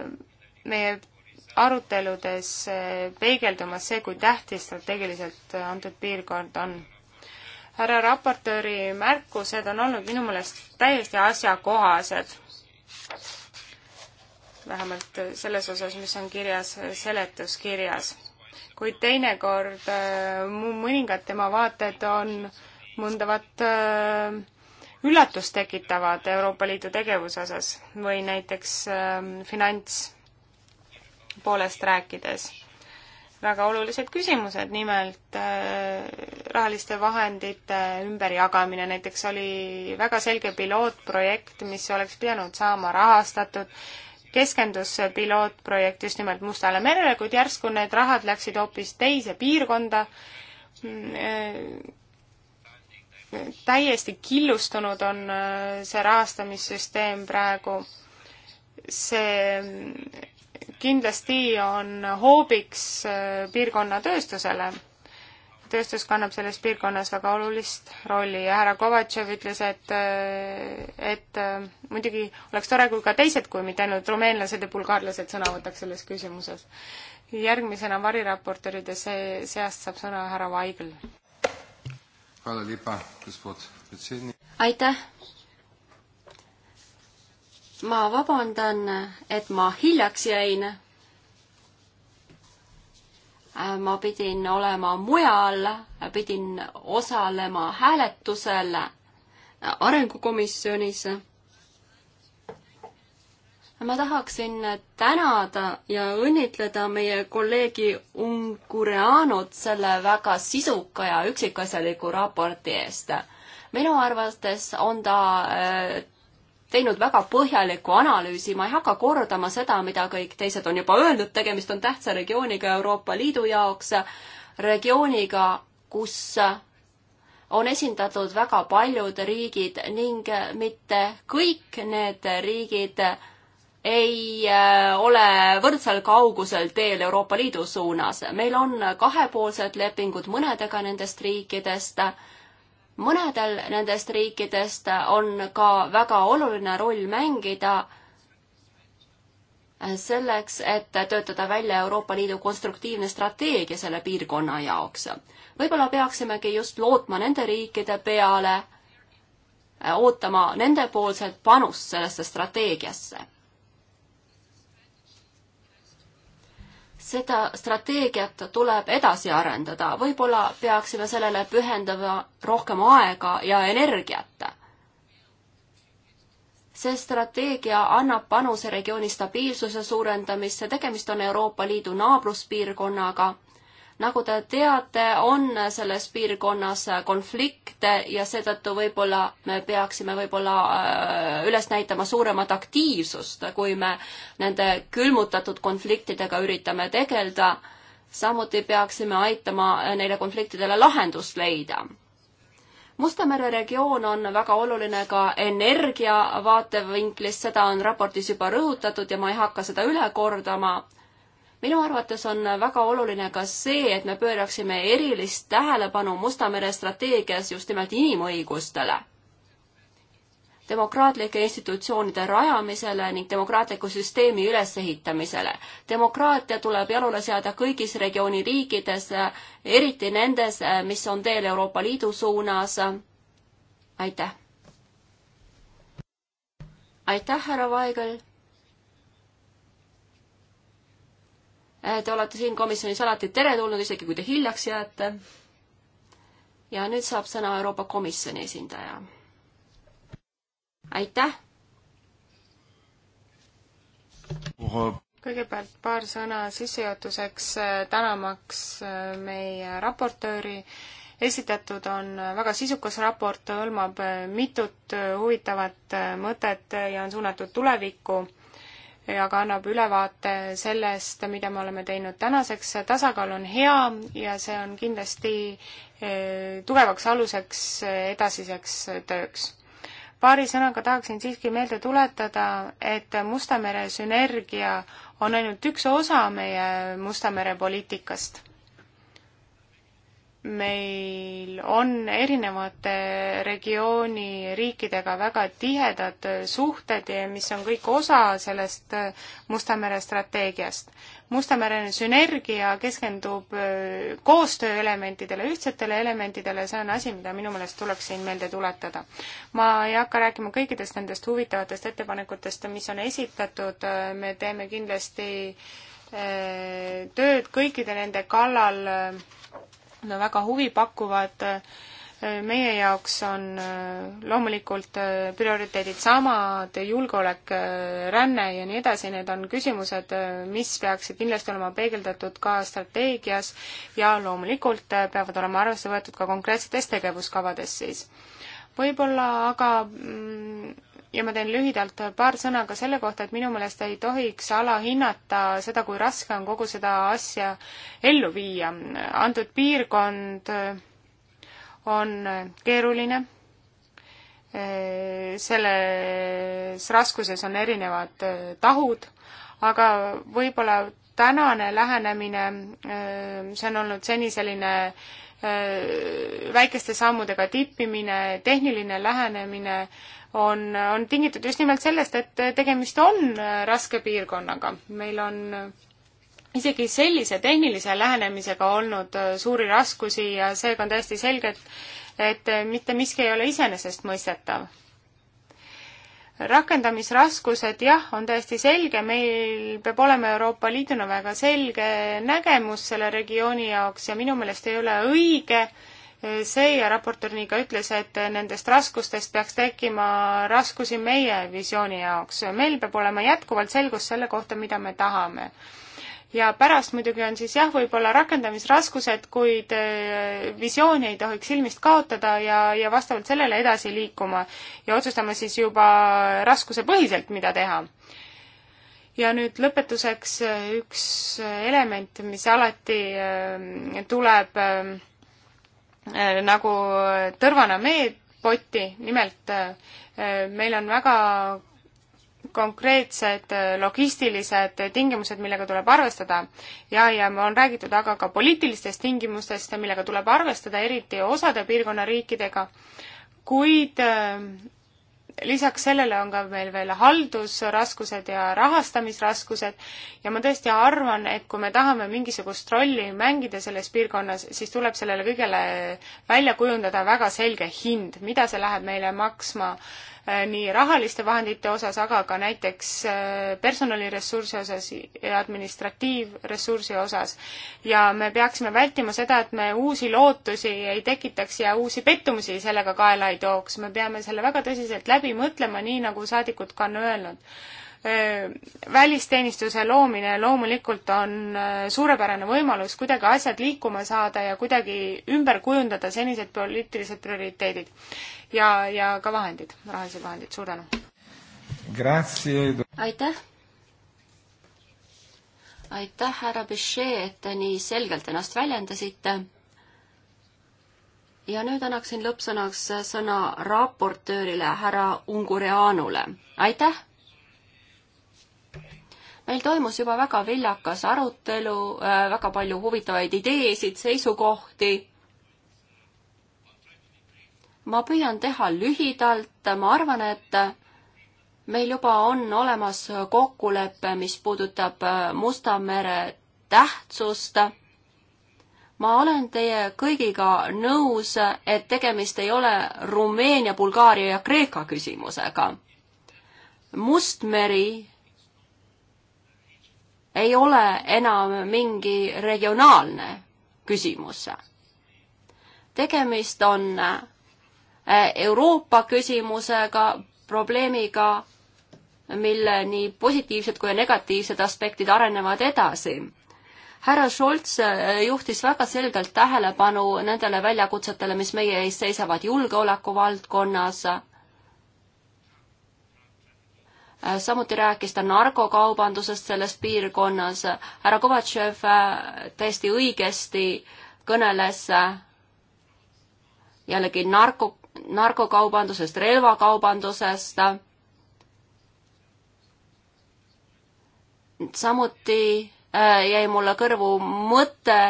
meie aruteludes äh, peegeldumas see, kui tähtis strateegiliselt antud piirkond on. härra raportööri märkused on olnud minu meelest täiesti asjakohased. vähemalt selles osas, mis on kirjas seletuskirjas kuid teinekord äh, mõningad tema vaated on mõndavat äh, üllatust tekitavad Euroopa Liidu tegevuse osas või näiteks äh, finantspoolest rääkides. väga olulised küsimused, nimelt rahaliste vahendite ümberjagamine näiteks oli väga selge pilootprojekt, mis oleks pidanud saama rahastatud keskendus see pilootprojekt just nimelt Mustale merele, kuid järsku need rahad läksid hoopis teise piirkonda. täiesti killustunud on äh, see rahastamissüsteem praegu. see mm, kindlasti on hoobiks äh, piirkonna tööstusele tööstus kannab selles piirkonnas väga olulist rolli ja härra Kovatšev ütles, et, et muidugi oleks tore, kui ka teised, kui mitte ainult rumeenlased ja bulgaarlased sõna võtaks selles küsimuses. järgmisena variraportööride see, seast saab sõna härra Vaigel. aitäh! ma vabandan, et ma hiljaks jäin Äh, ma pidin olema mujal, pidin osalema hääletusel äh, arengukomisjonis. ma tahaksin tänada ja õnnitleda meie kolleegi Ungureanot selle väga sisuka ja üksikasjaliku raporti eest. minu arvates on ta äh, teinud väga põhjaliku analüüsi, ma ei hakka kordama seda, mida kõik teised on juba öelnud, tegemist on tähtsa regiooniga Euroopa Liidu jaoks, regiooniga, kus on esindatud väga paljud riigid ning mitte kõik need riigid ei äh, ole võrdsel kaugusel teel Euroopa Liidu suunas. meil on kahepoolsed lepingud mõnedega nendest riikidest mõnedel nendest riikidest on ka väga oluline roll mängida selleks, et töötada välja Euroopa Liidu konstruktiivne strateegia selle piirkonna jaoks. võib-olla peaksimegi just lootma nende riikide peale, ootama nendepoolset panust sellesse strateegiasse seda strateegiat tuleb edasi arendada, võib-olla peaksime sellele pühendama rohkem aega ja energiat. see strateegia annab panuse regiooni stabiilsuse suurendamisse, tegemist on Euroopa Liidu naabruspiirkonnaga nagu te teate, on selles piirkonnas konflikte ja seetõttu võib-olla me peaksime võib-olla äh, üles näitama suuremat aktiivsust, kui me nende külmutatud konfliktidega üritame tegeleda. samuti peaksime aitama neile konfliktidele lahendust leida. Musta mere regioon on väga oluline ka energia vaatevinklist, seda on raportis juba rõhutatud ja ma ei hakka seda üle kordama minu arvates on väga oluline ka see, et me pööraksime erilist tähelepanu Musta mere strateegias just nimelt inimõigustele, demokraatlike institutsioonide rajamisele ning demokraatliku süsteemi ülesehitamisele. demokraatia tuleb jalule seada kõigis regiooni riikides, eriti nendes, mis on teel Euroopa Liidu suunas. aitäh! aitäh, härra Vaigel! Eh, te olete siin komisjonis alati teretulnud, isegi kui te hiljaks jääte. ja nüüd saab sõna Euroopa Komisjoni esindaja. aitäh! kõigepealt paar sõna sissejuhatuseks, eh, tänamaks eh, meie raportööri. esitatud on väga sisukas raport, hõlmab mitut huvitavat mõtet ja on suunatud tulevikku ja ka annab ülevaate sellest, mida me oleme teinud tänaseks. tasakaal on hea ja see on kindlasti eh, tugevaks aluseks edasiseks tööks. paari sõnaga tahaksin siiski meelde tuletada, et Musta mere sünergia on ainult üks osa meie Musta mere poliitikast meil on erinevate regiooni riikidega väga tihedad suhted, mis on kõik osa sellest Musta mere strateegiast. Musta mere sünergia keskendub äh, koostööelementidele, ühtsetele elementidele, see on asi, mida minu meelest tuleks siin meelde tuletada. ma ei hakka rääkima kõikidest nendest huvitavatest ettepanekutest, mis on esitatud, äh, me teeme kindlasti äh, tööd kõikide nende kallal väga huvipakkuvad. Äh, meie jaoks on äh, loomulikult äh, prioriteedid samad, julgeolek, ränne ja nii edasi, need on küsimused, mis peaksid kindlasti olema peegeldatud ka strateegias ja loomulikult peavad olema arvesse võetud ka konkreetsetes tegevuskavades siis. võib-olla aga mm, ja ma teen lühidalt paar sõna ka selle kohta, et minu meelest ei tohiks alahinnata seda, kui raske on kogu seda asja ellu viia. antud piirkond äh, on äh, keeruline, äh, selles raskuses on erinevad tahud, aga võib-olla tänane lähenemine, see on olnud seni selline Äh, väikeste sammudega tippimine, tehniline lähenemine on, on tingitud just nimelt sellest, et tegemist on äh, raske piirkonnaga. meil on isegi sellise tehnilise lähenemisega olnud äh, suuri raskusi ja seega on täiesti selge, et, et mitte miski ei ole iseenesestmõistetav rakendamisraskused, jah, on täiesti selge, meil peab olema Euroopa Liiduna väga selge nägemus selle regiooni jaoks ja minu meelest ei ole õige eh, see ja raportöör nii ka ütles, et nendest raskustest peaks tekkima raskusi meie visiooni jaoks. meil peab olema jätkuvalt selgus selle kohta, mida me tahame ja pärast muidugi on siis jah, võib-olla rakendamisraskused, kuid äh, visiooni ei tohiks silmist kaotada ja, ja vastavalt sellele edasi liikuma ja otsustama siis juba raskusepõhiselt, mida teha. ja nüüd lõpetuseks äh, üks element, mis alati äh, tuleb nagu tõrvana meepotti, nimelt meil on väga konkreetsed äh, logistilised äh, tingimused, millega tuleb arvestada ja, ja on räägitud aga ka poliitilistest tingimustest, millega tuleb arvestada, eriti osade piirkonna riikidega, kuid äh, lisaks sellele on ka meil veel haldusraskused ja rahastamisraskused ja ma tõesti arvan, et kui me tahame mingisugust rolli mängida selles piirkonnas, siis tuleb sellele kõigele välja kujundada väga selge hind, mida see läheb meile maksma äh, Äh, nii rahaliste vahendite osas, aga ka näiteks äh, personaliressursi osas ja administratiivressursi osas. ja me peaksime vältima seda, et me uusi lootusi ei tekitaks ja uusi pettumusi sellega kaela ei tooks. me peame selle väga tõsiselt läbi mõtlema, nii nagu saadikud ka on öelnud välisteenistuse loomine loomulikult on suurepärane võimalus kuidagi asjad liikuma saada ja kuidagi ümber kujundada senised poliitilised prioriteedid ja, ja ka vahendid, rahalised vahendid, suur tänu! aitäh! aitäh, härra Bichet, et te nii selgelt ennast väljendasite. ja nüüd annaksin lõppsõnaks sõna raportöörile, härra Ungureanule. aitäh! meil toimus juba väga viljakas arutelu, äh, väga palju huvitavaid ideesid, seisukohti. ma püüan teha lühidalt, ma arvan, et meil juba on olemas kokkulepe, mis puudutab äh, Musta mere tähtsust. ma olen teie kõigiga nõus, et tegemist ei ole Rumeenia, Bulgaaria ja Kreeka küsimusega. Mustmeri ei ole enam mingi regionaalne küsimus. tegemist on äh, Euroopa küsimusega, probleemiga, mille nii positiivsed kui negatiivsed aspektid arenevad edasi. härra Scholz äh, juhtis väga selgelt tähelepanu nendele väljakutsetele, mis meie ees seisavad julgeoleku valdkonnas Äh, samuti rääkis ta narkokaubandusest selles piirkonnas. härra Kovatšev äh, täiesti õigesti kõneles äh, jällegi narko, narkokaubandusest, relvakaubandusest. samuti jäi mulle kõrvu mõte,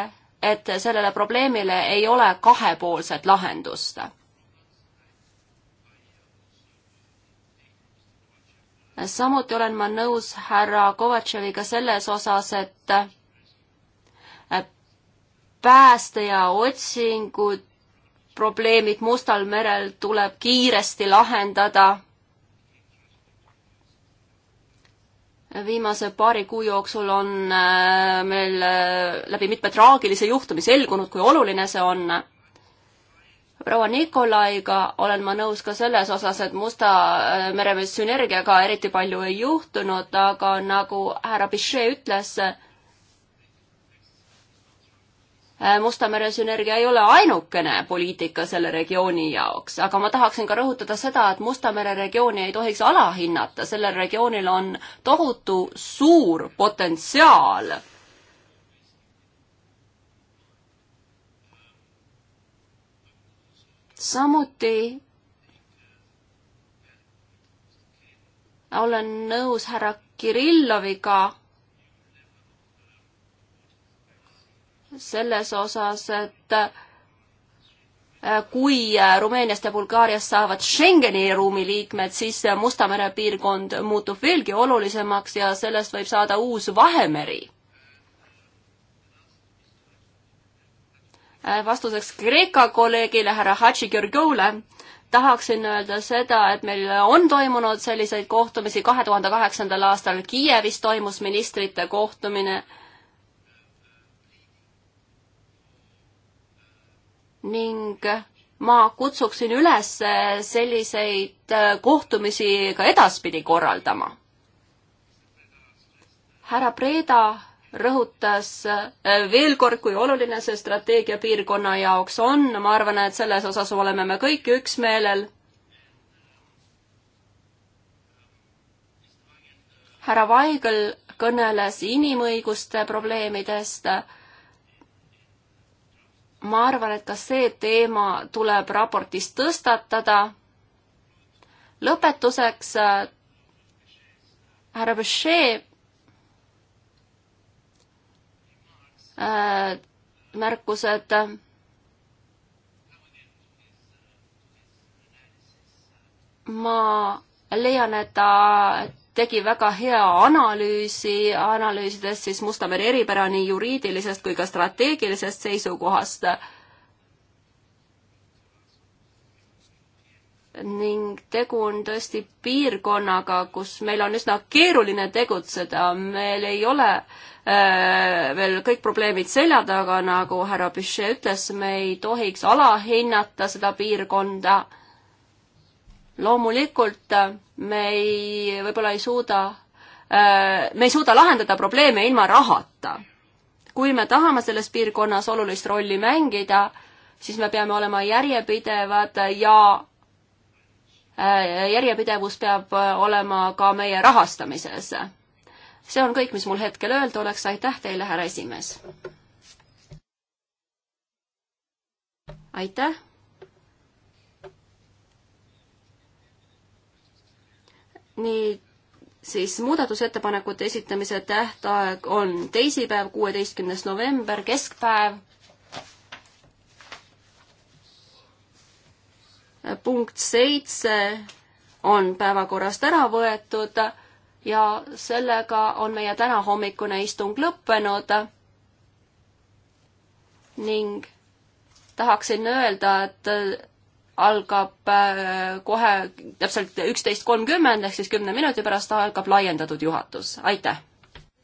et sellele probleemile ei ole kahepoolset lahendust samuti olen ma nõus härra Kovatševiga selles osas, et äh, pääste ja otsingud, probleemid Mustal merel tuleb kiiresti lahendada. viimase paari kuu jooksul on äh, meil äh, läbi mitme traagilise juhtumi selgunud, kui oluline see on proua Nikolaiga olen ma nõus ka selles osas, et Musta äh, meremees sünergiaga eriti palju ei juhtunud, aga nagu härra Pichet ütles, äh, Musta mere sünergia ei ole ainukene poliitika selle regiooni jaoks, aga ma tahaksin ka rõhutada seda, et Musta mere regiooni ei tohiks alahinnata, sellel regioonil on tohutu suur potentsiaal samuti olen nõus härra Kirilloviga selles osas, et äh, kui äh, Rumeeniast ja Bulgaariast saavad Schengeni ruumi liikmed, siis Musta mere piirkond muutub veelgi olulisemaks ja sellest võib saada uus Vahemeri. Äh, vastuseks Kreeka kolleegile härra Hadži Georgiole tahaksin öelda seda, et meil on toimunud selliseid kohtumisi, kahe tuhande kaheksandal aastal Kiievis toimus ministrite kohtumine. ning ma kutsuksin üles selliseid äh, kohtumisi ka edaspidi korraldama. härra Preda rõhutas äh, veel kord, kui oluline see strateegia piirkonna jaoks on, ma arvan, et selles osas oleme me kõik üksmeelel. härra Vaigel kõneles inimõiguste probleemidest. ma arvan, et ka see teema tuleb raportis tõstatada. lõpetuseks äh, härra Boucher Äh, märkused. ma leian, et ta tegi väga hea analüüsi, analüüsides siis Mustamere eripära nii juriidilisest kui ka strateegilisest seisukohast ning tegu on tõesti piirkonnaga, kus meil on üsna keeruline tegutseda, meil ei ole Äh, veel kõik probleemid selja taga, nagu härra Pichet ütles, me ei tohiks alahinnata seda piirkonda. loomulikult äh, me ei, võib-olla ei suuda, äh, me ei suuda lahendada probleeme ilma rahata. kui me tahame selles piirkonnas olulist rolli mängida, siis me peame olema järjepidevad ja järjepidevus peab olema ka meie rahastamises see on kõik, mis mul hetkel öelda oleks, aitäh teile, härra esimees. aitäh. nii, siis muudatusettepanekute esitamise tähtaeg on teisipäev, kuueteistkümnes november, keskpäev. punkt seitse on päevakorrast ära võetud ja sellega on meie tänahommikune istung lõppenud. ning tahaksin öelda, et algab äh, kohe täpselt üksteist kolmkümmend ehk siis kümne minuti pärast algab laiendatud juhatus, aitäh!